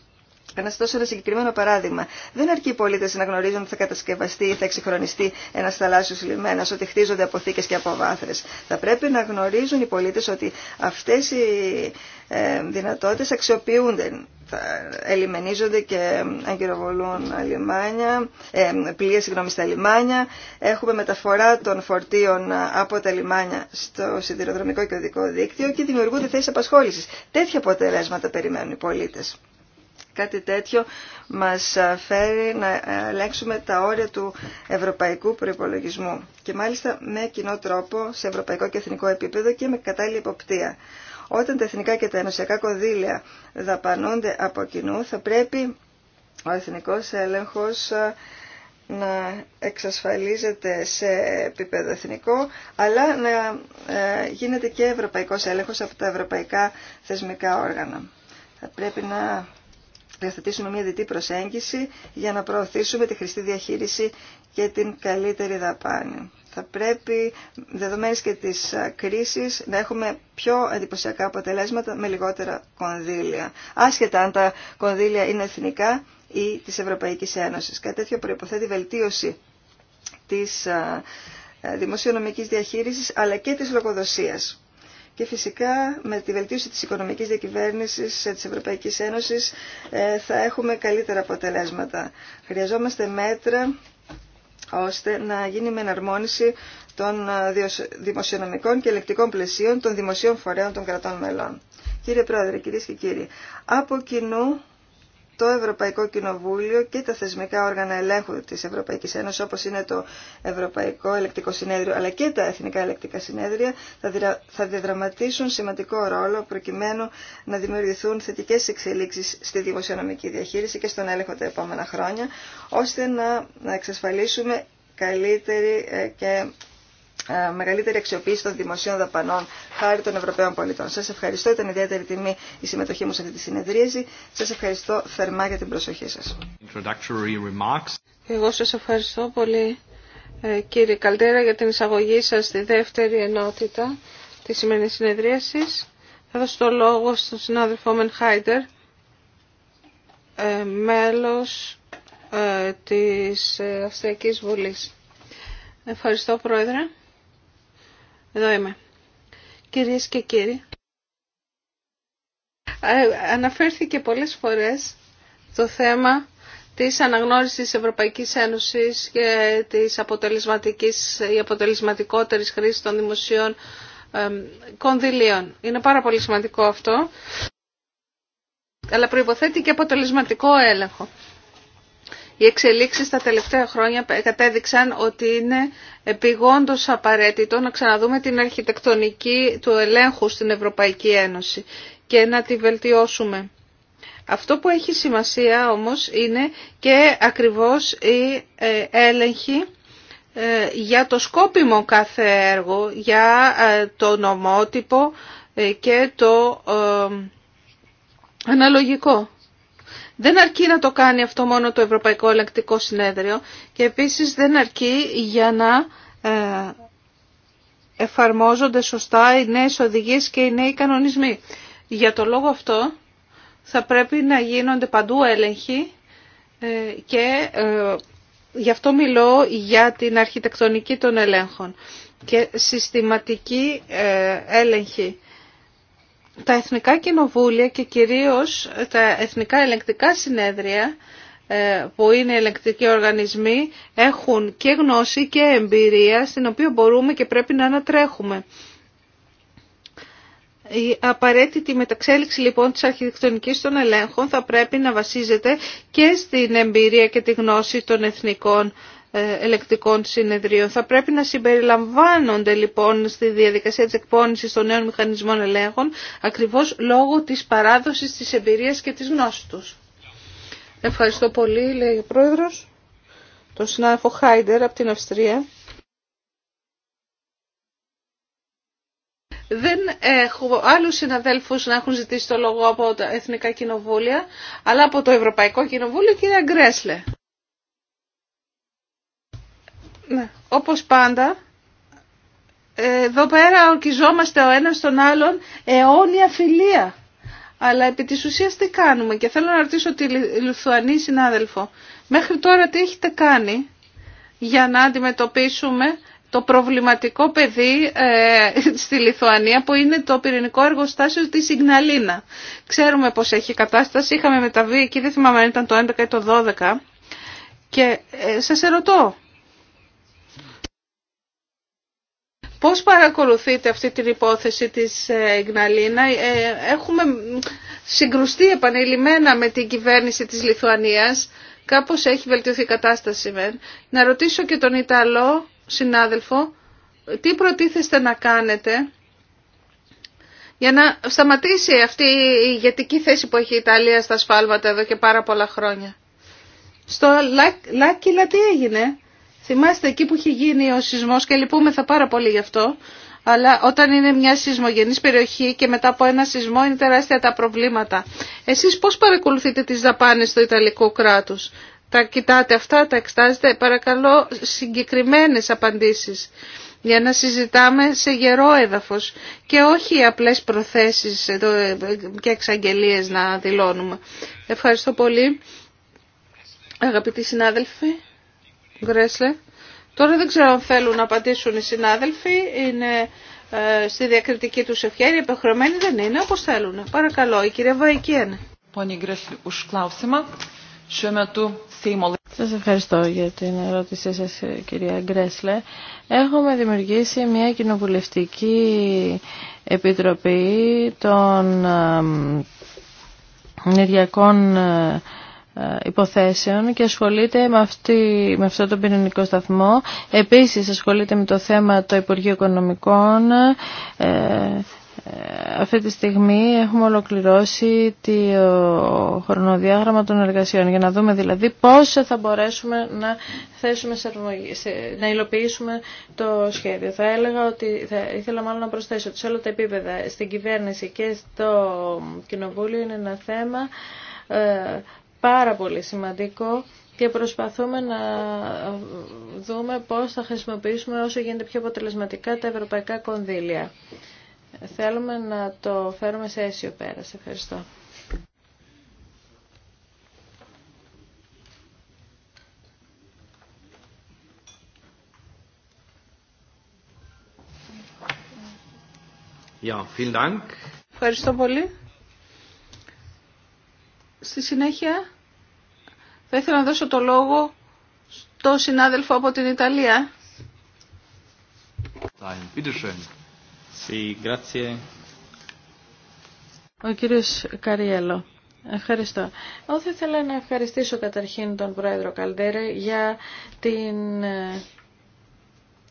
Να σα δώσω ένα συγκεκριμένο παράδειγμα. Δεν αρκεί οι πολίτε να γνωρίζουν ότι θα κατασκευαστεί ή θα εξυγχρονιστεί ένα θαλάσσιο λιμένα, ότι χτίζονται αποθήκε και αποβάθρε. Θα πρέπει να γνωρίζουν οι πολίτε ότι αυτέ οι ε, δυνατότητε αξιοποιούνται. Θα ελιμενίζονται και αγκυροβολούν λιμάνια, ε, πλοία συγγνώμη, στα λιμάνια. Έχουμε μεταφορά των φορτίων από τα λιμάνια στο σιδηροδρομικό και οδικό δίκτυο και δημιουργούνται θέσει απασχόληση. Τέτοια αποτελέσματα περιμένουν οι πολίτε κάτι τέτοιο μας φέρει να ελέγξουμε τα όρια του ευρωπαϊκού προϋπολογισμού και μάλιστα με κοινό τρόπο σε ευρωπαϊκό και εθνικό επίπεδο και με κατάλληλη υποπτία. Όταν τα εθνικά και τα ενωσιακά κονδύλια δαπανούνται από κοινού θα πρέπει ο εθνικός έλεγχος ε, να εξασφαλίζεται σε επίπεδο εθνικό, αλλά να ε, γίνεται και ευρωπαϊκός έλεγχος από τα ευρωπαϊκά θεσμικά όργανα. Θα πρέπει να διαθετήσουμε μια διτή προσέγγιση για να προωθήσουμε τη χρηστή διαχείριση και την καλύτερη δαπάνη. Θα πρέπει, δεδομένες και της κρίσης, να έχουμε πιο εντυπωσιακά αποτελέσματα με λιγότερα κονδύλια, άσχετα αν τα κονδύλια είναι εθνικά ή της Ευρωπαϊκής Ένωσης. Κάτι τέτοιο προϋποθέτει βελτίωση της δημοσιονομικής διαχείρισης, αλλά και της λογοδοσίας. Και φυσικά με τη βελτίωση της οικονομικής διακυβέρνησης ε, της Ευρωπαϊκής Ένωσης ε, θα έχουμε καλύτερα αποτελέσματα. Χρειαζόμαστε μέτρα ώστε να γίνει με εναρμόνιση των ε, δημοσιονομικών και ελεκτικών πλαισίων των δημοσίων φορέων των κρατών μελών. Κύριε Πρόεδρε, κυρίες και κύριοι, από κοινού το Ευρωπαϊκό Κοινοβούλιο και τα θεσμικά όργανα ελέγχου της Ευρωπαϊκής Ένωσης όπως είναι το Ευρωπαϊκό Ελεκτικό Συνέδριο αλλά και τα Εθνικά Ελεκτικά Συνέδρια θα διαδραματίσουν σημαντικό ρόλο προκειμένου να δημιουργηθούν θετικές εξελίξεις στη δημοσιονομική διαχείριση και στον έλεγχο τα επόμενα χρόνια ώστε να εξασφαλίσουμε καλύτερη ε, και ε, μεγαλύτερη αξιοποίηση των δημοσίων δαπανών χάρη των Ευρωπαίων πολιτών. Σας ευχαριστώ, ήταν ιδιαίτερη τιμή η συμμετοχή μου σε αυτή τη συνεδρίαση. Σας ευχαριστώ θερμά για την προσοχή σας. Εγώ σας ευχαριστώ πολύ ε, κύριε Καλτέρα για την εισαγωγή σας στη δεύτερη ενότητα της σημερινής συνεδρίασης. Θα δώσω το λόγο στον συνάδελφο Μεν Χάιντερ, ε, μέλος της Αυστριακής Βουλής. Ευχαριστώ Πρόεδρε. Εδώ είμαι. Κυρίες και κύριοι, ε, αναφέρθηκε πολλές φορές το θέμα της αναγνώρισης Ευρωπαϊκής Ένωσης και της αποτελεσματικής ή αποτελεσματικότερης χρήσης των δημοσίων κονδυλίων. Είναι πάρα πολύ σημαντικό αυτό, αλλά προϋποθέτει και αποτελεσματικό έλεγχο. Οι εξελίξεις τα τελευταία χρόνια κατέδειξαν ότι είναι επιγόντως απαραίτητο να ξαναδούμε την αρχιτεκτονική του ελέγχου στην Ευρωπαϊκή Ένωση και να τη βελτιώσουμε. Αυτό που έχει σημασία όμως είναι και ακριβώς η ε, έλεγχη ε, για το σκόπιμο κάθε έργο, για ε, το νομότυπο και το αναλογικό. Δεν αρκεί να το κάνει αυτό μόνο το Ευρωπαϊκό Ελεκτικό Συνέδριο και επίσης δεν αρκεί για να ε, εφαρμόζονται σωστά οι νέες οδηγίες και οι νέοι κανονισμοί. Για το λόγο αυτό θα πρέπει να γίνονται παντού έλεγχοι ε, και ε, γι' αυτό μιλώ για την αρχιτεκτονική των ελέγχων και συστηματική έλεγχη τα εθνικά κοινοβούλια και κυρίως τα εθνικά ελεγκτικά συνέδρια ε, που είναι ελεγκτικοί οργανισμοί έχουν και γνώση και εμπειρία στην οποία μπορούμε και πρέπει να ανατρέχουμε. Η απαραίτητη μεταξέλιξη λοιπόν της αρχιτεκτονικής των ελέγχων θα πρέπει να βασίζεται και στην εμπειρία και τη γνώση των εθνικών ε, ελεκτικών συνεδρίων. Θα πρέπει να συμπεριλαμβάνονται λοιπόν στη διαδικασία της εκπόνησης των νέων μηχανισμών ελέγχων ακριβώς λόγω της παράδοσης της εμπειρίας και της γνώσης τους. Ευχαριστώ πολύ, λέει ο Πρόεδρος, τον συνάδελφο Χάιντερ από την Αυστρία. Δεν έχω άλλους συναδέλφους να έχουν ζητήσει το λόγο από τα Εθνικά Κοινοβούλια, αλλά από το Ευρωπαϊκό Κοινοβούλιο, κυρία Γκρέσλε. Ναι. Όπως πάντα, εδώ πέρα ορκιζόμαστε ο ένας τον άλλον αιώνια φιλία. Αλλά επί της ουσίας τι κάνουμε και θέλω να ρωτήσω τη Λουθουανή συνάδελφο. Μέχρι τώρα τι έχετε κάνει για να αντιμετωπίσουμε το προβληματικό παιδί ε, στη Λιθουανία που είναι το πυρηνικό εργοστάσιο της Ιγναλίνα. Ξέρουμε πως έχει κατάσταση, είχαμε μεταβεί εκεί, δεν θυμάμαι αν ήταν το 11 ή το 12 και ε, σας ερωτώ Πώς παρακολουθείτε αυτή την υπόθεση της ε, Ιγναλίνα. Ε, έχουμε συγκρουστεί επανειλημμένα με την κυβέρνηση της Λιθουανίας. Κάπως έχει βελτιωθεί η κατάσταση. Να ρωτήσω και τον Ιταλό συνάδελφο τι προτίθεστε να κάνετε για να σταματήσει αυτή η ηγετική θέση που έχει η Ιταλία στα σφάλματα εδώ και πάρα πολλά χρόνια. Στο Λάκυλα τι έγινε. Θυμάστε εκεί που έχει γίνει ο σεισμός και λυπούμεθα πάρα πολύ γι' αυτό. Αλλά όταν είναι μια σεισμογενής περιοχή και μετά από ένα σεισμό είναι τεράστια τα προβλήματα. Εσείς πώς παρακολουθείτε τις δαπάνες του Ιταλικό κράτος. Τα κοιτάτε αυτά, τα εξτάζετε. Παρακαλώ συγκεκριμένες απαντήσεις για να συζητάμε σε γερό έδαφος και όχι απλές προθέσεις ε, και εξαγγελίες να δηλώνουμε. Ευχαριστώ πολύ αγαπητοί συνάδελφοι. Γκρέσλε. Τώρα δεν ξέρω αν θέλουν να απαντήσουν οι συνάδελφοι. Είναι ε, στη διακριτική του ευχαίρεια. Υπεχρεωμένοι δεν είναι όπω θέλουν. Παρακαλώ, η κυρία Βαϊκιέν. Σα ευχαριστώ για την ερώτησή σα, κυρία Γκρέσλε. Έχουμε δημιουργήσει μια κοινοβουλευτική επιτροπή των ε, ενεργειακών ε, υποθέσεων και ασχολείται με, αυτή, με αυτό το πυρηνικό σταθμό. Επίσης ασχολείται με το θέμα το Υπουργείο Οικονομικών. Ε, ε, αυτή τη στιγμή έχουμε ολοκληρώσει το χρονοδιάγραμμα των εργασιών για να δούμε δηλαδή πώς θα μπορέσουμε να, θέσουμε σε, να υλοποιήσουμε το σχέδιο. Θα έλεγα ότι θα ήθελα μάλλον να προσθέσω ότι σε όλα τα επίπεδα στην κυβέρνηση και στο κοινοβούλιο είναι ένα θέμα ε, πάρα πολύ σημαντικό και προσπαθούμε να δούμε πώς θα χρησιμοποιήσουμε όσο γίνεται πιο αποτελεσματικά τα ευρωπαϊκά κονδύλια. Θέλουμε να το φέρουμε σε αίσιο πέρα. Σε ευχαριστώ. vielen Dank. Ευχαριστώ πολύ. Στη συνέχεια θα ήθελα να δώσω το λόγο στο συνάδελφο από την Ιταλία. Ο κύριος Καριέλο. Ευχαριστώ. θα ήθελα να ευχαριστήσω καταρχήν τον Πρόεδρο Καλντέρε για την ε,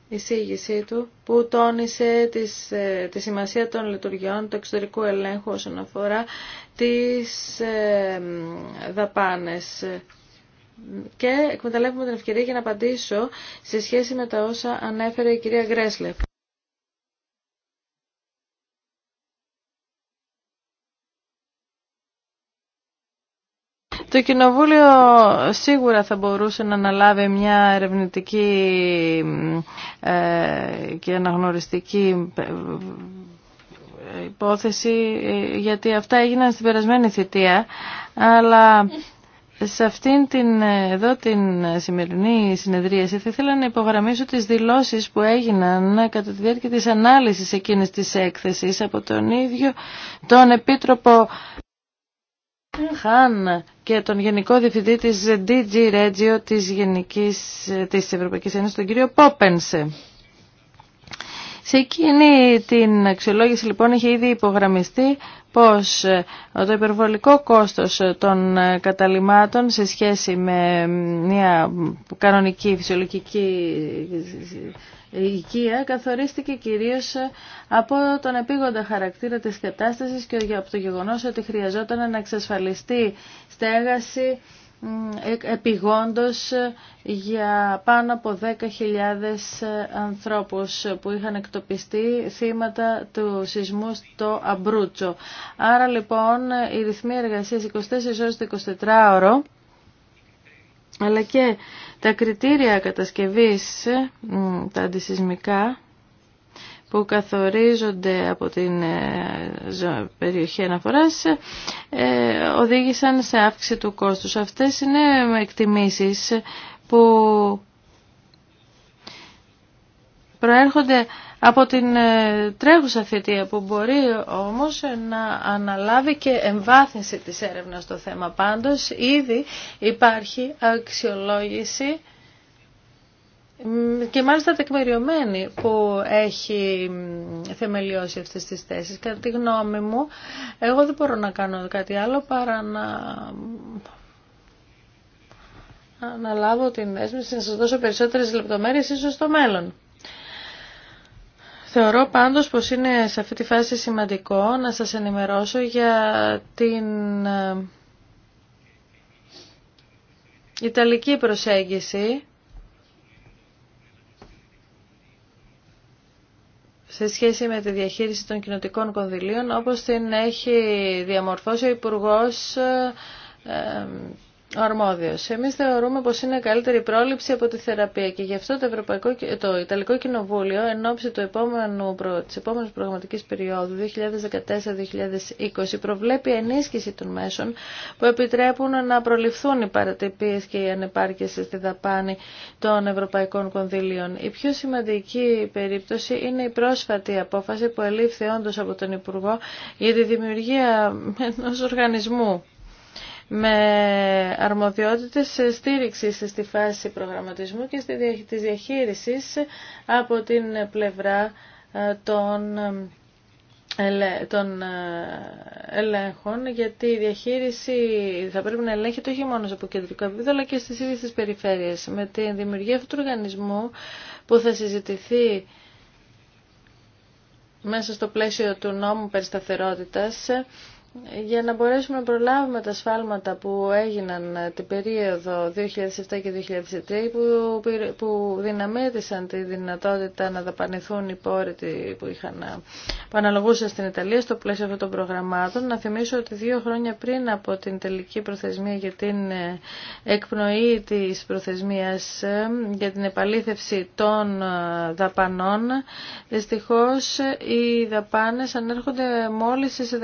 εισήγησή του που τόνισε τις, ε, τη σημασία των λειτουργιών του εξωτερικού ελέγχου όσον αφορά τις ε, δαπάνες. Και εκμεταλλεύουμε την ευκαιρία για να απαντήσω σε σχέση με τα όσα ανέφερε η κυρία Γκρέσλεφ. Το Κοινοβούλιο σίγουρα θα μπορούσε να αναλάβει μια ερευνητική ε, και αναγνωριστική ε, υπόθεση ε, γιατί αυτά έγιναν στην περασμένη θητεία αλλά σε αυτήν την, εδώ την σημερινή συνεδρίαση θα ήθελα να υπογραμμίσω τις δηλώσεις που έγιναν κατά τη διάρκεια της ανάλυσης εκείνης της έκθεσης από τον ίδιο τον Επίτροπο Χάν και τον Γενικό Διευθυντή της DG Regio της, Γενικής, της Ευρωπαϊκής Ένωσης, τον κύριο Πόπενσε. Σε εκείνη την αξιολόγηση λοιπόν είχε ήδη υπογραμμιστεί πως ε, το υπερβολικό κόστος ε, των ε, καταλήμματων σε σχέση με μια κανονική φυσιολογική υγεία καθορίστηκε κυρίως από τον επίγοντα χαρακτήρα της κατάστασης και από το γεγονός ότι χρειαζόταν να εξασφαλιστεί στέγαση επιγόντως για πάνω από 10.000 ανθρώπους που είχαν εκτοπιστεί θύματα του σεισμού στο Αμπρούτσο. Άρα λοιπόν η ρυθμή εργασίας 24 ώρες 24ωρο αλλά και τα κριτήρια κατασκευής, τα αντισυσμικά, που καθορίζονται από την ε, περιοχή αναφοράς ε, οδήγησαν σε αύξηση του κόστους. Αυτές είναι εκτιμήσεις που προέρχονται από την ε, τρέχουσα θητεία που μπορεί όμως να αναλάβει και εμβάθυνση της έρευνας στο θέμα. Πάντως ήδη υπάρχει αξιολόγηση και μάλιστα τεκμηριωμένη που έχει θεμελιώσει αυτές τις θέσεις. Κατά τη γνώμη μου, εγώ δεν μπορώ να κάνω κάτι άλλο παρά να αναλάβω την δέσμευση να σας δώσω περισσότερες λεπτομέρειες ίσως στο μέλλον. Θεωρώ πάντως πως είναι σε αυτή τη φάση σημαντικό να σας ενημερώσω για την ε, Ιταλική προσέγγιση σε σχέση με τη διαχείριση των κοινοτικών κονδυλίων όπως την έχει διαμορφώσει ο Υπουργός ε, Ορμόδιο. Εμεί θεωρούμε πω είναι καλύτερη πρόληψη από τη θεραπεία και γι' αυτό το, Ευρωπαϊκό, το Ιταλικό Κοινοβούλιο εν ώψη τη επόμενη προγραμματικής περίοδου 2014-2020 προβλέπει ενίσχυση των μέσων που επιτρέπουν να προληφθούν οι παρατυπίε και οι ανεπάρκειε στη δαπάνη των Ευρωπαϊκών Κονδυλίων. Η πιο σημαντική περίπτωση είναι η πρόσφατη απόφαση που ελήφθη όντω από τον Υπουργό για τη δημιουργία ενό οργανισμού με αρμοδιότητες στήριξης στη φάση προγραμματισμού και της διαχείρισης από την πλευρά ε, των ε, των ε, ελέγχων, γιατί η διαχείριση θα πρέπει να ελέγχεται όχι μόνο από κεντρικό επίπεδο, αλλά και στις ίδιες τις περιφέρειες. Με τη δημιουργία αυτού του οργανισμού που θα συζητηθεί μέσα στο πλαίσιο του νόμου περισταθερότητας, για να μπορέσουμε να προλάβουμε τα σφάλματα που έγιναν την περίοδο 2007 και 2003 που, που τη δυνατότητα να δαπανηθούν οι πόροι που, είχαν, που αναλογούσαν στην Ιταλία στο πλαίσιο αυτών των προγραμμάτων. Να θυμίσω ότι δύο χρόνια πριν από την τελική προθεσμία για την ε, εκπνοή της προθεσμίας ε, για την επαλήθευση των ε, δαπανών, δυστυχώς οι δαπάνες ανέρχονται μόλις σε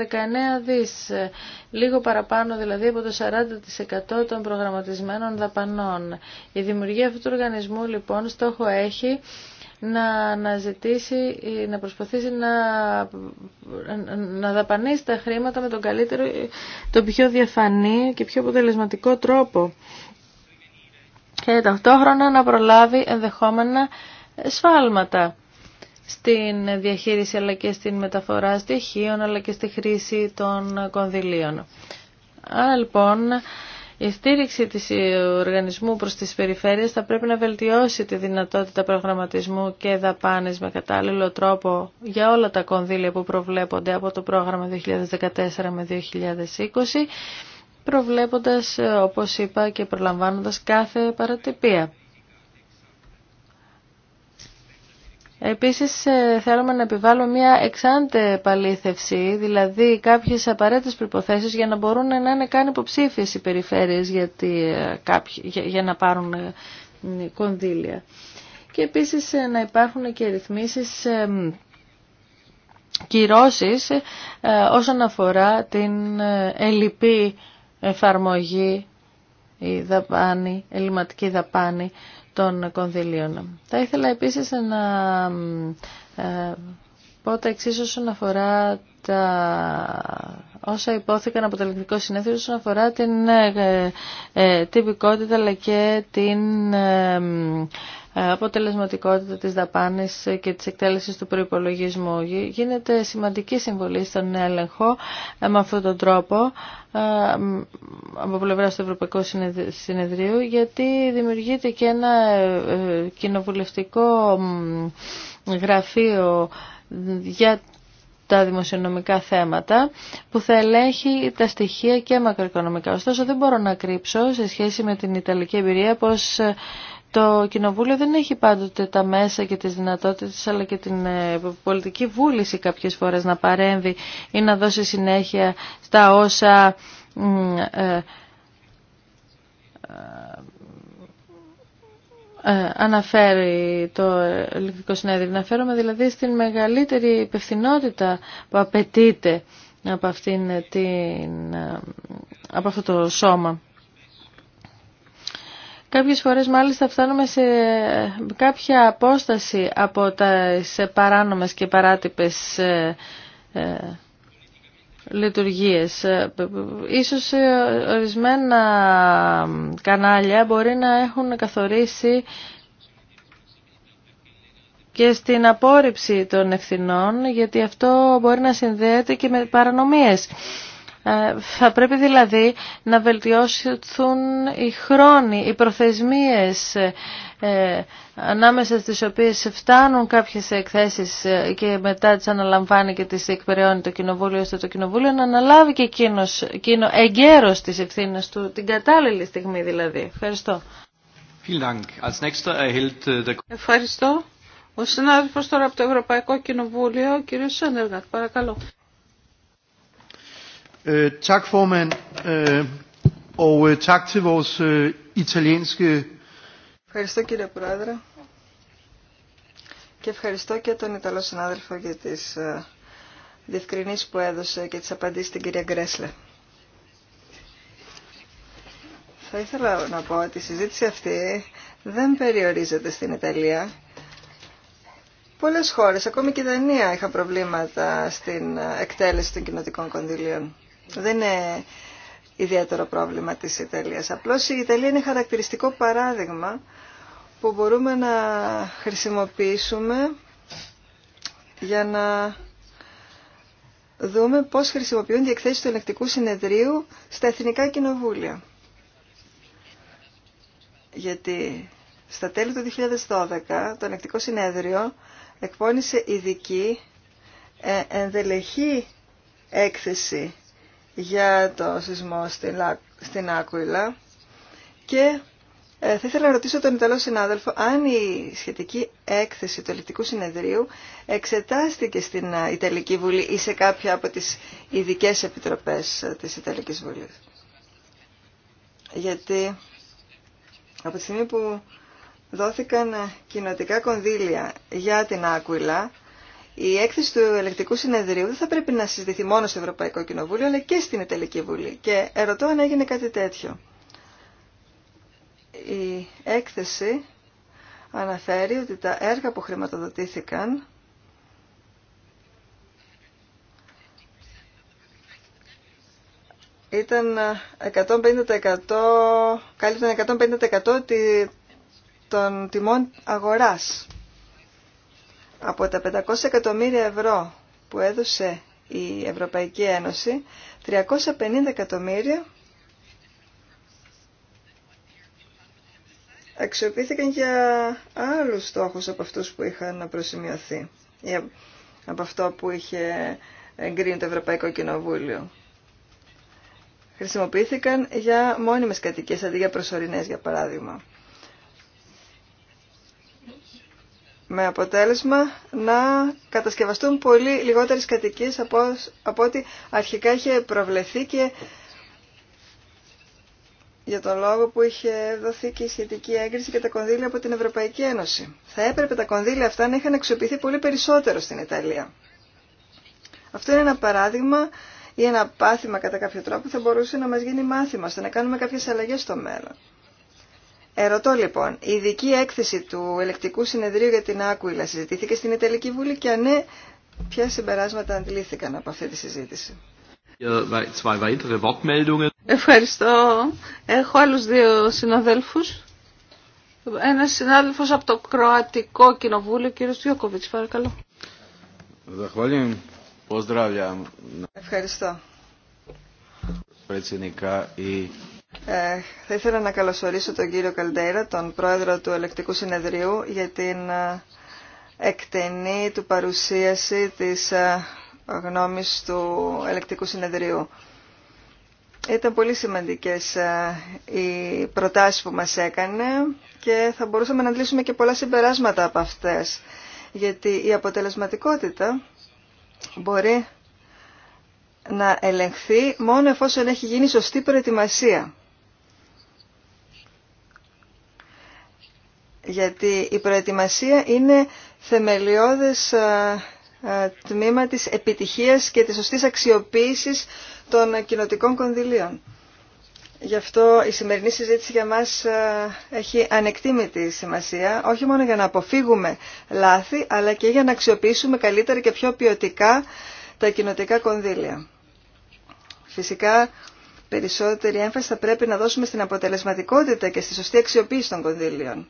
19 ε, λίγο παραπάνω δηλαδή από το 40% των προγραμματισμένων δαπανών. Η δημιουργία αυτού του οργανισμού λοιπόν στόχο έχει να ζητήσει, ε, να προσπαθήσει να, να δαπανίσει τα χρήματα με τον καλύτερο, το πιο διαφανή και πιο αποτελεσματικό τρόπο. Και ταυτόχρονα να προλάβει ενδεχόμενα σφάλματα στην διαχείριση αλλά και στην μεταφορά στοιχείων αλλά και στη χρήση των κονδυλίων. Άρα λοιπόν η στήριξη της οργανισμού προς τις περιφέρειες θα πρέπει να βελτιώσει τη δυνατότητα προγραμματισμού και δαπάνες με κατάλληλο τρόπο για όλα τα κονδύλια που προβλέπονται από το πρόγραμμα 2014 με 2020 προβλέποντας, όπως είπα, και προλαμβάνοντας κάθε παρατυπία. Επίσης ε, θέλουμε να επιβάλλουμε μια εξάντε παλήθευση, δηλαδή κάποιες απαραίτητες προϋποθέσεις για να μπορούν να είναι καν υποψήφιες οι περιφέρειες για, ε, για να πάρουν ε, κονδύλια. Και επίσης να υπάρχουν και ρυθμίσεις κυρώσεις όσον αφορά την ελλειπή εφαρμογή η δαπάνη, ελληματική δαπάνη των κονδυλίων. Θα ήθελα επίσης να ε, πω τα εξής όσον αφορά τα όσα υπόθηκαν από το να συνέδριο όσον αφορά την ε, ε, τυπικότητα αλλά και την ε, αποτελεσματικότητα της δαπάνης και της εκτέλεσης του προϋπολογισμού. Γίνεται σημαντική συμβολή στον έλεγχο ε, με αυτόν τον τρόπο ε, από πλευρά του Ευρωπαϊκού Συνεδρίου γιατί δημιουργείται και ένα κοινοβουλευτικό γραφείο για τα δημοσιονομικά θέματα που θα ελέγχει τα στοιχεία και μακροοικονομικά. Ωστόσο δεν μπορώ να κρύψω σε σχέση με την Ιταλική εμπειρία πως το Κοινοβούλιο δεν έχει πάντοτε τα μέσα και τις δυνατότητες αλλά και την ε, πολιτική βούληση κάποιες φορές να παρέμβει ή να δώσει συνέχεια στα όσα ε, ε, αναφέρει το Ελληνικό Συνέδριο. Αναφέρομαι δηλαδή στην μεγαλύτερη υπευθυνότητα που απαιτείται από, αυτήν την, από αυτό το σώμα. Κάποιες φορές μάλιστα φτάνουμε σε κάποια απόσταση από σε παράνομες και παράτυπες ε, ε, λειτουργίες. Ε, ίσως ορισμένα κανάλια μπορεί να έχουν καθορίσει και στην απόρριψη των ευθυνών, γιατί αυτό μπορεί να συνδέεται και με παρανομίες. Ε, θα πρέπει δηλαδή να βελτιώσουν οι χρόνοι, οι προθεσμίες ε, ανάμεσα στις οποίες φτάνουν κάποιες εκθέσεις ε, και μετά τις αναλαμβάνει και τις εκπαιδεώνει το Κοινοβούλιο ώστε το Κοινοβούλιο να αναλάβει και εκείνος, εκείνο εγκαίρος της ευθύνης του, την κατάλληλη στιγμή δηλαδή. Ευχαριστώ. Äh, Ευχαριστώ. Ο συνάδελφος τώρα από το Ευρωπαϊκό Κοινοβούλιο, ο παρακαλώ. Ευχαριστώ κύριε Πρόεδρε και ευχαριστώ και τον Ιταλό συνάδελφο για τις ε, διευκρινήσεις που έδωσε και τις απαντήσεις στην κυρία Γκρέσλε. Θα ήθελα να πω ότι η συζήτηση αυτή δεν περιορίζεται στην Ιταλία. Πολλές χώρες, ακόμη και η Δανία, είχαν προβλήματα στην ε, εκτέλεση των κοινοτικών κονδυλίων. Δεν είναι ιδιαίτερο πρόβλημα της Ιταλίας. Απλώς η Ιταλία είναι χαρακτηριστικό παράδειγμα που μπορούμε να χρησιμοποιήσουμε για να δούμε πώς χρησιμοποιούν οι εκθέσεις του ελεκτικού συνεδρίου στα εθνικά κοινοβούλια. Γιατί στα τέλη του 2012 το ελεκτικό συνέδριο εκπώνησε ειδική ε, ενδελεχή έκθεση για το σεισμό στην Άκουιλα και ε, θα ήθελα να ρωτήσω τον Ιταλό συνάδελφο αν η σχετική έκθεση του Ελληνικού Συνεδρίου εξετάστηκε στην ε, Ιταλική Βουλή ή σε κάποια από τις ειδικέ επιτροπές ε, της Ιταλικής Βουλής. Γιατί από τη στιγμή που δόθηκαν κοινοτικά κονδύλια για την Άκουιλα η έκθεση του ελεκτικού συνεδρίου δεν θα πρέπει να συζητηθεί μόνο στο Ευρωπαϊκό Κοινοβούλιο, αλλά και στην Ιταλική Βουλή. Και ερωτώ αν έγινε κάτι τέτοιο. Η έκθεση αναφέρει ότι τα έργα που χρηματοδοτήθηκαν ήταν 150%, κάλυπταν 150% των τιμών αγοράς. Από τα 500 εκατομμύρια ευρώ που έδωσε η Ευρωπαϊκή Ένωση, 350 εκατομμύρια αξιοποιήθηκαν για άλλους στόχους από αυτούς που είχαν προσημειωθεί ή από αυτό που είχε εγκρίνει το Ευρωπαϊκό Κοινοβούλιο. Χρησιμοποιήθηκαν για μόνιμες κατοικίες, αντί για προσωρινές, για παράδειγμα. με αποτέλεσμα να κατασκευαστούν πολύ λιγότερες κατοικίες από, από ό,τι αρχικά είχε προβλεφθεί και για τον λόγο που είχε δοθεί και η σχετική έγκριση και τα κονδύλια από την Ευρωπαϊκή Ένωση. Θα έπρεπε τα κονδύλια αυτά να είχαν αξιοποιηθεί πολύ περισσότερο στην Ιταλία. Αυτό είναι ένα παράδειγμα ή ένα πάθημα κατά κάποιο τρόπο που θα μπορούσε να μας γίνει μάθημα, ώστε να κάνουμε κάποιες αλλαγές στο μέλλον. Ερωτώ λοιπόν, η ειδική έκθεση του ελεκτικού συνεδρίου για την Άκουιλα συζητήθηκε στην Ιταλική Βουλή και αν ναι, ποια συμπεράσματα αντιλήθηκαν από αυτή τη συζήτηση. Ευχαριστώ. Έχω άλλους δύο συναδέλφους. Ένας συνάδελφος από το Κροατικό Κοινοβούλιο, κύριος Διόκοβιτς, παρακαλώ. Ευχαριστώ. Ε, θα ήθελα να καλωσορίσω τον κύριο Καλντέιρα, τον πρόεδρο του Ελεκτικού Συνεδρίου, για την ε, εκτενή του παρουσίαση της ε, γνώμης του Ελεκτικού Συνεδρίου. Ήταν πολύ σημαντικές οι προτάσεις που μας έκανε και θα μπορούσαμε να αντλήσουμε και πολλά συμπεράσματα από αυτές. Γιατί η αποτελεσματικότητα μπορεί να ελεγχθεί μόνο εφόσον έχει γίνει σωστή προετοιμασία. γιατί η προετοιμασία είναι θεμελιώδες ε, ε, τμήμα της επιτυχίας και της σωστής αξιοποίησης των κοινοτικών κονδυλίων. Γι' αυτό η σημερινή συζήτηση για μας ε, έχει ανεκτήμητη σημασία, όχι μόνο για να αποφύγουμε λάθη, αλλά και για να αξιοποιήσουμε καλύτερα και πιο ποιοτικά τα κοινοτικά κονδύλια. Φυσικά, περισσότερη έμφαση θα πρέπει να δώσουμε στην αποτελεσματικότητα και στη σωστή αξιοποίηση των κονδύλιων.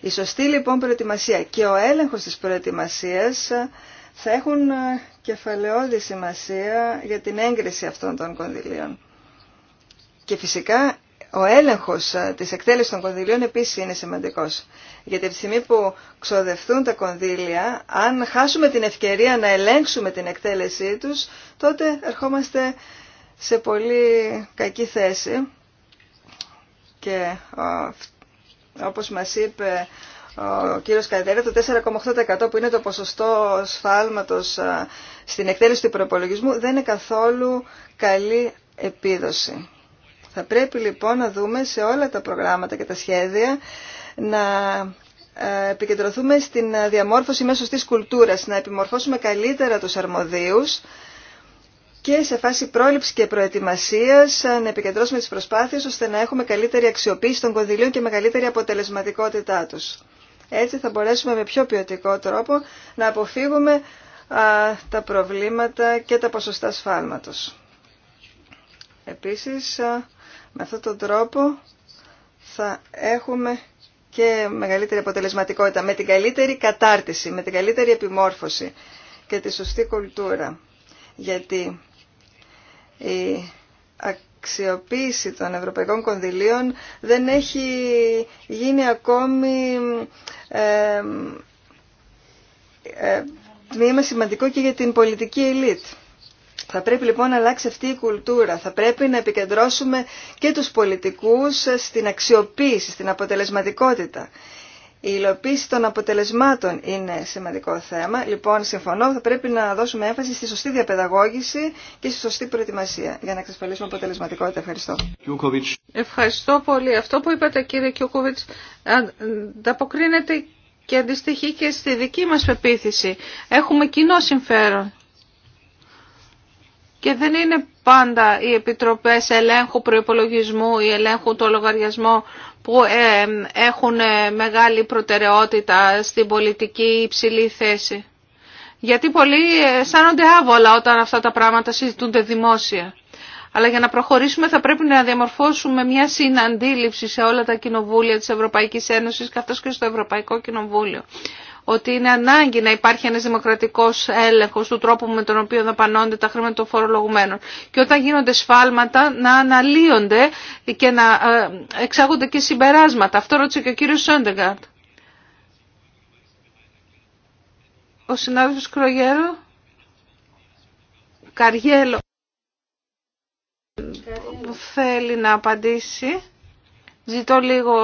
Η σωστή λοιπόν προετοιμασία και ο έλεγχος της προετοιμασίας θα έχουν ε, κεφαλαιόδη σημασία για την έγκριση αυτών των κονδυλίων. Και φυσικά ο έλεγχος ε, της εκτέλεσης των κονδυλίων επίσης είναι σημαντικός. Γιατί από τη στιγμή που ξοδευτούν τα κονδύλια, αν χάσουμε την ευκαιρία να ελέγξουμε την εκτέλεσή τους, τότε ερχόμαστε σε πολύ κακή θέση και ε, όπως μας είπε ο κύριος Κατέρα, το 4,8% που είναι το ποσοστό σφάλματος στην εκτέλεση του προπολογισμού δεν είναι καθόλου καλή επίδοση. Θα πρέπει λοιπόν να δούμε σε όλα τα προγράμματα και τα σχέδια να επικεντρωθούμε στην διαμόρφωση μέσω της κουλτούρας, να επιμορφώσουμε καλύτερα τους αρμοδίους, και σε φάση πρόληψη και προετοιμασίας ε, να επικεντρώσουμε τι προσπάθειες ώστε να έχουμε καλύτερη αξιοποίηση των κονδυλίων και μεγαλύτερη αποτελεσματικότητά του. Έτσι θα μπορέσουμε με πιο ποιοτικό τρόπο να αποφύγουμε τα προβλήματα και τα ποσοστά σφάλματος. Επίσης, με αυτόν τον τρόπο θα έχουμε και μεγαλύτερη αποτελεσματικότητα με την καλύτερη κατάρτιση, με την καλύτερη επιμόρφωση και τη σωστή κουλτούρα. Γιατί η αξιοποίηση των ευρωπαϊκών κονδυλίων δεν έχει γίνει ακόμη ε, ε, τμήμα σημαντικό και για την πολιτική ελίτ. Θα πρέπει λοιπόν να αλλάξει αυτή η κουλτούρα. Θα πρέπει να επικεντρώσουμε και τους πολιτικούς στην αξιοποίηση, στην αποτελεσματικότητα. Η υλοποίηση των αποτελεσμάτων είναι σημαντικό θέμα. Λοιπόν, συμφωνώ, θα πρέπει να δώσουμε έμφαση στη σωστή διαπαιδαγώγηση και στη σωστή προετοιμασία για να εξασφαλίσουμε αποτελεσματικότητα. Ευχαριστώ. Ευχαριστώ πολύ. Αυτό που είπατε κύριε Κιούκοβιτς ανταποκρίνεται και αντιστοιχεί και στη δική μας πεποίθηση. Έχουμε κοινό συμφέρον. Και δεν είναι πάντα οι επιτροπές ελέγχου προϋπολογισμού ή ελέγχου το λογαριασμό που έχουν ε, μεγάλη προτεραιότητα στην πολιτική υψηλή θέση. Γιατί πολλοί ε, αισθάνονται άβολα όταν αυτά τα πράγματα συζητούνται δημόσια. Αλλά για να προχωρήσουμε θα πρέπει να διαμορφώσουμε μια συναντήληψη σε όλα τα κοινοβούλια της Ευρωπαϊκής Ένωσης καθώς και στο Ευρωπαϊκό Κοινοβούλιο ότι είναι ανάγκη να υπάρχει ένας δημοκρατικός έλεγχος του τρόπου με τον οποίο δαπανώνται τα χρήματα των φορολογουμένων. Και όταν γίνονται σφάλματα να αναλύονται και να ε, εξάγονται και συμπεράσματα. Αυτό ρώτησε και ο κύριος Σόντεγκαρτ. Ο συνάδελφος Κρογέρο. Καριέλο. Που θέλει να απαντήσει. Ζητώ λίγο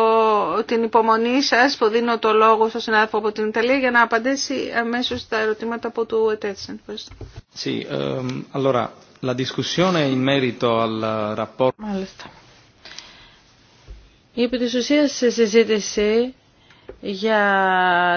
την υπομονή σας που δίνω το λόγο στον συνάδελφο από την Ιταλία για να απαντήσει αμέσως στα ερωτήματα που του ετέθησαν. Sì, ehm, allora, la discussione in merito al rapporto... Μάλιστα. Η επί της ουσίας συζήτηση για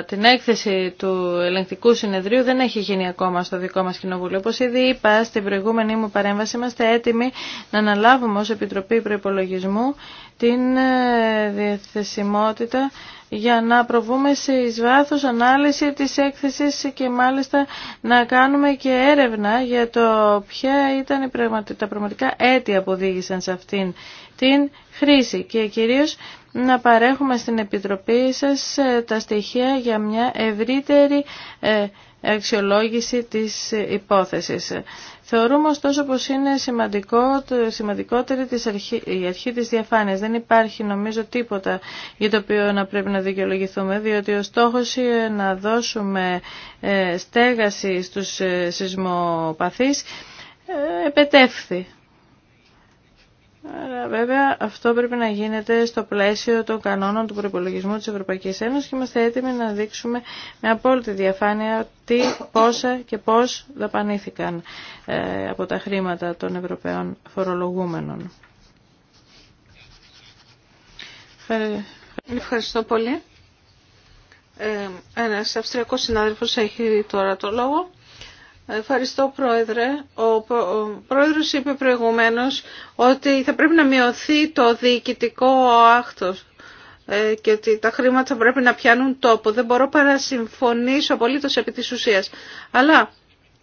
την έκθεση του ελεγκτικού συνεδρίου δεν έχει γίνει ακόμα στο δικό μας κοινοβούλιο. Όπως ήδη είπα στην προηγούμενη μου παρέμβαση, είμαστε έτοιμοι να αναλάβουμε ως Επιτροπή Προϋπολογισμού την ε, διαθεσιμότητα για να προβούμε σε εις βάθος ανάλυση της έκθεσης και μάλιστα να κάνουμε και έρευνα για το ποια ήταν τα πραγματικά αίτια που οδήγησαν σε αυτήν την χρήση και κυρίως να παρέχουμε στην Επιτροπή σας ε, τα στοιχεία για μια ευρύτερη ε, αξιολόγηση της υπόθεσης. Θεωρούμε ωστόσο πως είναι σημαντικό, σημαντικότερη η αρχή της διαφάνειας. Δεν υπάρχει νομίζω τίποτα για το οποίο να πρέπει να δικαιολογηθούμε, διότι ο στόχος είναι να δώσουμε ε, στέγαση στους σεισμοπαθείς επετέύθη. Άρα βέβαια αυτό πρέπει να γίνεται στο πλαίσιο των κανόνων του προπολογισμού της Ευρωπαϊκής Ένωσης και είμαστε έτοιμοι να δείξουμε με απόλυτη διαφάνεια τι, πόσα και πώς δαπανήθηκαν ε, από τα χρήματα των Ευρωπαίων φορολογούμενων. Ευχαριστώ πολύ. Ε, ένας αυστριακός συνάδελφος έχει τώρα το λόγο. Ευχαριστώ Πρόεδρε. Ο Πρόεδρος είπε προηγουμένως ότι θα πρέπει να μειωθεί το διοικητικό άκτος ε, και ότι τα χρήματα πρέπει να πιάνουν τόπο. Δεν μπορώ παρά να συμφωνήσω απολύτως επί της ουσίας. Αλλά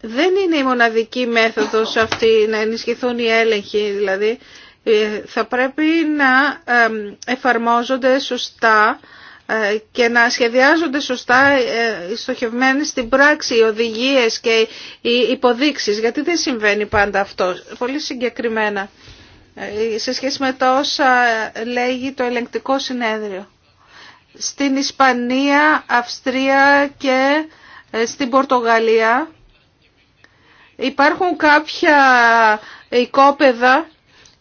δεν είναι η μοναδική μέθοδος αυτή να ενισχυθούν οι έλεγχοι. Δηλαδή ε, θα πρέπει να ε, εφαρμόζονται σωστά ε, και να σχεδιάζονται σωστά ε, στοχευμένες στην πράξη οι οδηγίες και οι υποδείξεις, γιατί δεν συμβαίνει πάντα αυτό, πολύ συγκεκριμένα, ε, σε σχέση με το όσα λέγει το ελεγκτικό συνέδριο. Στην Ισπανία, Αυστρία και στην Πορτογαλία υπάρχουν κάποια οικόπεδα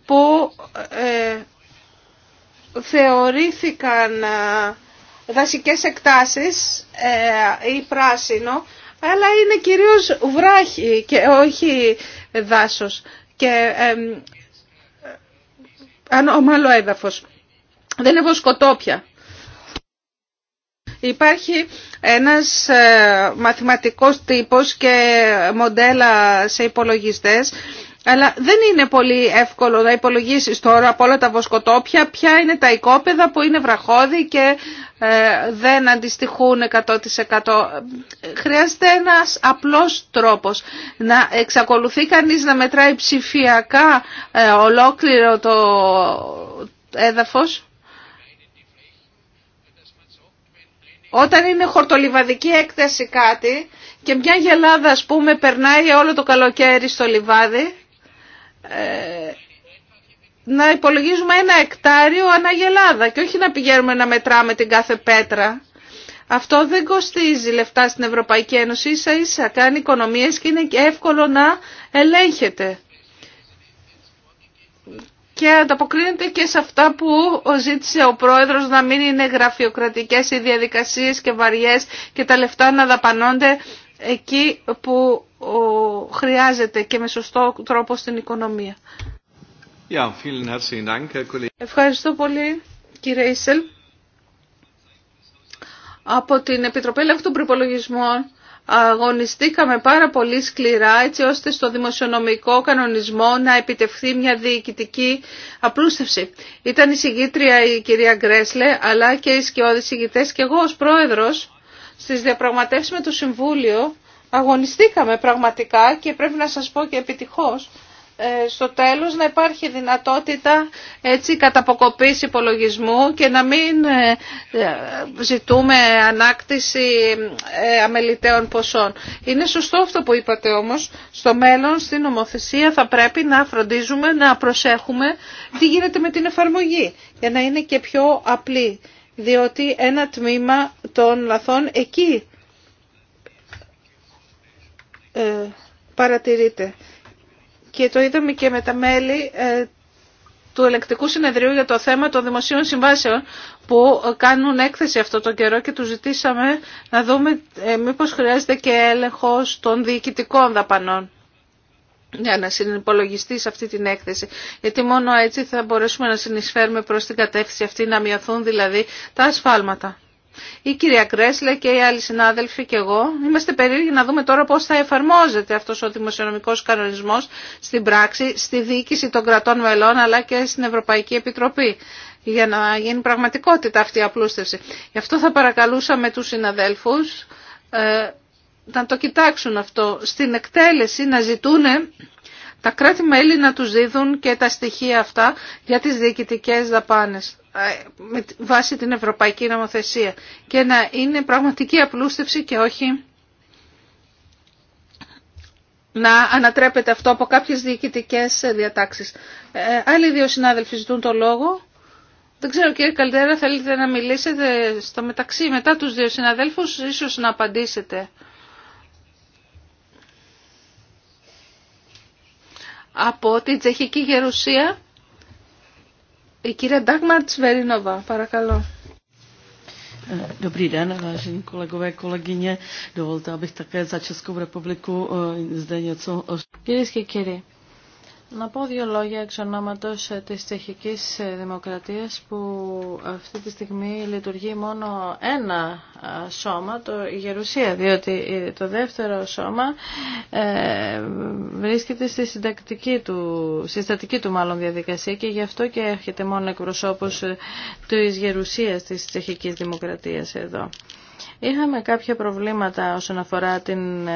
που θεωρήθηκαν δασικές εκτάσεις ε, ή πράσινο, αλλά είναι κυρίως βράχη και όχι δάσος και ομάλο έδαφος. Δεν είναι βοσκοτόπια. Υπάρχει ένας ε, μαθηματικός τύπος και μοντέλα σε υπολογιστές αλλά δεν είναι πολύ εύκολο να υπολογίσεις τώρα από όλα τα βοσκοτόπια ποια είναι τα οικόπεδα που είναι βραχώδη και ε, δεν αντιστοιχούν 100%. Χρειάζεται ένας απλός τρόπος να εξακολουθεί κανείς να μετράει ψηφιακά ε, ολόκληρο το έδαφος. Όταν είναι χορτολιβαδική έκταση κάτι και μια γελάδα ας πούμε περνάει όλο το καλοκαίρι στο λιβάδι, ε, να υπολογίζουμε ένα εκτάριο αναγελάδα και όχι να πηγαίνουμε να μετράμε την κάθε πέτρα. Αυτό δεν κοστίζει λεφτά στην Ευρωπαϊκή Ένωση, ίσα ίσα κάνει οικονομίες και είναι εύκολο να ελέγχεται. Και ανταποκρίνεται και σε αυτά που ζήτησε ο πρόεδρος να μην είναι γραφειοκρατικές οι διαδικασίες και βαριές και τα λεφτά να δαπανώνται εκεί που χρειάζεται και με σωστό τρόπο στην οικονομία. Ευχαριστώ πολύ κύριε Ισελ. Από την Επιτροπή Ελέγχου των Προπολογισμών αγωνιστήκαμε πάρα πολύ σκληρά έτσι ώστε στο δημοσιονομικό κανονισμό να επιτευχθεί μια διοικητική απλούστευση. Ήταν η συγγήτρια η κυρία Γκρέσλε αλλά και οι σκιώδεις συγγητές και εγώ ως πρόεδρος στις διαπραγματεύσεις με το Συμβούλιο αγωνιστήκαμε πραγματικά και πρέπει να σας πω και επιτυχώς ε, στο τέλος να υπάρχει δυνατότητα έτσι καταποκοπής υπολογισμού και να μην ε, ε, ζητούμε ανάκτηση αμεληταίων ποσών. Είναι σωστό αυτό που είπατε όμως. Στο μέλλον στην νομοθεσία θα πρέπει να φροντίζουμε, να προσέχουμε τι γίνεται με την εφαρμογή για να είναι και πιο απλή. Διότι ένα τμήμα των λαθών εκεί παρατηρείται και το είδαμε και με τα μέλη ε, του Ελεκτικού Συνεδρίου για το θέμα των δημοσίων συμβάσεων που κάνουν έκθεση αυτό τον καιρό και του ζητήσαμε να δούμε ε, μήπως χρειάζεται και έλεγχος των διοικητικών δαπανών για να συνυπολογιστεί σε αυτή την έκθεση. Γιατί μόνο έτσι θα μπορέσουμε να συνεισφέρουμε προς την κατεύθυνση αυτή, να μειωθούν δηλαδή τα ασφάλματα η κυρία Κρέσλε και οι άλλοι συνάδελφοι και εγώ είμαστε περίεργοι να δούμε τώρα πώς θα εφαρμόζεται αυτός ο δημοσιονομικός κανονισμός στην πράξη, στη διοίκηση των κρατών μελών αλλά και στην Ευρωπαϊκή Επιτροπή για να γίνει πραγματικότητα αυτή η απλούστευση. Γι' αυτό θα παρακαλούσαμε τους συναδέλφους ε, να το κοιτάξουν αυτό. Στην εκτέλεση να ζητούν τα κράτη-μέλη να τους δίδουν και τα στοιχεία αυτά για τις διοικητικές δαπάνες ε, με βάση την ευρωπαϊκή νομοθεσία και να είναι πραγματική απλούστευση και όχι να ανατρέπεται αυτό από κάποιες διοικητικές διατάξεις. Ε, άλλοι δύο συνάδελφοι ζητούν το λόγο. Δεν ξέρω κύριε Καλτέρα, θέλετε να μιλήσετε στο μεταξύ μετά τους δύο συναδέλφους, ίσως να απαντήσετε. από την Τσεχική Γερουσία. Η κυρία Ντάγμαρ Τσβερίνοβα, παρακαλώ. Dobrý den, vážení kolegové, kolegyně. Dovolte, abych také za Českou republiku zde něco... Κυρίες Kyrie, να πω δύο λόγια εξ ονόματος ε, της τσεχικής ε, δημοκρατίας που αυτή τη στιγμή λειτουργεί μόνο ένα ε, σώμα, το η Γερουσία, διότι το δεύτερο σώμα ε, βρίσκεται στη συντακτική του, συστατική του μάλλον διαδικασία και γι' αυτό και έρχεται μόνο εκπροσώπους της Γερουσίας της τσεχικής δημοκρατίας εδώ. Είχαμε κάποια προβλήματα όσον αφορά την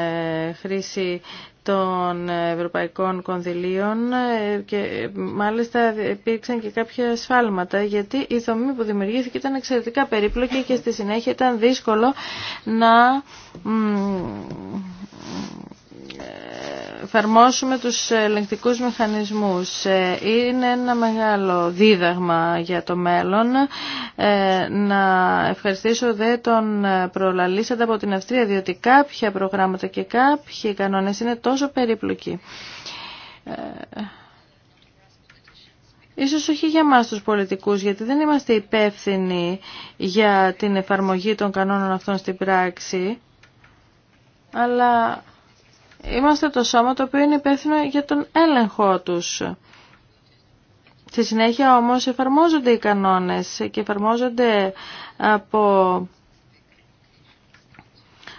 χρήση των ευρωπαϊκών κονδυλίων και μάλιστα υπήρξαν και κάποια σφάλματα γιατί η δομή που δημιουργήθηκε ήταν εξαιρετικά περίπλοκη και στη συνέχεια ήταν δύσκολο να εφαρμόσουμε τους ελεγκτικούς μηχανισμούς. Ε, είναι ένα μεγάλο δίδαγμα για το μέλλον. Ε, να ευχαριστήσω δε τον ε, προλαλήσατε από την Αυστρία, διότι κάποια προγράμματα και κάποιοι κανόνες είναι τόσο περίπλοκοι. Ίσως όχι για μας τους πολιτικούς, γιατί δεν είμαστε υπεύθυνοι για την εφαρμογή των κανόνων αυτών στην πράξη, αλλά είμαστε το σώμα το οποίο είναι υπεύθυνο για τον έλεγχο τους. Στη συνέχεια όμως εφαρμόζονται οι κανόνες και εφαρμόζονται από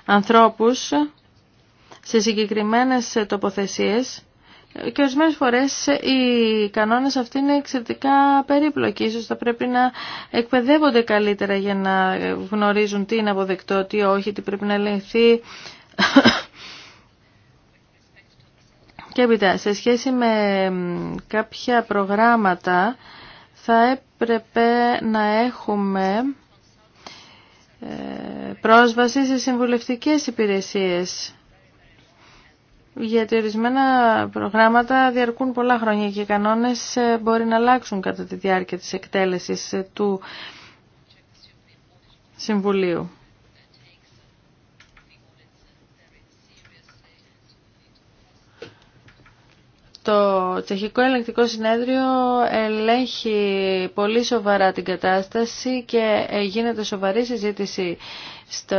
ανθρώπους σε συγκεκριμένες τοποθεσίες και ορισμένε φορές οι κανόνες αυτοί είναι εξαιρετικά περίπλοκοι. Ίσως θα πρέπει να εκπαιδεύονται καλύτερα για να γνωρίζουν τι είναι αποδεκτό, τι όχι, τι πρέπει να ελεγχθεί και έπειτα, σε σχέση με κάποια προγράμματα, θα έπρεπε να έχουμε ε, πρόσβαση σε συμβουλευτικές υπηρεσίες. Γιατί ορισμένα προγράμματα διαρκούν πολλά χρόνια και οι κανόνες ε, μπορεί να αλλάξουν κατά τη διάρκεια της εκτέλεσης ε, του Συμβουλίου. Το Τσεχικό Ελεγκτικό Συνέδριο ελέγχει πολύ σοβαρά την κατάσταση και ε, γίνεται σοβαρή συζήτηση στο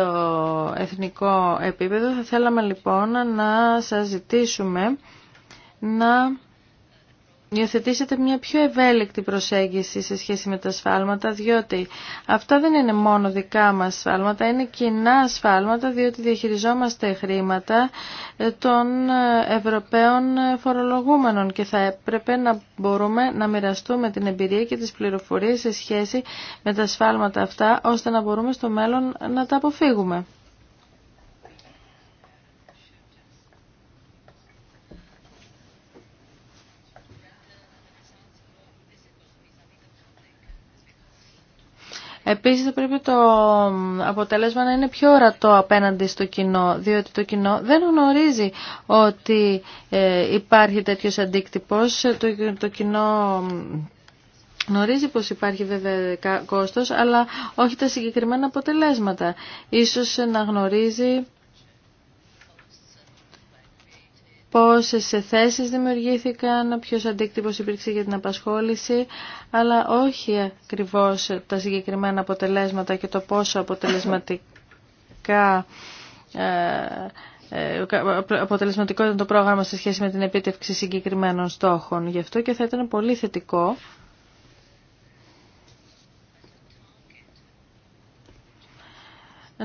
εθνικό επίπεδο. Θα θέλαμε λοιπόν να σας ζητήσουμε να υιοθετήσετε μια πιο ευέλικτη προσέγγιση σε σχέση με τα σφάλματα, διότι αυτά δεν είναι μόνο δικά μας σφάλματα, είναι κοινά σφάλματα, διότι διαχειριζόμαστε χρήματα ε, των ε, Ευρωπαίων φορολογούμενων και θα έπρεπε να μπορούμε να μοιραστούμε την εμπειρία και τις πληροφορίες σε σχέση με τα σφάλματα αυτά, ώστε να μπορούμε στο μέλλον να τα αποφύγουμε. Επίσης θα πρέπει το αποτέλεσμα να είναι πιο ορατό απέναντι στο κοινό, διότι το κοινό δεν γνωρίζει ότι ε, υπάρχει τέτοιος αντίκτυπος, το κοινό Γνωρίζει πως υπάρχει βέβαια κόστος, αλλά όχι τα συγκεκριμένα αποτελέσματα. Ίσως να γνωρίζει πόσες θέσεις δημιουργήθηκαν, ποιος αντίκτυπος υπήρξε για την απασχόληση, αλλά όχι ακριβώ τα συγκεκριμένα αποτελέσματα και το πόσο αποτελεσματικά ε, ε, αποτελεσματικό ήταν το πρόγραμμα σε σχέση με την επίτευξη συγκεκριμένων στόχων. Γι' αυτό και θα ήταν πολύ θετικό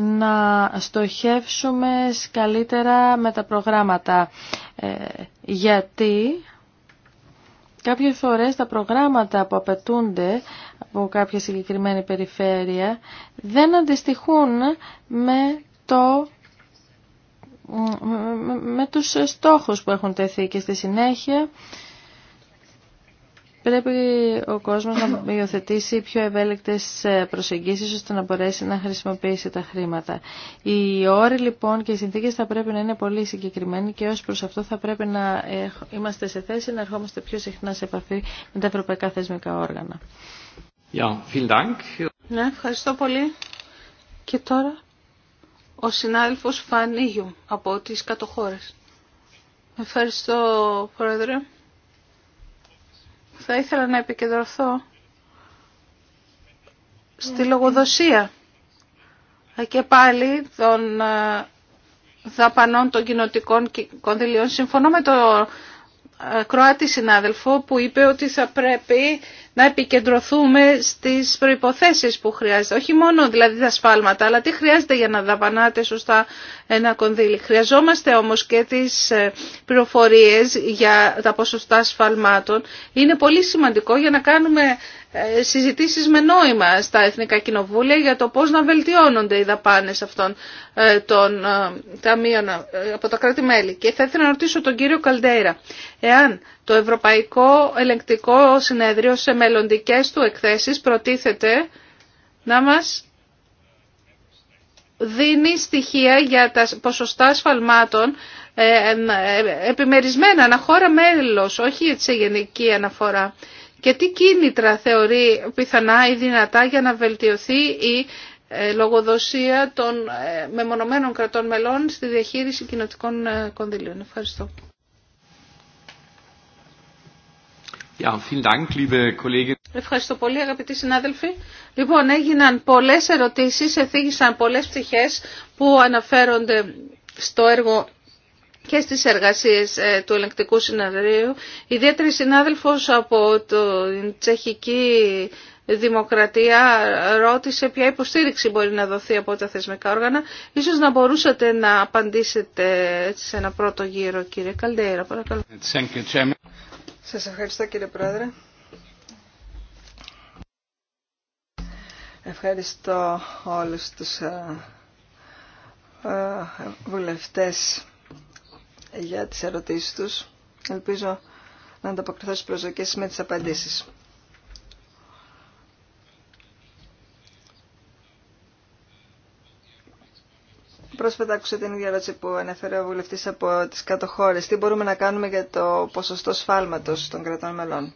να στοχεύσουμε καλύτερα με τα προγράμματα. Ε, γιατί κάποιες φορές τα προγράμματα που απαιτούνται από κάποια συγκεκριμένη περιφέρεια δεν αντιστοιχούν με το με τους στόχους που έχουν τεθεί και στη συνέχεια Πρέπει ο κόσμος να υιοθετήσει πιο ευέλικτες ε, προσεγγίσεις ώστε να μπορέσει να χρησιμοποιήσει τα χρήματα. Οι όροι λοιπόν και οι συνθήκες θα πρέπει να είναι πολύ συγκεκριμένοι και ως προς αυτό θα πρέπει να ε, είμαστε σε θέση να ερχόμαστε πιο συχνά σε επαφή με τα ευρωπαϊκά θεσμικά όργανα. Ja, vielen Dank. Ναι, ευχαριστώ πολύ. Και τώρα ο συνάδελφος Φανίγιου από τις κατοχώρες. Ευχαριστώ, Πρόεδρε θα ήθελα να επικεντρωθώ στη λογοδοσία και πάλι των ε, δαπανών των κοινοτικών κονδυλίων. Συμφωνώ με τον ε, Κροάτη συνάδελφο που είπε ότι θα πρέπει να επικεντρωθούμε στις προϋποθέσεις που χρειάζεται. Όχι μόνο δηλαδή τα σφάλματα, αλλά τι χρειάζεται για να δαπανάτε σωστά ένα κονδύλι. Χρειαζόμαστε όμως και τις ε, πληροφορίες για τα ποσοστά σφαλμάτων. Είναι πολύ σημαντικό για να κάνουμε ε, συζητήσεις με νόημα στα Εθνικά Κοινοβούλια για το πώς να βελτιώνονται οι δαπάνες αυτών ε, των ταμείων από τα κράτη-μέλη. Και θα ήθελα να ρωτήσω τον κύριο Καλντέιρα, εάν το Ευρωπαϊκό Ελεγκτικό Συνέδριο σε μελλοντικές του εκθέσεις προτίθεται να μας δίνει στοιχεία για τα ποσοστά ασφαλμάτων ε, ε, επιμερισμένα, ένα χώρα μέλος, όχι σε γενική αναφορά. Και τι κίνητρα θεωρεί πιθανά ή δυνατά για να βελτιωθεί η ε, λογοδοσία των μεμονωμένων κρατών μελών στη διαχείριση κοινοτικών κονδυλίων. Ευχαριστώ. Ευχαριστώ πολύ αγαπητοί συνάδελφοι. Λοιπόν, έγιναν πολλές ερωτήσεις, εθίγησαν πολλές πτυχές που αναφέρονται στο έργο και στις εργασίες ε, του ελεγκτικού συναδρίου. Ιδιαίτερη συνάδελφος από την τσεχική δημοκρατία ρώτησε ποια υποστήριξη μπορεί να δοθεί από τα θεσμικά όργανα. Ίσως να μπορούσατε να απαντήσετε σε ένα πρώτο γύρο, κύριε Καλντέιρα. Παρακαλώ. Σας ευχαριστώ κύριε Πρόεδρε. Ευχαριστώ όλους τους ε, ε, βουλευτές για τις ερωτήσεις τους. Ελπίζω να ανταποκριθώ στις προσδοκίες με τις απαντήσεις. Πρόσφατα άκουσα την ίδια ερώτηση που ανέφερε ο βουλευτή από τι κάτω χώρε. Τι μπορούμε να κάνουμε για το ποσοστό σφάλματο των κρατών μελών.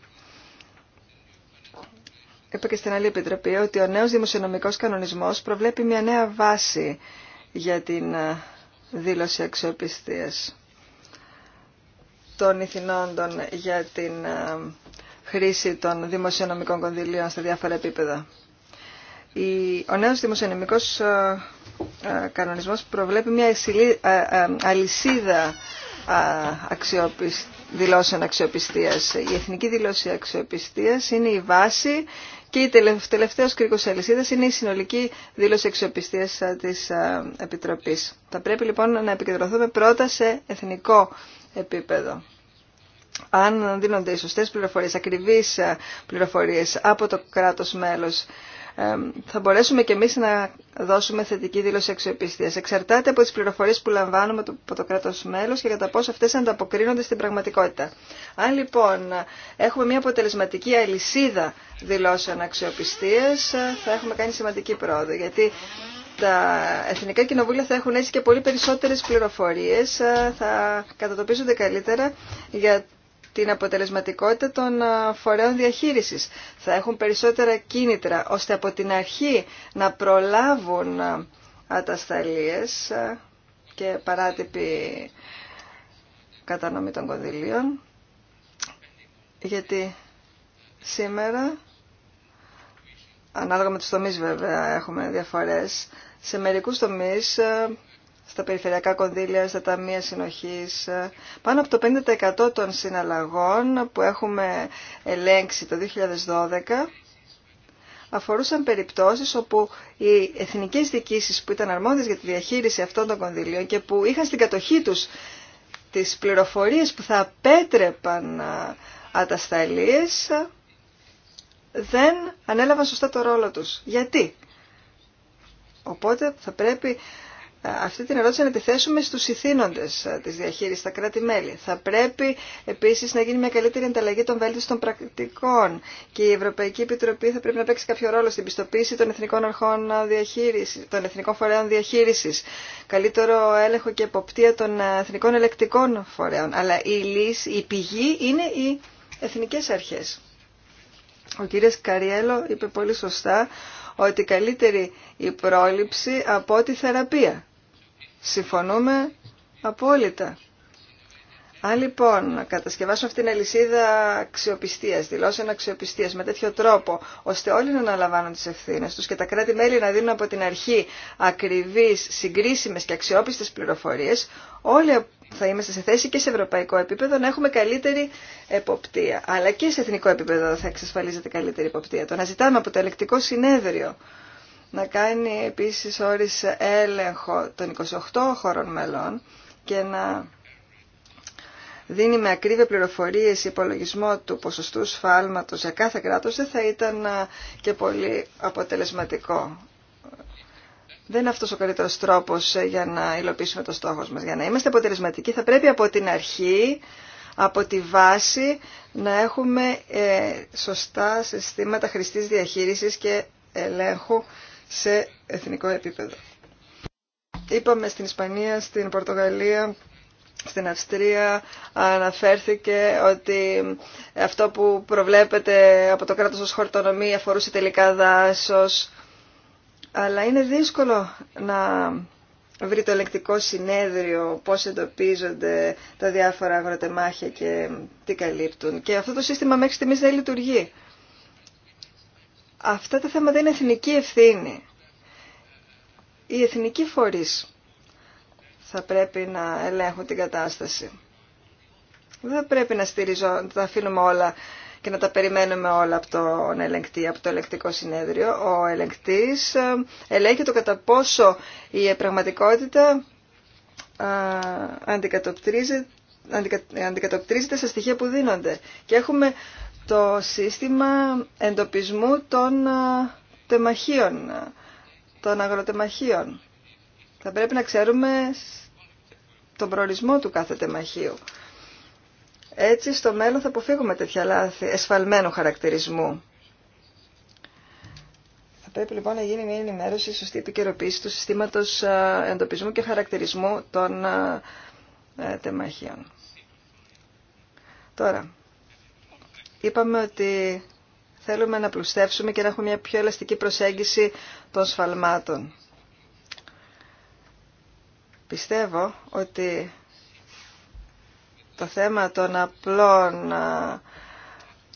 Είπα και στην άλλη επιτροπή ότι ο νέο δημοσιονομικό κανονισμό προβλέπει μια νέα βάση για την ε, δήλωση αξιοπιστία των ηθινόντων για την ε, χρήση των δημοσιονομικών κονδυλίων στα διάφορα επίπεδα. Ο νέος δημοσιονομικός ε, ε, κανονισμός προβλέπει μια ε, αλυσίδα δηλώσεων αξιοπιστίας. Η εθνική δηλώση αξιοπιστίας είναι η βάση και η τελευταίος κρίκος αλυσίδας είναι η συνολική δήλωση αξιοπιστίας της Επιτροπής. Θα πρέπει λοιπόν να επικεντρωθούμε πρώτα σε εθνικό επίπεδο. Αν δίνονται οι σωστές πληροφορίες, ακριβείς πληροφορίες από το κράτος μέλος θα μπορέσουμε και εμείς να δώσουμε θετική δήλωση αξιοπιστίας. Εξαρτάται από τις πληροφορίες που λαμβάνουμε από το κράτος μέλος και κατά πόσο αυτές ανταποκρίνονται στην πραγματικότητα. Αν λοιπόν έχουμε μια αποτελεσματική αλυσίδα δηλώσεων αξιοπιστίας θα έχουμε κάνει σημαντική πρόοδο γιατί τα εθνικά κοινοβούλια θα έχουν έτσι και πολύ περισσότερες πληροφορίες, θα κατατοπίζονται καλύτερα για την αποτελεσματικότητα των φορέων διαχείρισης. Θα έχουν περισσότερα κίνητρα ώστε από την αρχή να προλάβουν ατασταλίες και παράτυπη κατανομή των κονδυλίων. Γιατί σήμερα, ανάλογα με τους τομείς βέβαια έχουμε διαφορές, σε μερικούς τομείς στα περιφερειακά κονδύλια, στα ταμεία συνοχής. Πάνω από το 50% των συναλλαγών που έχουμε ελέγξει το 2012 αφορούσαν περιπτώσεις όπου οι εθνικές διοικήσεις που ήταν αρμόδιες για τη διαχείριση αυτών των κονδυλίων και που είχαν στην κατοχή τους τις πληροφορίες που θα απέτρεπαν ατασταλίες δεν ανέλαβαν σωστά το ρόλο τους. Γιατί? Οπότε θα πρέπει αυτή την ερώτηση να τη θέσουμε στους ηθήνοντες ε, της διαχείρισης, στα κράτη-μέλη. Θα πρέπει επίσης να γίνει μια καλύτερη ανταλλαγή των βέλτιστων πρακτικών και η Ευρωπαϊκή Επιτροπή θα πρέπει να παίξει κάποιο ρόλο στην πιστοποίηση των εθνικών, αρχών διαχείρισης, των εθνικών φορέων διαχείρισης, καλύτερο έλεγχο και εποπτεία των ε, εθνικών ελεκτικών φορέων. Αλλά η, λύση, η πηγή είναι οι εθνικές αρχές. Ο κ. Καριέλο είπε πολύ σωστά ότι καλύτερη η πρόληψη από τη θεραπεία. Συμφωνούμε απόλυτα. Αν λοιπόν κατασκευάσουμε αυτήν την αλυσίδα αξιοπιστίας, δηλώσεων αξιοπιστίας με τέτοιο τρόπο, ώστε όλοι να αναλαμβάνουν τις ευθύνες τους και τα κράτη-μέλη να δίνουν από την αρχή ακριβείς, συγκρίσιμες και αξιόπιστες πληροφορίες, όλοι θα είμαστε σε θέση και σε ευρωπαϊκό επίπεδο να έχουμε καλύτερη εποπτεία. Αλλά και σε εθνικό επίπεδο θα εξασφαλίζεται καλύτερη εποπτεία. Το να ζητάμε από το ελεκτικό συνέδριο να κάνει επίσης όρις έλεγχο των 28 χωρών μελών και να δίνει με ακρίβεια πληροφορίες υπολογισμό του ποσοστού σφάλματος για κάθε κράτος δεν θα ήταν και πολύ αποτελεσματικό. Δεν είναι αυτός ο καλύτερος τρόπος ε, για να υλοποιήσουμε το στόχο μας. Για να είμαστε αποτελεσματικοί θα πρέπει από την αρχή, από τη βάση, να έχουμε ε, σωστά συστήματα χρηστής διαχείρισης και ελέγχου σε εθνικό επίπεδο. Είπαμε στην Ισπανία, στην Πορτογαλία, στην Αυστρία αναφέρθηκε ότι αυτό που προβλέπεται από το κράτος ως χορτονομή αφορούσε τελικά δάσος. Αλλά είναι δύσκολο να βρει το ελεκτικό συνέδριο πώς εντοπίζονται τα διάφορα αγροτεμάχια και τι καλύπτουν. Και αυτό το σύστημα μέχρι στιγμής δεν λειτουργεί. Αυτά τα θέματα είναι εθνική ευθύνη. Οι εθνικοί φορείς θα πρέπει να ελέγχουν την κατάσταση. Δεν θα πρέπει να τα αφήνουμε όλα και να τα περιμένουμε όλα από τον ελεγκτή, από το ελεγκτικό συνέδριο. Ο ελεγκτής ε, ελέγχει το κατά πόσο η πραγματικότητα ε, αντικατοπτρίζεται, αντικατοπτρίζεται στα στοιχεία που δίνονται. Και έχουμε το σύστημα εντοπισμού των ε, τεμαχίων, των αγροτεμαχίων. Θα πρέπει να ξέρουμε τον προορισμό του κάθε τεμαχίου. Έτσι στο μέλλον θα αποφύγουμε τέτοια λάθη εσφαλμένου χαρακτηρισμού. Θα πρέπει λοιπόν να γίνει μια ενημέρωση, σωστή επικαιροποίηση του συστήματος ε, εντοπισμού και χαρακτηρισμού των ε, τεμαχίων. Τώρα, είπαμε ότι θέλουμε να πλουστεύσουμε και να έχουμε μια πιο ελαστική προσέγγιση των σφαλμάτων. Πιστεύω ότι το θέμα των απλών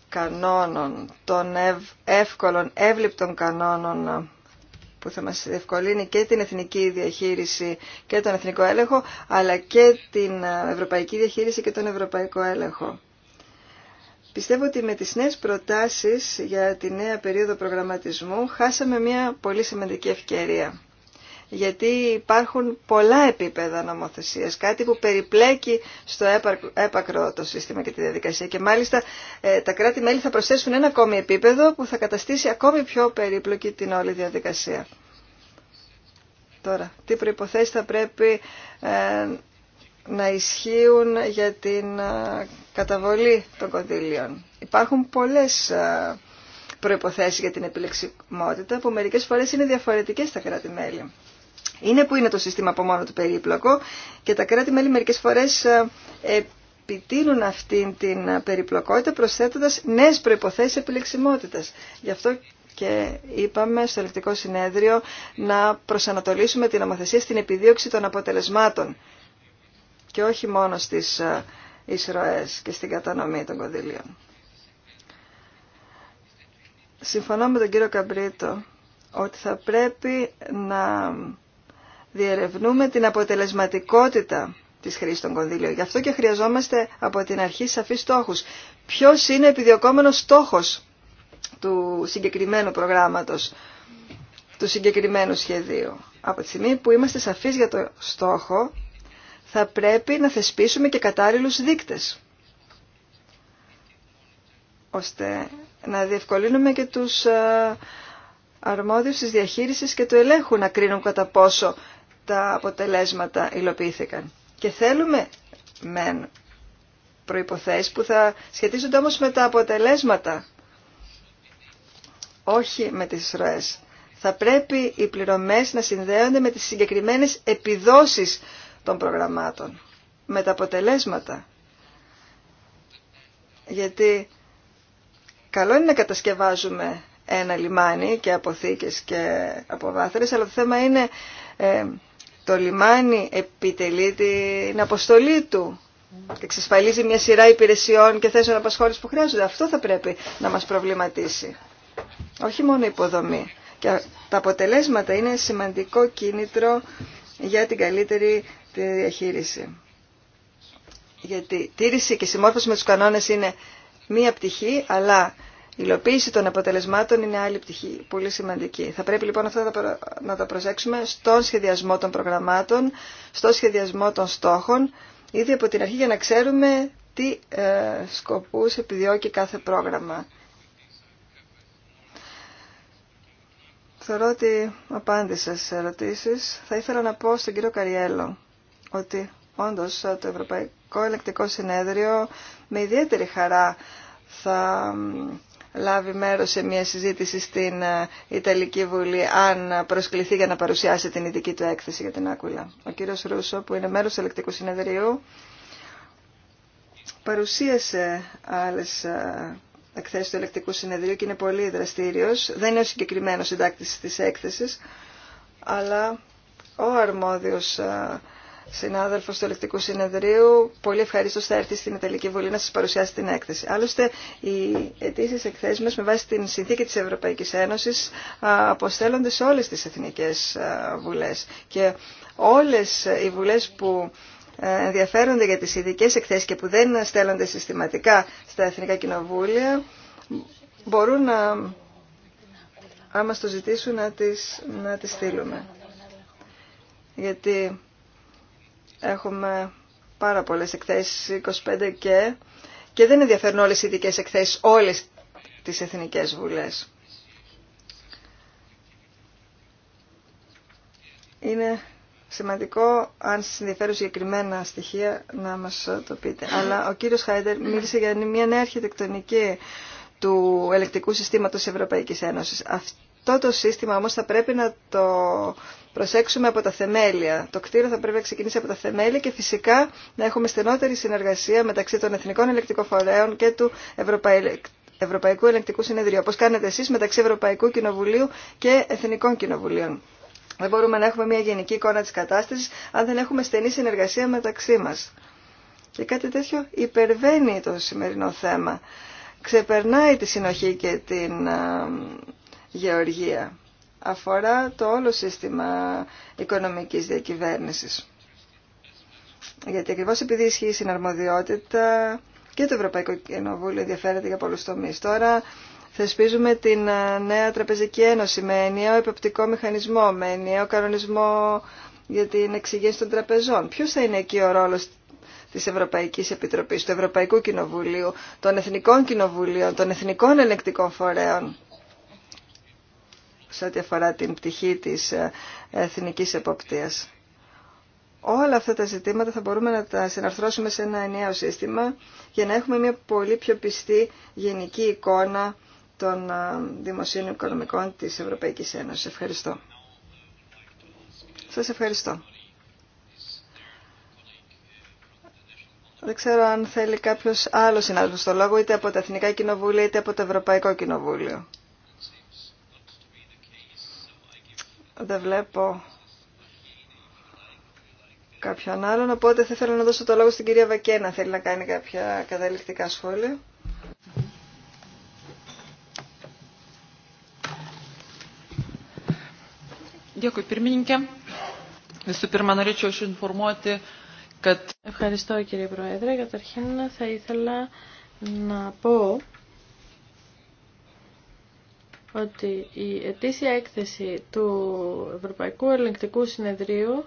κανόνων, των εύκολων, εύληπτων κανόνων που θα μας ευκολύνει και την εθνική διαχείριση και τον εθνικό έλεγχο, αλλά και την ευρωπαϊκή διαχείριση και τον ευρωπαϊκό έλεγχο. Πιστεύω ότι με τις νέες προτάσεις για τη νέα περίοδο προγραμματισμού χάσαμε μια πολύ σημαντική ευκαιρία. Γιατί υπάρχουν πολλά επίπεδα νομοθεσίας, κάτι που περιπλέκει στο έπακρο το σύστημα και τη διαδικασία. Και μάλιστα ε, τα κράτη-μέλη θα προσθέσουν ένα ακόμη επίπεδο που θα καταστήσει ακόμη πιο περίπλοκη την όλη διαδικασία. Τώρα, τι προϋποθέσεις θα πρέπει ε, να ισχύουν για την καταβολή των κονδυλίων. Υπάρχουν πολλές προϋποθέσεις για την επιλεξιμότητα που μερικές φορές είναι διαφορετικές στα κράτη-μέλη. Είναι που είναι το σύστημα από μόνο του περίπλοκο και τα κράτη-μέλη μερικές φορές επιτείνουν αυτήν την περιπλοκότητα προσθέτοντας νέες προϋποθέσεις επιλεξιμότητας. Γι' αυτό και είπαμε στο ελεκτικό συνέδριο να προσανατολίσουμε την νομοθεσία στην επιδίωξη των αποτελεσμάτων και όχι μόνο στις ε, εισρωές και στην κατανομή των κονδυλίων. Συμφωνώ με τον κύριο Καμπρίτο ότι θα πρέπει να διερευνούμε την αποτελεσματικότητα της χρήσης των κονδυλίων. Γι' αυτό και χρειαζόμαστε από την αρχή σαφείς στόχους. Ποιος είναι επιδιωκόμενος στόχος του συγκεκριμένου προγράμματος, του συγκεκριμένου σχεδίου. Από τη στιγμή που είμαστε σαφείς για το στόχο, θα πρέπει να θεσπίσουμε και κατάλληλους δείκτες, ώστε να διευκολύνουμε και τους ε, αρμόδιους της διαχείρισης και του ελέγχου να κρίνουν κατά πόσο τα αποτελέσματα υλοποιήθηκαν. Και θέλουμε μεν προϋποθέσεις που θα σχετίζονται όμως με τα αποτελέσματα, όχι με τις ροές. Θα πρέπει οι πληρωμές να συνδέονται με τις συγκεκριμένες επιδόσεις των προγραμμάτων, με τα αποτελέσματα. Γιατί καλό είναι να κατασκευάζουμε ένα λιμάνι και αποθήκες και αποβάθρες, αλλά το θέμα είναι ε, το λιμάνι επιτελεί την αποστολή του και εξασφαλίζει μια σειρά υπηρεσιών και θέσεων απασχόλησης που χρειάζονται. Αυτό θα πρέπει να μας προβληματίσει. Όχι μόνο υποδομή. Και τα αποτελέσματα είναι σημαντικό κίνητρο για την καλύτερη τη διαχείριση. Γιατί τήρηση και συμμόρφωση με τους κανόνες είναι μία πτυχή, αλλά η υλοποίηση των αποτελεσμάτων είναι άλλη πτυχή, πολύ σημαντική. Θα πρέπει λοιπόν αυτά να τα προσέξουμε στον σχεδιασμό των προγραμμάτων, στον σχεδιασμό των στόχων, ήδη από την αρχή για να ξέρουμε τι ε, σκοπούς επιδιώκει κάθε πρόγραμμα. Θεωρώ ότι απάντησα στις ερωτήσεις. Θα ήθελα να πω στον κύριο Καριέλο ότι όντως το Ευρωπαϊκό Ελεκτικό Συνέδριο με ιδιαίτερη χαρά θα λάβει μέρος σε μια συζήτηση στην ε, Ιταλική Βουλή αν προσκληθεί για να παρουσιάσει την ειδική του έκθεση για την Άκουλα. Ο κύριος Ρούσο που είναι μέρος του Ελεκτικού Συνεδρίου παρουσίασε άλλες ε, εκθέσεις του Ελεκτικού Συνεδρίου και είναι πολύ δραστήριος. Δεν είναι ο συγκεκριμένος συντάκτης της έκθεσης αλλά ο αρμόδιος ε, συνάδελφος του Ελεκτικού Συνεδρίου, πολύ ευχαρίστω θα έρθει στην Ιταλική Βουλή να σας παρουσιάσει την έκθεση. Άλλωστε, οι αιτήσει εκθέσει μα με βάση την συνθήκη της Ευρωπαϊκής Ένωσης αποστέλλονται σε όλες τις εθνικές βουλές. Και όλες οι βουλές που ε, ενδιαφέρονται για τις ειδικέ εκθέσεις και που δεν στέλνονται συστηματικά στα Εθνικά Κοινοβούλια, μπορούν να, άμα στο ζητήσουν, να τις, να τις στείλουμε. Γιατί Έχουμε πάρα πολλές εκθέσεις, 25 και, και δεν ενδιαφέρουν όλες οι ειδικέ εκθέσεις, όλες τις εθνικές βουλές. Είναι σημαντικό, αν σας ενδιαφέρουν συγκεκριμένα στοιχεία, να μας το πείτε. Αλλά ο κύριος Χάιντερ μίλησε για μια νέα αρχιτεκτονική του ελεκτικού συστήματος Ευρωπαϊκής Ένωσης. Αυτό το σύστημα όμως θα πρέπει να το προσέξουμε από τα θεμέλια. Το κτίριο θα πρέπει να ξεκινήσει από τα θεμέλια και φυσικά να έχουμε στενότερη συνεργασία μεταξύ των Εθνικών Ελεκτικοφορέων και του Ευρωπαϊκού Ελεκτικού Συνεδρίου, όπως κάνετε εσείς μεταξύ Ευρωπαϊκού Κοινοβουλίου και Εθνικών Κοινοβουλίων. Δεν μπορούμε να έχουμε μια γενική εικόνα της κατάστασης αν δεν έχουμε στενή συνεργασία μεταξύ μας. Και κάτι τέτοιο υπερβαίνει το σημερινό θέμα. Ξεπερνάει τη συνοχή και την γεωργία. Αφορά το όλο σύστημα οικονομικής διακυβέρνησης. Γιατί ακριβώς επειδή ισχύει η συναρμοδιότητα και το Ευρωπαϊκό Κοινοβούλιο ενδιαφέρεται για πολλούς τομείς. Τώρα θεσπίζουμε την ε, νέα Τραπεζική Ένωση με ενιαίο επεπτικό μηχανισμό, με ενιαίο κανονισμό για την εξηγήση των τραπεζών. Ποιος θα είναι εκεί ο ρόλος της Ευρωπαϊκής Επιτροπής, του Ευρωπαϊκού Κοινοβουλίου, των Εθνικών Κοινοβουλίων, των Εθνικών Ελεκτικών Φορέων σε ό,τι αφορά την πτυχή της ε, εθνικής εποπτείας. Όλα αυτά τα ζητήματα θα μπορούμε να τα συναρθρώσουμε σε ένα ενιαίο σύστημα για να έχουμε μια πολύ πιο πιστή γενική εικόνα των ε, δημοσίων οικονομικών της Ευρωπαϊκής Ένωσης. Ευχαριστώ. Σας ευχαριστώ. Δεν ξέρω αν θέλει κάποιος άλλος συνάδελφος στο λόγο είτε από τα Εθνικά Κοινοβούλια είτε από το Ευρωπαϊκό Κοινοβούλιο. δεν βλέπω κάποιον άλλον, οπότε θα ήθελα να δώσω το λόγο στην κυρία Βακένα. Θέλει να κάνει κάποια καταληκτικά σχόλια. Ευχαριστώ κύριε Πρόεδρε. Καταρχήν θα ήθελα να πω ότι η ετήσια έκθεση του Ευρωπαϊκού Ελεγκτικού Συνεδρίου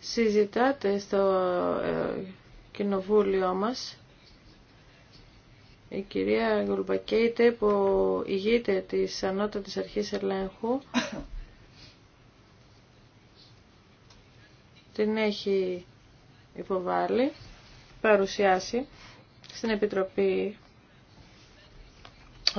συζητάται στο ε, κοινοβούλιο μας. Η κυρία Γουλμπακέιτε που ηγείται της Ανώτατης Αρχής Ελέγχου την έχει υποβάλει, παρουσιάσει στην Επιτροπή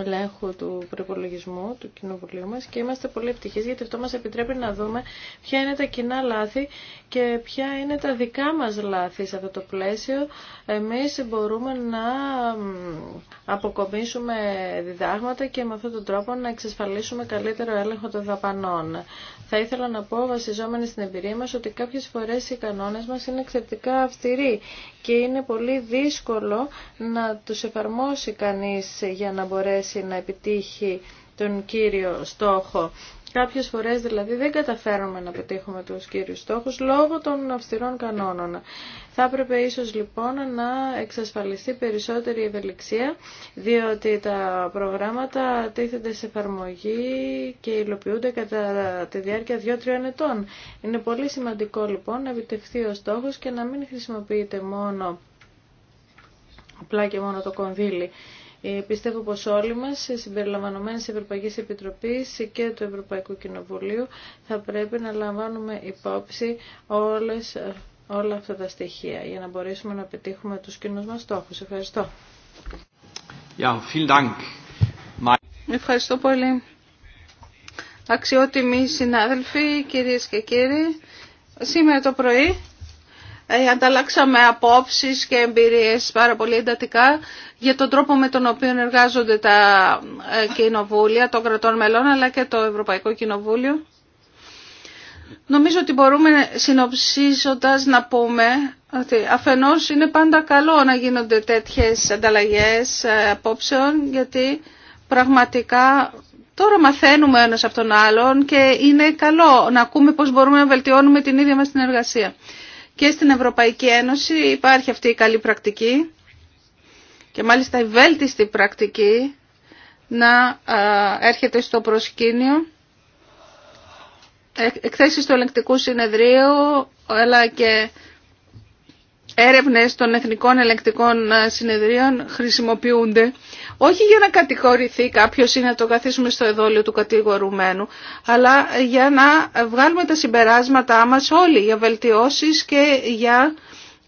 ελέγχου του προπολογισμού του Κοινοβουλίου μας και είμαστε πολύ ευτυχείς γιατί αυτό μας επιτρέπει να δούμε ποια είναι τα κοινά λάθη και ποια είναι τα δικά μας λάθη σε αυτό το πλαίσιο. Εμείς μπορούμε να αποκομίσουμε διδάγματα και με αυτόν τον τρόπο να εξασφαλίσουμε καλύτερο έλεγχο των δαπανών. Θα ήθελα να πω, βασιζόμενοι στην εμπειρία μας, ότι κάποιες φορές οι κανόνες μας είναι εξαιρετικά αυστηροί και είναι πολύ δύσκολο να τους εφαρμόσει κανείς για να μπορέσει μπορέσει να επιτύχει τον κύριο στόχο. Κάποιες φορές δηλαδή δεν καταφέρουμε να πετύχουμε τους κύριους στόχους λόγω των αυστηρών κανόνων. Θα έπρεπε ίσως λοιπόν να εξασφαλιστεί περισσότερη ευελιξία διότι τα προγράμματα τίθενται σε εφαρμογή και υλοποιούνται κατά τη διάρκεια 2-3 ετών. Είναι πολύ σημαντικό λοιπόν να επιτευχθεί ο στόχος και να μην χρησιμοποιείται μόνο απλά και μόνο το κονδύλι ε, πιστεύω πως όλοι μας, συμπεριλαμβανομένες της Ευρωπαϊκής Επιτροπής και του Ευρωπαϊκού Κοινοβουλίου, θα πρέπει να λαμβάνουμε υπόψη όλες, όλα αυτά τα στοιχεία για να μπορέσουμε να πετύχουμε τους κοινούς μας στόχους. Ευχαριστώ. Ja, vielen Ευχαριστώ πολύ. Αξιότιμοι συνάδελφοι, κυρίες και κύριοι, σήμερα το πρωί ε, ανταλλάξαμε απόψεις και εμπειρίες πάρα πολύ εντατικά για τον τρόπο με τον οποίο εργάζονται τα ε, κοινοβούλια των κρατών μελών αλλά και το Ευρωπαϊκό Κοινοβούλιο. Νομίζω ότι μπορούμε συνοψίζοντας να πούμε ότι αφενός είναι πάντα καλό να γίνονται τέτοιες ανταλλαγές ε, απόψεων γιατί πραγματικά Τώρα μαθαίνουμε ένας από τον άλλον και είναι καλό να ακούμε πώς μπορούμε να βελτιώνουμε την ίδια μας την εργασία. Και στην Ευρωπαϊκή Ένωση υπάρχει αυτή η καλή πρακτική και μάλιστα η βέλτιστη πρακτική να έρχεται στο προσκήνιο ε, εκθέσεις του ελεγκτικού συνεδρίου αλλά και έρευνες των Εθνικών Ελεκτικών ε, Συνεδρίων χρησιμοποιούνται όχι για να κατηγορηθεί κάποιος ή να το καθίσουμε στο εδόλιο του κατηγορουμένου, αλλά για να βγάλουμε τα συμπεράσματά μας όλοι για βελτιώσεις και για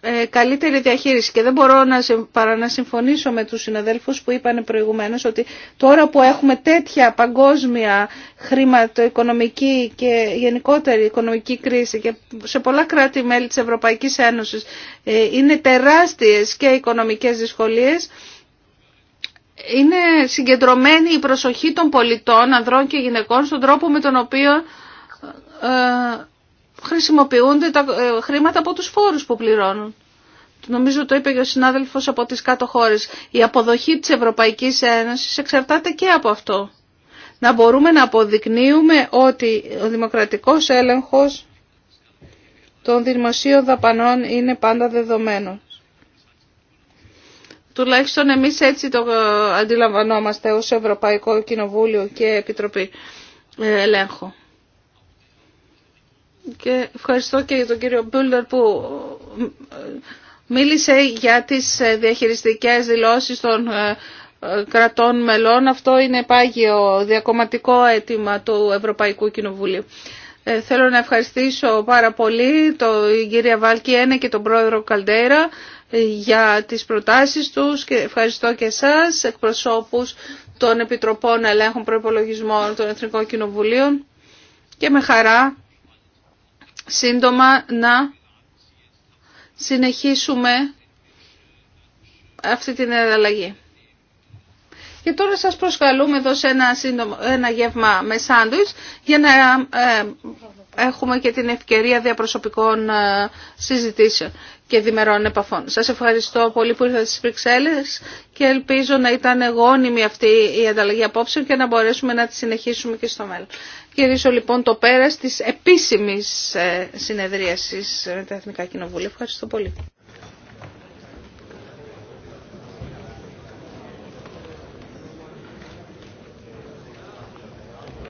ε, καλύτερη διαχείριση και δεν μπορώ να, παρά να συμφωνήσω με τους συναδέλφους που είπαν προηγουμένως ότι τώρα που έχουμε τέτοια παγκόσμια χρηματοοικονομική και γενικότερη οικονομική κρίση και σε πολλά κράτη-μέλη της Ευρωπαϊκής Ένωσης ε, είναι τεράστιες και οικονομικές δυσκολίες είναι συγκεντρωμένη η προσοχή των πολιτών, ανδρών και γυναικών στον τρόπο με τον οποίο ε, χρησιμοποιούνται τα ε, χρήματα από τους φόρους που πληρώνουν. Νομίζω το είπε και ο συνάδελφος από τις κάτω χώρες. Η αποδοχή της Ευρωπαϊκής Ένωσης εξαρτάται και από αυτό. Να μπορούμε να αποδεικνύουμε ότι ο δημοκρατικός έλεγχος των δημοσίων δαπανών είναι πάντα δεδομένο. Τουλάχιστον εμείς έτσι το ε, αντιλαμβανόμαστε ως Ευρωπαϊκό Κοινοβούλιο και Επιτροπή ε, Ελέγχου και ευχαριστώ και τον κύριο Μπούλτερ που ε, μίλησε για τις ε, διαχειριστικές δηλώσεις των ε, κρατών μελών. Αυτό είναι πάγιο διακομματικό αίτημα του Ευρωπαϊκού Κοινοβουλίου. Θέλω να ευχαριστήσω πάρα πολύ τον κύριο Βάλκη και τον πρόεδρο Καλτέρα για τις προτάσεις τους και ευχαριστώ και εσάς εκπροσώπους των Επιτροπών Ελέγχων Προϋπολογισμών των Εθνικών Κοινοβουλίων και με χαρά σύντομα να συνεχίσουμε αυτή την αλλαγή. Και τώρα σας προσκαλούμε εδώ σε ένα, ένα γεύμα με σάντουιτς για να ε, έχουμε και την ευκαιρία διαπροσωπικών ε, συζητήσεων και διμερών επαφών. Σας ευχαριστώ πολύ που ήρθατε στις Βρυξέλλες και ελπίζω να ήταν γόνιμη αυτή η ανταλλαγή απόψεων και να μπορέσουμε να τη συνεχίσουμε και στο μέλλον. Κυρίσω λοιπόν το πέρας της επίσημης ε, συνεδρίασης με τα Εθνικά Κοινοβούλια. Ευχαριστώ πολύ.